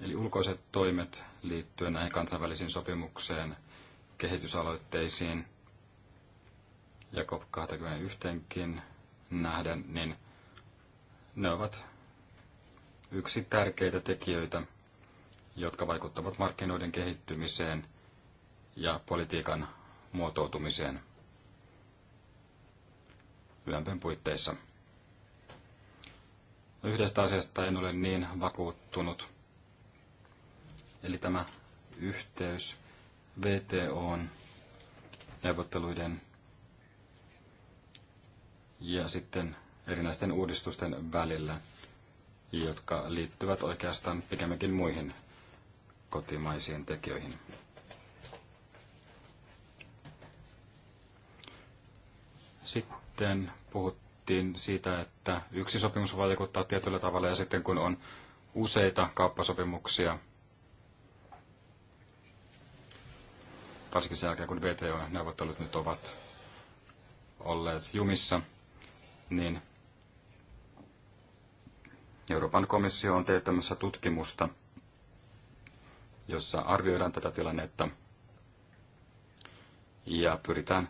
Eli ulkoiset toimet liittyen näihin kansainvälisiin sopimukseen, kehitysaloitteisiin ja cop 21 nähden, niin ne ovat yksi tärkeitä tekijöitä, jotka vaikuttavat markkinoiden kehittymiseen ja politiikan muotoutumiseen. YMPn puitteissa. No, yhdestä asiasta en ole niin vakuuttunut. Eli tämä yhteys VTOn neuvotteluiden ja sitten erinäisten uudistusten välillä, jotka liittyvät oikeastaan pikemminkin muihin kotimaisiin tekijöihin. Sitten sitten puhuttiin siitä, että yksi sopimus vaikuttaa tietyllä tavalla ja sitten kun on useita kauppasopimuksia, varsinkin sen jälkeen kun VTO-neuvottelut nyt ovat olleet jumissa, niin Euroopan komissio on teettämässä tutkimusta, jossa arvioidaan tätä tilannetta ja pyritään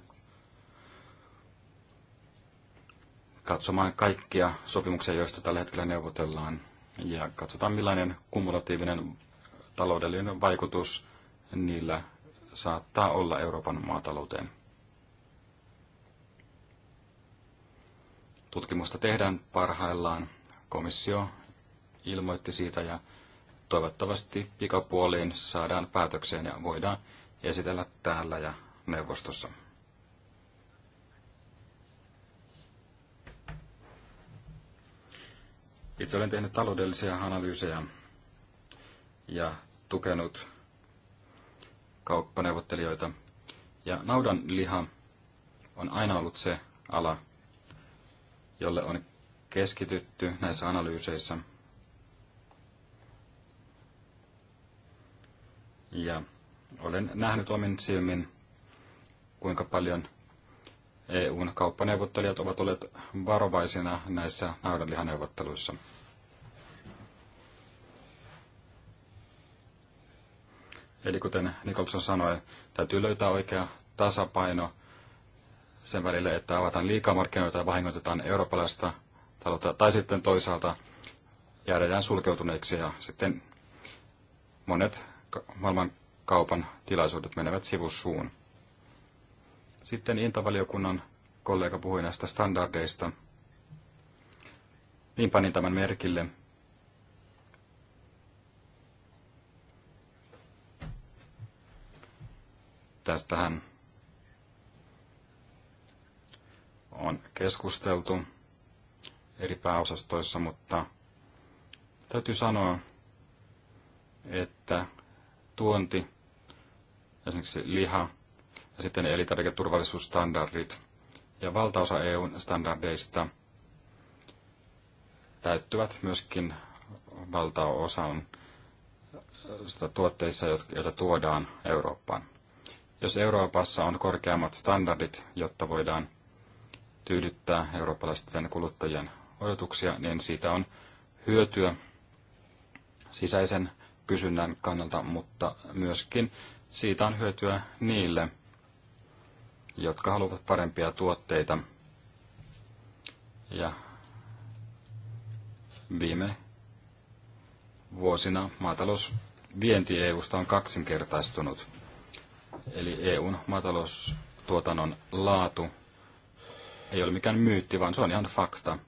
katsomaan kaikkia sopimuksia, joista tällä hetkellä neuvotellaan, ja katsotaan millainen kumulatiivinen taloudellinen vaikutus niillä saattaa olla Euroopan maatalouteen. Tutkimusta tehdään parhaillaan. Komissio ilmoitti siitä ja toivottavasti pikapuoliin saadaan päätökseen ja voidaan esitellä täällä ja neuvostossa. Itse olen tehnyt taloudellisia analyysejä ja tukenut kauppaneuvottelijoita. Ja naudan liha on aina ollut se ala, jolle on keskitytty näissä analyyseissä. Ja olen nähnyt omin silmin, kuinka paljon EUn kauppaneuvottelijat ovat olleet varovaisina näissä naudanlihaneuvotteluissa. Eli kuten Nikolson sanoi, täytyy löytää oikea tasapaino sen välillä, että avataan liikaa markkinoita ja vahingoitetaan eurooppalaista taloutta, tai sitten toisaalta jäädään sulkeutuneiksi ja sitten monet maailman kaupan tilaisuudet menevät sivussuun. Sitten Intavaliokunnan kollega puhui näistä standardeista. Niin panin tämän merkille. Tästähän on keskusteltu eri pääosastoissa, mutta täytyy sanoa, että tuonti, esimerkiksi liha, sitten elintarviketurvallisuusstandardit. Ja valtaosa EUn standardeista täyttyvät myöskin valtaosan tuotteissa, joita tuodaan Eurooppaan. Jos Euroopassa on korkeammat standardit, jotta voidaan tyydyttää eurooppalaisten kuluttajien odotuksia, niin siitä on hyötyä sisäisen kysynnän kannalta, mutta myöskin siitä on hyötyä niille, jotka haluavat parempia tuotteita. Ja viime vuosina maatalousvienti EUsta on kaksinkertaistunut. Eli EUn maataloustuotannon laatu ei ole mikään myytti, vaan se on ihan fakta.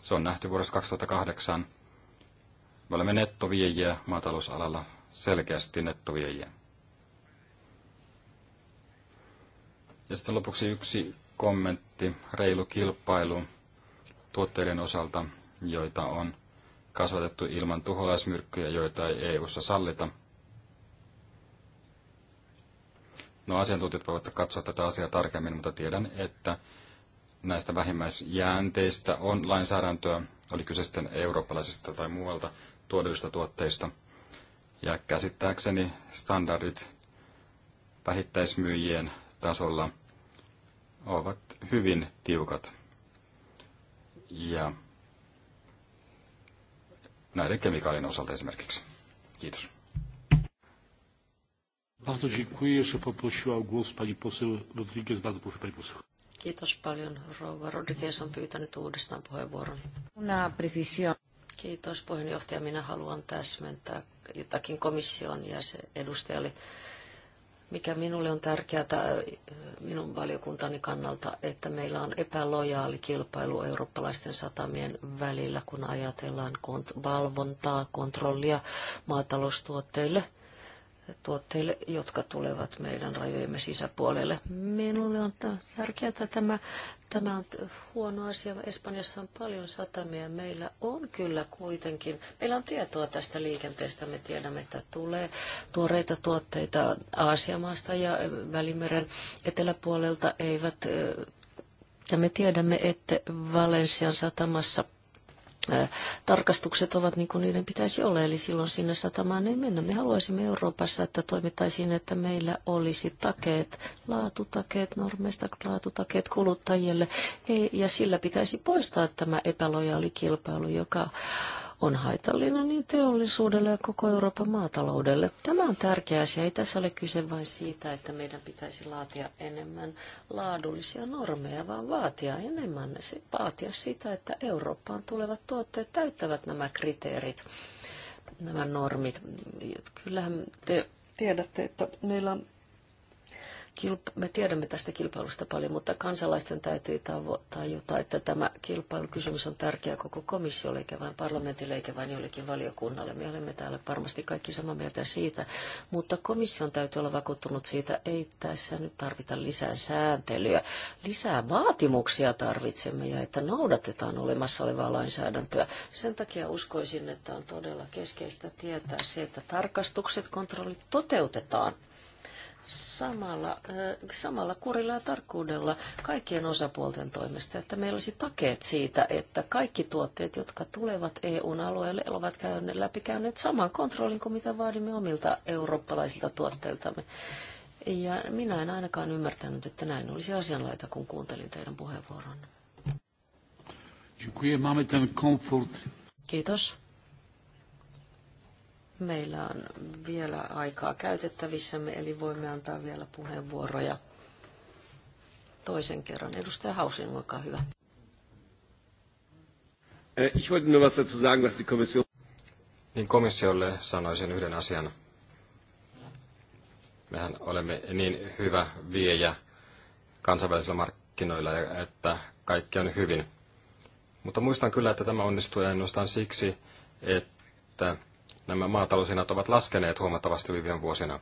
Se on nähty vuodesta 2008. Me olemme nettoviejiä maatalousalalla, selkeästi nettoviejiä. Ja sitten lopuksi yksi kommentti, reilu kilpailu tuotteiden osalta, joita on kasvatettu ilman tuholaismyrkkyjä, joita ei EU-ssa sallita. No asiantuntijat voivat katsoa tätä asiaa tarkemmin, mutta tiedän, että näistä vähimmäisjäänteistä on lainsäädäntöä, oli kyse sitten eurooppalaisista tai muualta tuoduista tuotteista. Ja käsittääkseni standardit vähittäismyyjien tasolla ovat hyvin tiukat. Ja näiden kemikaalien osalta esimerkiksi. Kiitos. Bardzo dziękuję. Jeszcze poprosiła o głos pani poseł Rodriguez. Bardzo proszę pani poseł. Kiitos paljon. Rouva Rodriguez on pyytänyt uudestaan puheenvuoron. Una precisión. Kiitos puheenjohtaja. Minä haluan täsmentää jotakin komission ja se edustajalle mikä minulle on tärkeää minun valiokuntani kannalta, että meillä on epälojaali kilpailu eurooppalaisten satamien välillä, kun ajatellaan kont- valvontaa, kontrollia maataloustuotteille, tuotteille, jotka tulevat meidän rajojemme sisäpuolelle. Minulle on tärkeää tämä Tämä on huono asia. Espanjassa on paljon satamia. Meillä on kyllä kuitenkin, meillä on tietoa tästä liikenteestä. Me tiedämme, että tulee tuoreita tuotteita Aasiamaasta ja Välimeren eteläpuolelta eivät. Ja me tiedämme, että Valensian satamassa – tarkastukset ovat niin kuin niiden pitäisi olla, eli silloin sinne satamaan ei mennä. Me haluaisimme Euroopassa, että toimittaisiin, että meillä olisi takeet, laatutakeet, normeista laatutakeet kuluttajille, ja sillä pitäisi poistaa tämä epälojaali kilpailu, joka on haitallinen niin teollisuudelle ja koko Euroopan maataloudelle. Tämä on tärkeä asia. Ei tässä ole kyse vain siitä, että meidän pitäisi laatia enemmän laadullisia normeja, vaan vaatia enemmän, se vaatia sitä, että Eurooppaan tulevat tuotteet täyttävät nämä kriteerit, nämä normit. Kyllähän te tiedätte, että meillä on me tiedämme tästä kilpailusta paljon, mutta kansalaisten täytyy tajuta, että tämä kilpailukysymys on tärkeä koko komissiolle, eikä vain parlamentille, eikä vain jollekin valiokunnalle. Me olemme täällä varmasti kaikki samaa mieltä siitä, mutta komission täytyy olla vakuuttunut siitä, ei tässä nyt tarvita lisää sääntelyä. Lisää vaatimuksia tarvitsemme ja että noudatetaan olemassa olevaa lainsäädäntöä. Sen takia uskoisin, että on todella keskeistä tietää se, että tarkastukset, kontrollit toteutetaan – samalla, samalla kurilla ja tarkkuudella kaikkien osapuolten toimesta, että meillä olisi takeet siitä, että kaikki tuotteet, jotka tulevat EUn alueelle, ovat käyneet, läpikäyneet saman kontrollin kuin mitä vaadimme omilta eurooppalaisilta tuotteiltamme. Ja minä en ainakaan ymmärtänyt, että näin olisi asianlaita, kun kuuntelin teidän puheenvuoronne. Kiitos. Meillä on vielä aikaa käytettävissämme, eli voimme antaa vielä puheenvuoroja toisen kerran. Edustaja Hausin, olkaa hyvä. Äh, ich wollte nur was dazu sagen, was die Kommission... Niin komissiolle sanoisin yhden asian. Mehän olemme niin hyvä viejä kansainvälisillä markkinoilla, että kaikki on hyvin. Mutta muistan kyllä, että tämä onnistui ainoastaan siksi, että nämä maataloushinnat ovat laskeneet huomattavasti viime vuosina.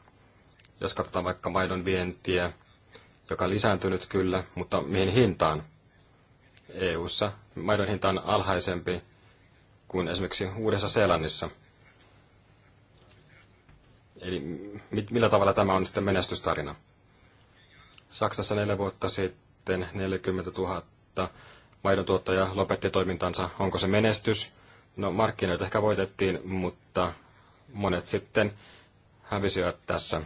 Jos katsotaan vaikka maidon vientiä, joka on lisääntynyt kyllä, mutta mihin hintaan? EU:ssa maidon hinta on alhaisempi kuin esimerkiksi Uudessa Seelannissa. Eli mit, millä tavalla tämä on sitten menestystarina? Saksassa neljä vuotta sitten 40 000 tuottaja lopetti toimintansa. Onko se menestys? No markkinoita ehkä voitettiin, mutta monet sitten hävisivät tässä.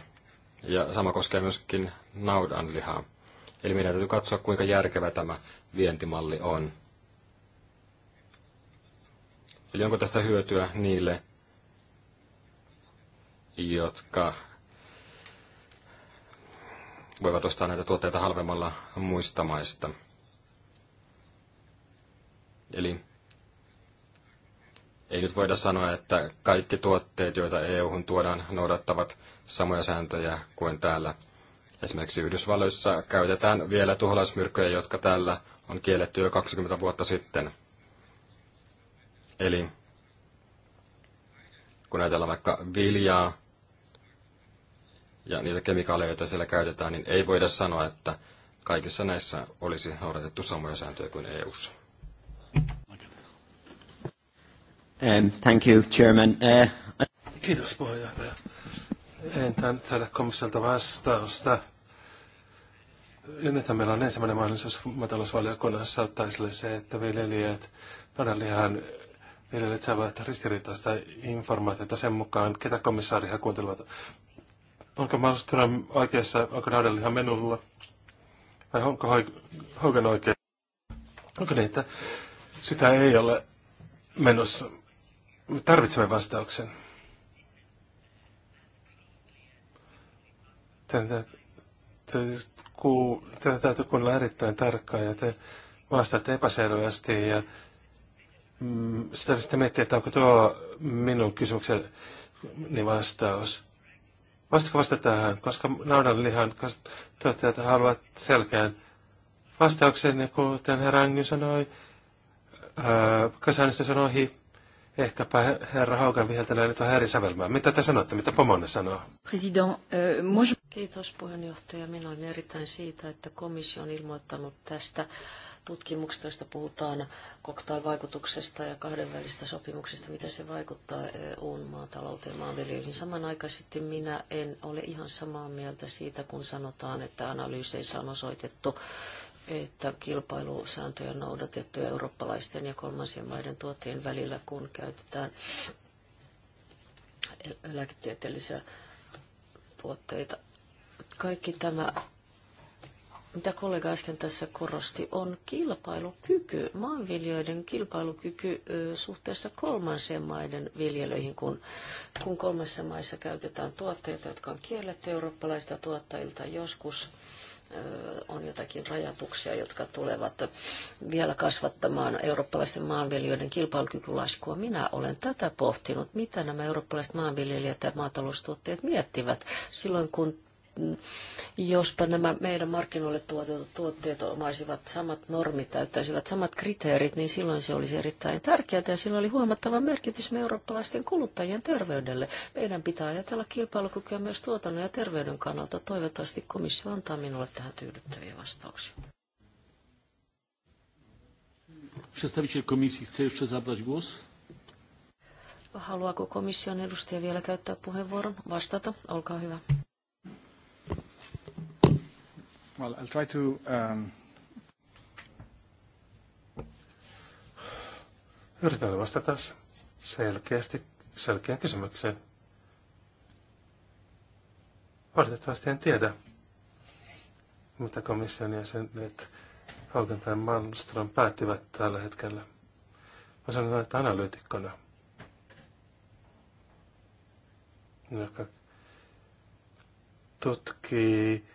Ja sama koskee myöskin naudanlihaa. Eli meidän täytyy katsoa, kuinka järkevä tämä vientimalli on. Eli onko tästä hyötyä niille, jotka voivat ostaa näitä tuotteita halvemmalla muista maista. Eli ei nyt voida sanoa, että kaikki tuotteet, joita EU-hun tuodaan, noudattavat samoja sääntöjä kuin täällä. Esimerkiksi Yhdysvalloissa käytetään vielä tuholaismyrkkyjä, jotka täällä on kielletty jo 20 vuotta sitten. Eli kun ajatellaan vaikka viljaa ja niitä kemikaaleja, joita siellä käytetään, niin ei voida sanoa, että kaikissa näissä olisi noudatettu samoja sääntöjä kuin EU:ssa. Um, thank you, Chairman. Uh, Kiitos puheenjohtaja. En tainnut saada komissiolta vastausta. Ja meillä on ensimmäinen mahdollisuus matalousvaliokunnassa ottaa esille se, että viljelijät, naudanlihan viljelijät saavat ristiriitaista informaatiota sen mukaan, ketä komissaaria kuuntelevat. Onko mahdollista oikeassa, onko naudanlihan menulla? Vai onko Hogan oikein? Onko niin, että sitä ei ole menossa? Me tarvitsemme vastauksen. Tätä täytyy kuunnella erittäin tarkkaan ja te vastaatte epäselvästi ja mm, sitä sitten miettiä, että onko tuo minun kysymykseni vastaus. Vastako vasta tähän, koska naudan lihan, tuottajat haluavat selkeän vastauksen, ja kuten herra Angin sanoi, kasanista sanoi, Ehkäpä herra Haukan viheltelee nyt vähän eri sävelmää. Mitä te sanotte? Mitä Pomonne sanoo? President, äh, Kiitos puheenjohtaja. Minä olen erittäin siitä, että komissio on ilmoittanut tästä tutkimuksesta, josta puhutaan koktailvaikutuksesta vaikutuksesta ja kahdenvälisistä sopimuksista, mitä se vaikuttaa EUn maatalouteen maanviljelyihin. Samanaikaisesti minä en ole ihan samaa mieltä siitä, kun sanotaan, että analyyseissä on osoitettu että kilpailusääntöjä on noudatettu eurooppalaisten ja kolmansien maiden tuotteen välillä, kun käytetään lääketieteellisiä tuotteita. Kaikki tämä, mitä kollega äsken tässä korosti, on kilpailukyky, maanviljoiden kilpailukyky suhteessa kolmansien maiden viljelöihin, kun, kun kolmessa maissa käytetään tuotteita, jotka on kielletty eurooppalaista tuottajilta joskus – on jotakin rajatuksia, jotka tulevat vielä kasvattamaan eurooppalaisten maanviljelijöiden kilpailukykylaskua. Minä olen tätä pohtinut, mitä nämä eurooppalaiset maanviljelijät ja maataloustuottajat miettivät silloin, kun jospa nämä meidän markkinoille tuotetut tuotteet omaisivat samat normit, täyttäisivät samat kriteerit, niin silloin se olisi erittäin tärkeää ja sillä oli huomattava merkitys me eurooppalaisten kuluttajien terveydelle. Meidän pitää ajatella kilpailukykyä myös tuotannon ja terveyden kannalta. Toivottavasti komissio antaa minulle tähän tyydyttäviä vastauksia. Przedstawiciel komisji chce jeszcze zabrać głos? Haluaako komission edustaja vielä käyttää puheenvuoron? Vastata, olkaa hyvä. Well, I'll try to, um... Yritän vastata selkeästi selkeän kysymykseen. Valitettavasti en tiedä, mitä komission jäsenet Haugen tai Malmström päättivät tällä hetkellä. Mä sanon, että analyytikkona, joka tutkii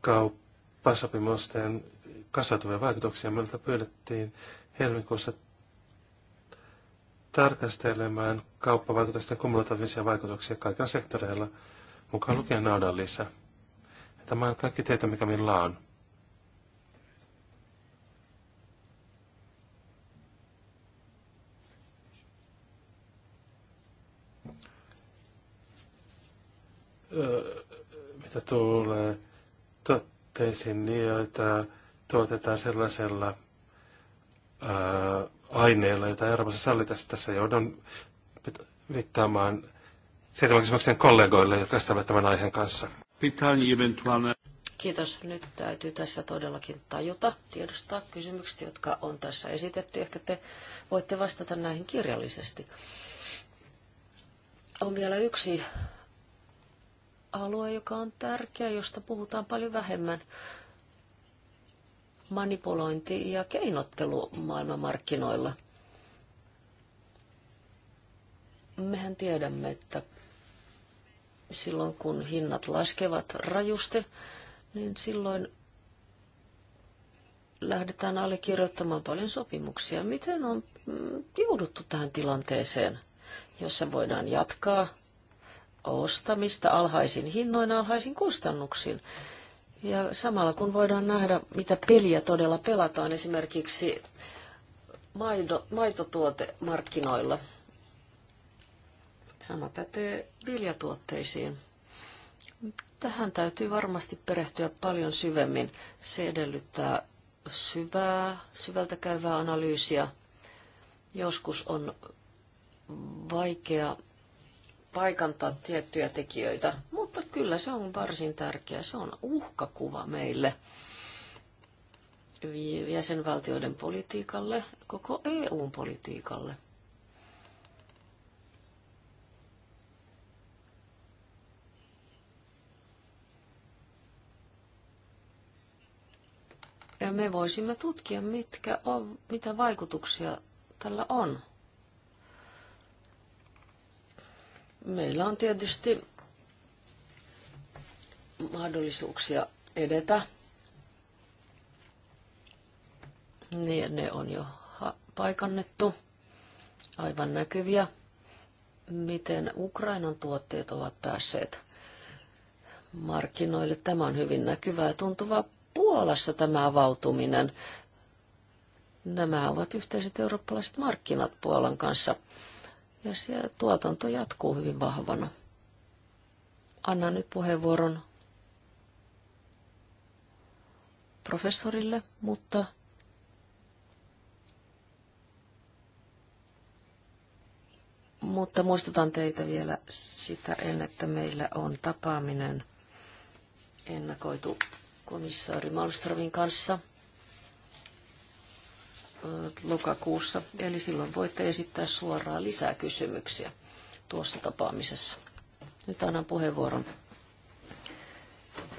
kauppaa, kauppasopimusten kasautuvia vaikutuksia. Meiltä pyydettiin helmikuussa tarkastelemaan kauppavaikutusten kumulatiivisia vaikutuksia kaikilla sektoreilla, mukaan lukien lisä, Tämä on kaikki tieto, mikä minulla on. Öö, mitä tulee tot, tuotteisiin, joita niin, tuotetaan sellaisella ää, aineella, jota Euroopassa sallitaan. Tässä joudun viittaamaan seitsemän kysymyksen kollegoille, jotka käsittelevät tämän aiheen kanssa. Kiitos. Nyt täytyy tässä todellakin tajuta, tiedostaa kysymykset, jotka on tässä esitetty. Ehkä te voitte vastata näihin kirjallisesti. On vielä yksi alue, joka on tärkeä, josta puhutaan paljon vähemmän. Manipulointi ja keinottelu maailmanmarkkinoilla. Mehän tiedämme, että silloin kun hinnat laskevat rajusti, niin silloin lähdetään allekirjoittamaan paljon sopimuksia. Miten on mm, jouduttu tähän tilanteeseen, jossa voidaan jatkaa ostamista alhaisin hinnoin alhaisin kustannuksin. Ja samalla kun voidaan nähdä, mitä peliä todella pelataan esimerkiksi maido, maitotuotemarkkinoilla. Sama pätee viljatuotteisiin. Tähän täytyy varmasti perehtyä paljon syvemmin. Se edellyttää syvää, syvältä käyvää analyysiä. Joskus on vaikea paikantaa tiettyjä tekijöitä, mutta kyllä se on varsin tärkeä. Se on uhkakuva meille jäsenvaltioiden politiikalle, koko EUn politiikalle. Ja me voisimme tutkia, mitkä on, mitä vaikutuksia tällä on. Meillä on tietysti mahdollisuuksia edetä. Niin, ne on jo paikannettu, aivan näkyviä, miten Ukrainan tuotteet ovat päässeet markkinoille. Tämä on hyvin näkyvää ja tuntuvaa Puolassa tämä avautuminen. Nämä ovat yhteiset eurooppalaiset markkinat Puolan kanssa ja siellä tuotanto jatkuu hyvin vahvana. Annan nyt puheenvuoron professorille, mutta mutta muistutan teitä vielä sitä en, että meillä on tapaaminen ennakoitu komissaari Malmströmin kanssa – lokakuussa, eli silloin voitte esittää suoraan lisää kysymyksiä tuossa tapaamisessa. Nyt annan puheenvuoron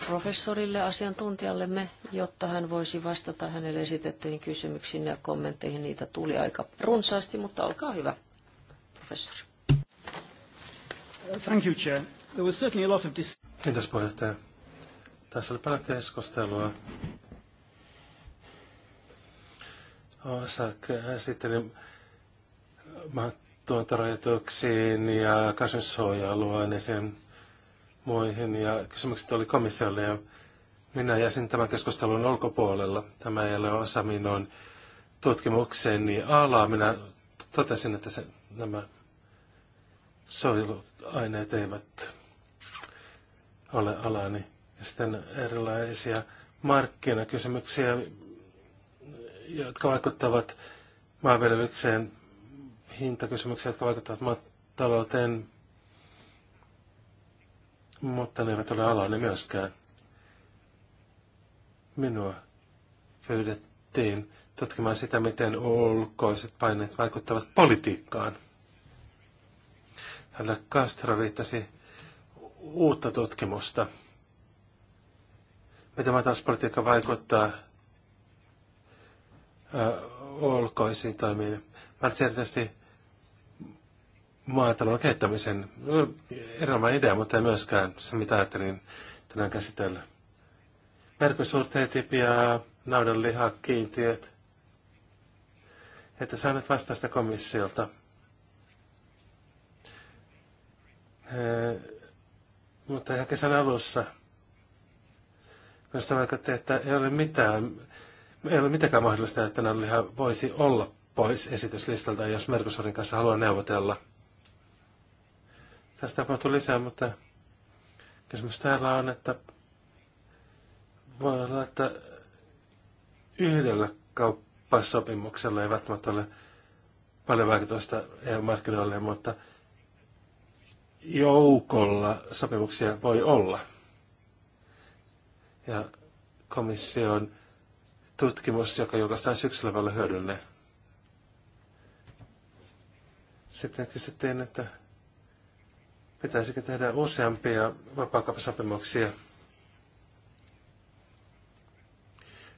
professorille, asiantuntijallemme, jotta hän voisi vastata hänelle esitettyihin kysymyksiin ja kommentteihin. Niitä tuli aika runsaasti, mutta olkaa hyvä, professori. Thank you, Chair. There was certainly a lot of dis- Kiitos, puheenjohtaja. Tässä oli paljon keskustelua osa käsitteli tuontorajoituksiin ja kasvinsuoja sen muihin ja kysymykset oli komissiolle ja minä jäsin tämän keskustelun ulkopuolella. Tämä ei ole osa minun tutkimukseni alaa. Minä totesin, että se, nämä soiluaineet eivät ole alani. Ja sitten erilaisia markkinakysymyksiä jotka vaikuttavat maanviljelykseen, hintakysymyksiä, jotka vaikuttavat maatalouteen, mutta ne eivät ole alani myöskään. Minua pyydettiin tutkimaan sitä, miten ulkoiset paineet vaikuttavat politiikkaan. Hänellä Castro viittasi uutta tutkimusta. Miten maatalouspolitiikka vaikuttaa olkoisiin toimiin. Mä erityisesti maatalouden kehittämisen erilainen idea, mutta ei myöskään se, mitä ajattelin tänään käsitellä. Merkosuur ja naudanliha kiintiöt. Että saaneet vastausta komissiolta. Ee, mutta ihan kesän alussa Minusta vaikutti, että ei ole mitään ei ole mitenkään mahdollista, että Nalliha voisi olla pois esityslistalta, jos Mercosurin kanssa haluaa neuvotella. Tästä tapahtuu lisää, mutta kysymys täällä on, että voi olla, että yhdellä kauppasopimuksella ei välttämättä ole paljon vaikutusta EU-markkinoille, mutta joukolla sopimuksia voi olla. Ja komission tutkimus, joka julkaistaan syksyllä vielä hyödyllinen. Sitten kysyttiin, että pitäisikö tehdä useampia vapaakauppasopimuksia.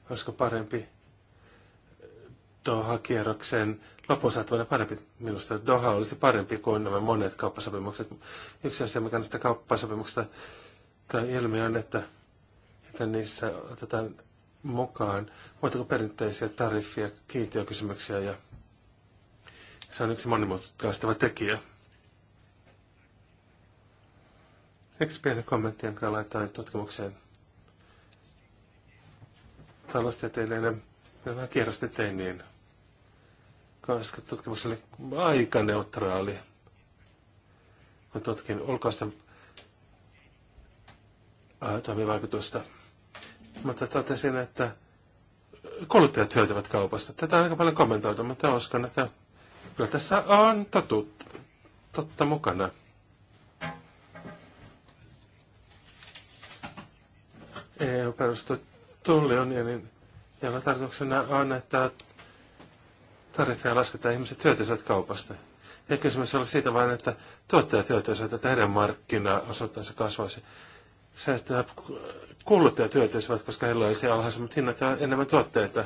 Olisiko parempi Doha-kierroksen lopussa, parempi minusta. Doha olisi parempi kuin nämä monet kauppasopimukset. Yksi asia, mikä näistä kauppasopimuksista käy ilmi, on, että, että niissä otetaan mukaan. Voitteko perinteisiä tariffia, kiintiökysymyksiä ja se on yksi monimutkaistava tekijä. Yksi pieni kommentti, jonka laitetaan tutkimukseen minä vähän kierrosti tein niin, koska tutkimus oli aika neutraali. Kun tutkin ulkoisten toimivaikutusta. vaikutusta mutta totesin, että kuluttajat hyötyvät kaupasta. Tätä on aika paljon kommentoitu, mutta uskon, että kyllä tässä on totuutta, totta mukana. EU perustuu tullionionin, jolla tarkoituksena on, että tariffeja lasketaan ihmiset hyötyisivät kaupasta. Ja kysymys oli siitä vain, että tuottajat hyötyisivät, että heidän markkinaosuutteensa kasvaisi säästää kuluttajat hyötyisivät, koska heillä olisi alhaisemmat hinnat ja enemmän tuotteita.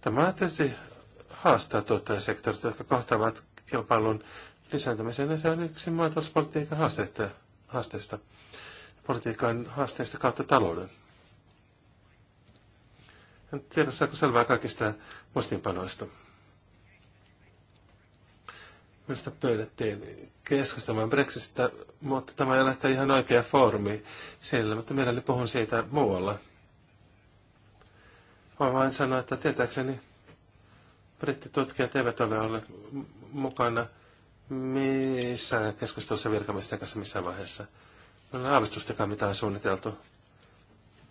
Tämä tietysti haastaa tuottajasektorit, jotka kohtaavat kilpailun lisääntymisen, ja se on yksi maatalouspolitiikan haasteista. haasteista. Politiikan haasteista kautta talouden. En tiedä, saako selvää kaikista muistiinpanoista. Minusta pyydettiin keskustelemaan Brexitistä, mutta tämä ei ole ehkä ihan oikea foorumi siellä, mutta mielelläni puhun siitä muualla. Voin vain sanoa, että tietääkseni brittitutkijat eivät ole olleet mukana missään keskustelussa virkamiesten kanssa missään vaiheessa. Meillä on aavistustakaan on suunniteltu.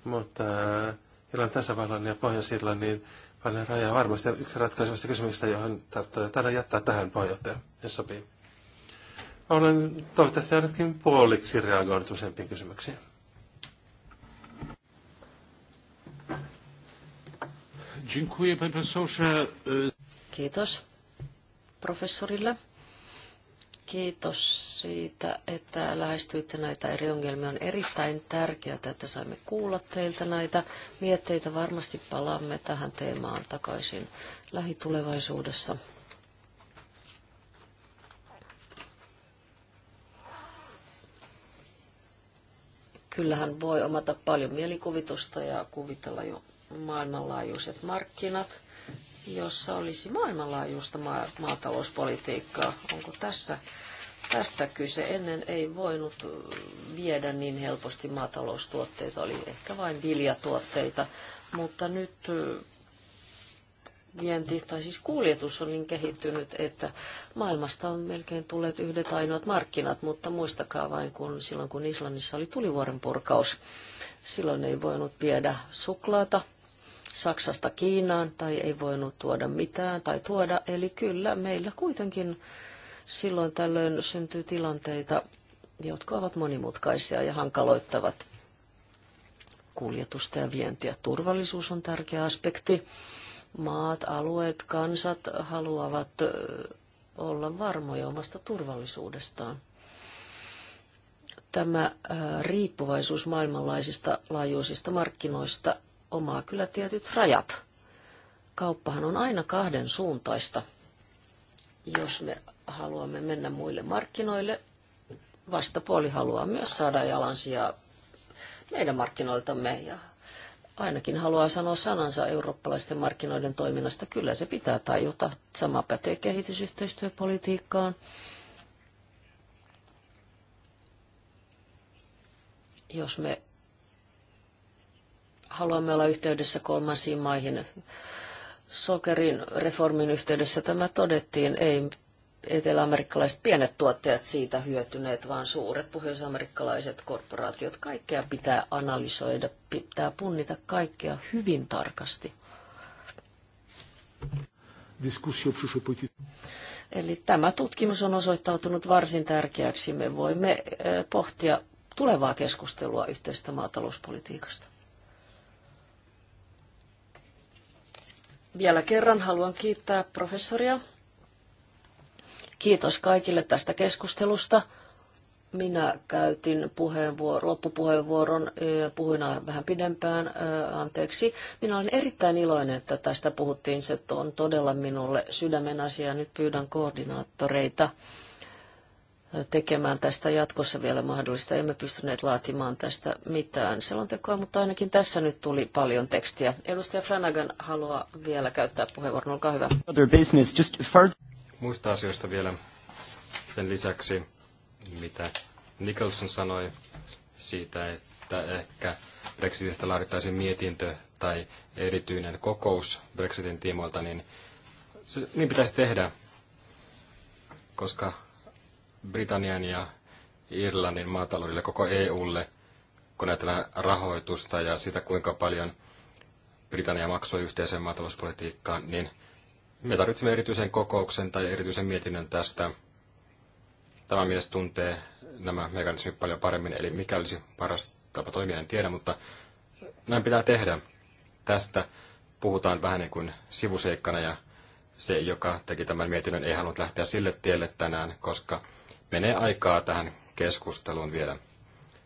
Mutta äh, Irlannin tasavallan ja Pohjois-Irlannin paljon rajaa varmasti. Yksi ratkaisevasta kysymyksestä, johon tarttuu tänä jättää tähän puheenjohtaja, jos sopii. Olen toivottavasti ainakin puoliksi reagoinut useampiin kysymyksiin. Kiitos professorille. Kiitos siitä, että lähestyitte näitä eri ongelmia. On erittäin tärkeää, että saimme kuulla teiltä näitä mietteitä. Varmasti palaamme tähän teemaan takaisin lähitulevaisuudessa. Kyllähän voi omata paljon mielikuvitusta ja kuvitella jo maailmanlaajuiset markkinat jossa olisi maailmanlaajuista ma- maatalouspolitiikkaa. Onko tässä tästä kyse? Ennen ei voinut viedä niin helposti maataloustuotteita, oli ehkä vain viljatuotteita, mutta nyt vienti tai siis kuljetus on niin kehittynyt, että maailmasta on melkein tulleet yhdet ainoat markkinat, mutta muistakaa vain kun silloin kun Islannissa oli tulivuoren purkaus. Silloin ei voinut viedä suklaata Saksasta Kiinaan tai ei voinut tuoda mitään tai tuoda. Eli kyllä meillä kuitenkin silloin tällöin syntyy tilanteita, jotka ovat monimutkaisia ja hankaloittavat kuljetusta ja vientiä. Turvallisuus on tärkeä aspekti. Maat, alueet, kansat haluavat olla varmoja omasta turvallisuudestaan. Tämä riippuvaisuus maailmanlaisista laajuisista markkinoista omaa kyllä tietyt rajat. Kauppahan on aina kahden suuntaista. Jos me haluamme mennä muille markkinoille, vastapuoli haluaa myös saada jalansijaa meidän markkinoiltamme ja ainakin haluaa sanoa sanansa eurooppalaisten markkinoiden toiminnasta. Kyllä se pitää tajuta. Sama pätee kehitysyhteistyöpolitiikkaan. Jos me haluamme olla yhteydessä kolmansiin maihin. Sokerin reformin yhteydessä tämä todettiin, ei eteläamerikkalaiset pienet tuottajat siitä hyötyneet, vaan suuret pohjoisamerikkalaiset korporaatiot. Kaikkea pitää analysoida, pitää punnita kaikkea hyvin tarkasti. Eli tämä tutkimus on osoittautunut varsin tärkeäksi. Me voimme e, pohtia tulevaa keskustelua yhteistä maatalouspolitiikasta. Vielä kerran haluan kiittää professoria. Kiitos kaikille tästä keskustelusta. Minä käytin puheenvuoro, loppupuheenvuoron, e, puhuin vähän pidempään, e, anteeksi. Minä olen erittäin iloinen, että tästä puhuttiin, se on todella minulle sydämen asia. Nyt pyydän koordinaattoreita tekemään tästä jatkossa vielä mahdollista. Emme pystyneet laatimaan tästä mitään selontekoa, mutta ainakin tässä nyt tuli paljon tekstiä. Edustaja Flanagan haluaa vielä käyttää puheenvuoron. Olkaa hyvä. Muista asioista vielä sen lisäksi, mitä Nicholson sanoi siitä, että ehkä Brexitistä laadittaisiin mietintö tai erityinen kokous Brexitin tiimoilta, niin se, niin pitäisi tehdä, koska Britannian ja Irlannin maataloudelle, koko EUlle, kun ajatellaan rahoitusta ja sitä, kuinka paljon Britannia maksoi yhteiseen maatalouspolitiikkaan, niin me tarvitsemme erityisen kokouksen tai erityisen mietinnön tästä. Tämä mies tuntee nämä mekanismit paljon paremmin, eli mikä olisi paras tapa toimia, en tiedä, mutta näin pitää tehdä. Tästä puhutaan vähän niin kuin sivuseikkana ja se, joka teki tämän mietinnön, ei halunnut lähteä sille tielle tänään, koska menee aikaa tähän keskusteluun vielä.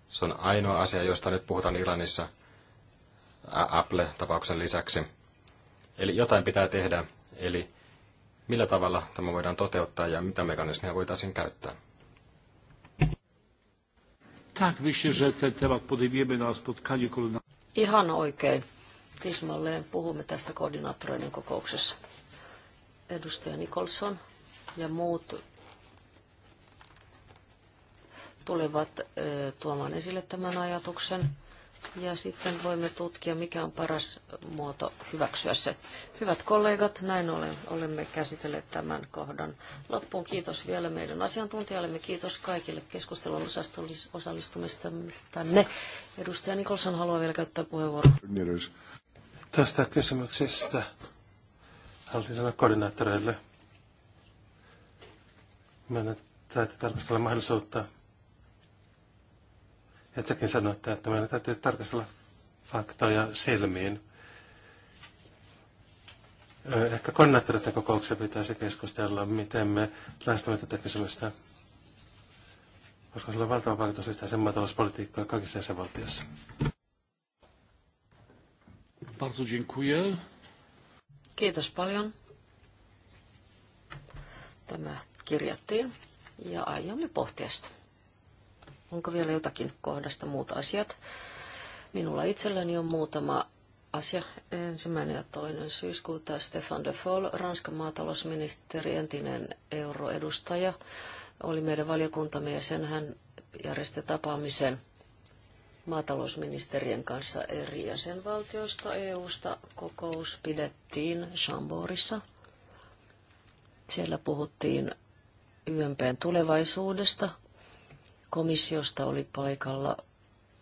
Se on ainoa asia, josta nyt puhutaan Irlannissa Apple-tapauksen lisäksi. Eli jotain pitää tehdä, eli millä tavalla tämä voidaan toteuttaa ja mitä mekanismia voitaisiin käyttää. Tak, myślę, że ten temat podejmiemy na spotkaniu Ihan oikein. Tismalleen puhumme tästä koordinaattoreiden kokouksessa. Edustaja Nikolson ja muut tulevat tuomaan esille tämän ajatuksen. Ja sitten voimme tutkia, mikä on paras muoto hyväksyä se. Hyvät kollegat, näin olemme käsitelleet tämän kohdan loppuun. Kiitos vielä meidän asiantuntijallemme. Kiitos kaikille keskustelun osallistumistanne. Edustaja Nikolson haluaa vielä käyttää puheenvuoron. Tästä kysymyksestä haluaisin sanoa koordinaattoreille. Meidän täytyy tarkastella mahdollisuutta ja tekin että meidän täytyy tarkastella faktoja silmiin. Ehkä koordinaattoreiden kokouksessa pitäisi keskustella, miten me lähestymme tätä kysymystä, koska sillä on valtava vaikutus yhteiseen maatalouspolitiikkaan kaikissa jäsenvaltioissa. Bardzo dziękuję. Kiitos paljon. Tämä kirjattiin ja aiomme pohtia sitä. Onko vielä jotakin kohdasta muut asiat? Minulla itselläni on muutama asia. Ensimmäinen ja toinen syyskuuta Stefan de Foll, Ranskan maatalousministeri, entinen euroedustaja, oli meidän valiokuntamme ja sen hän järjesti tapaamisen maatalousministerien kanssa eri jäsenvaltioista EU-sta. Kokous pidettiin Chamborissa. Siellä puhuttiin YMPn tulevaisuudesta, Komissiosta oli paikalla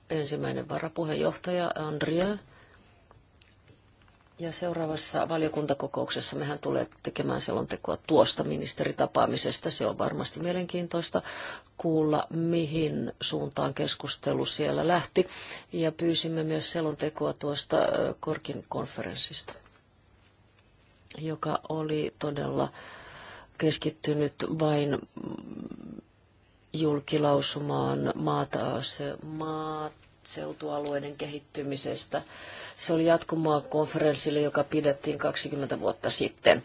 ensimmäinen varapuheenjohtaja Andrea. Ja seuraavassa valiokuntakokouksessa mehän tulee tekemään selontekoa tuosta ministeritapaamisesta. Se on varmasti mielenkiintoista kuulla, mihin suuntaan keskustelu siellä lähti. Ja pyysimme myös selontekoa tuosta Korkin konferenssista, joka oli todella keskittynyt vain julkilausumaan maataas, maaseutualueiden kehittymisestä. Se oli jatkumaa konferenssille, joka pidettiin 20 vuotta sitten.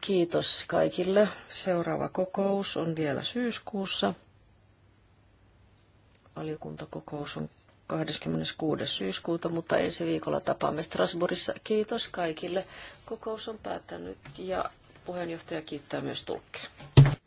Kiitos kaikille. Seuraava kokous on vielä syyskuussa. Valiokuntakokous on 26. syyskuuta, mutta ensi viikolla tapaamme Strasbourgissa. Kiitos kaikille. Kokous on päättänyt ja puheenjohtaja kiittää myös tulkkeja.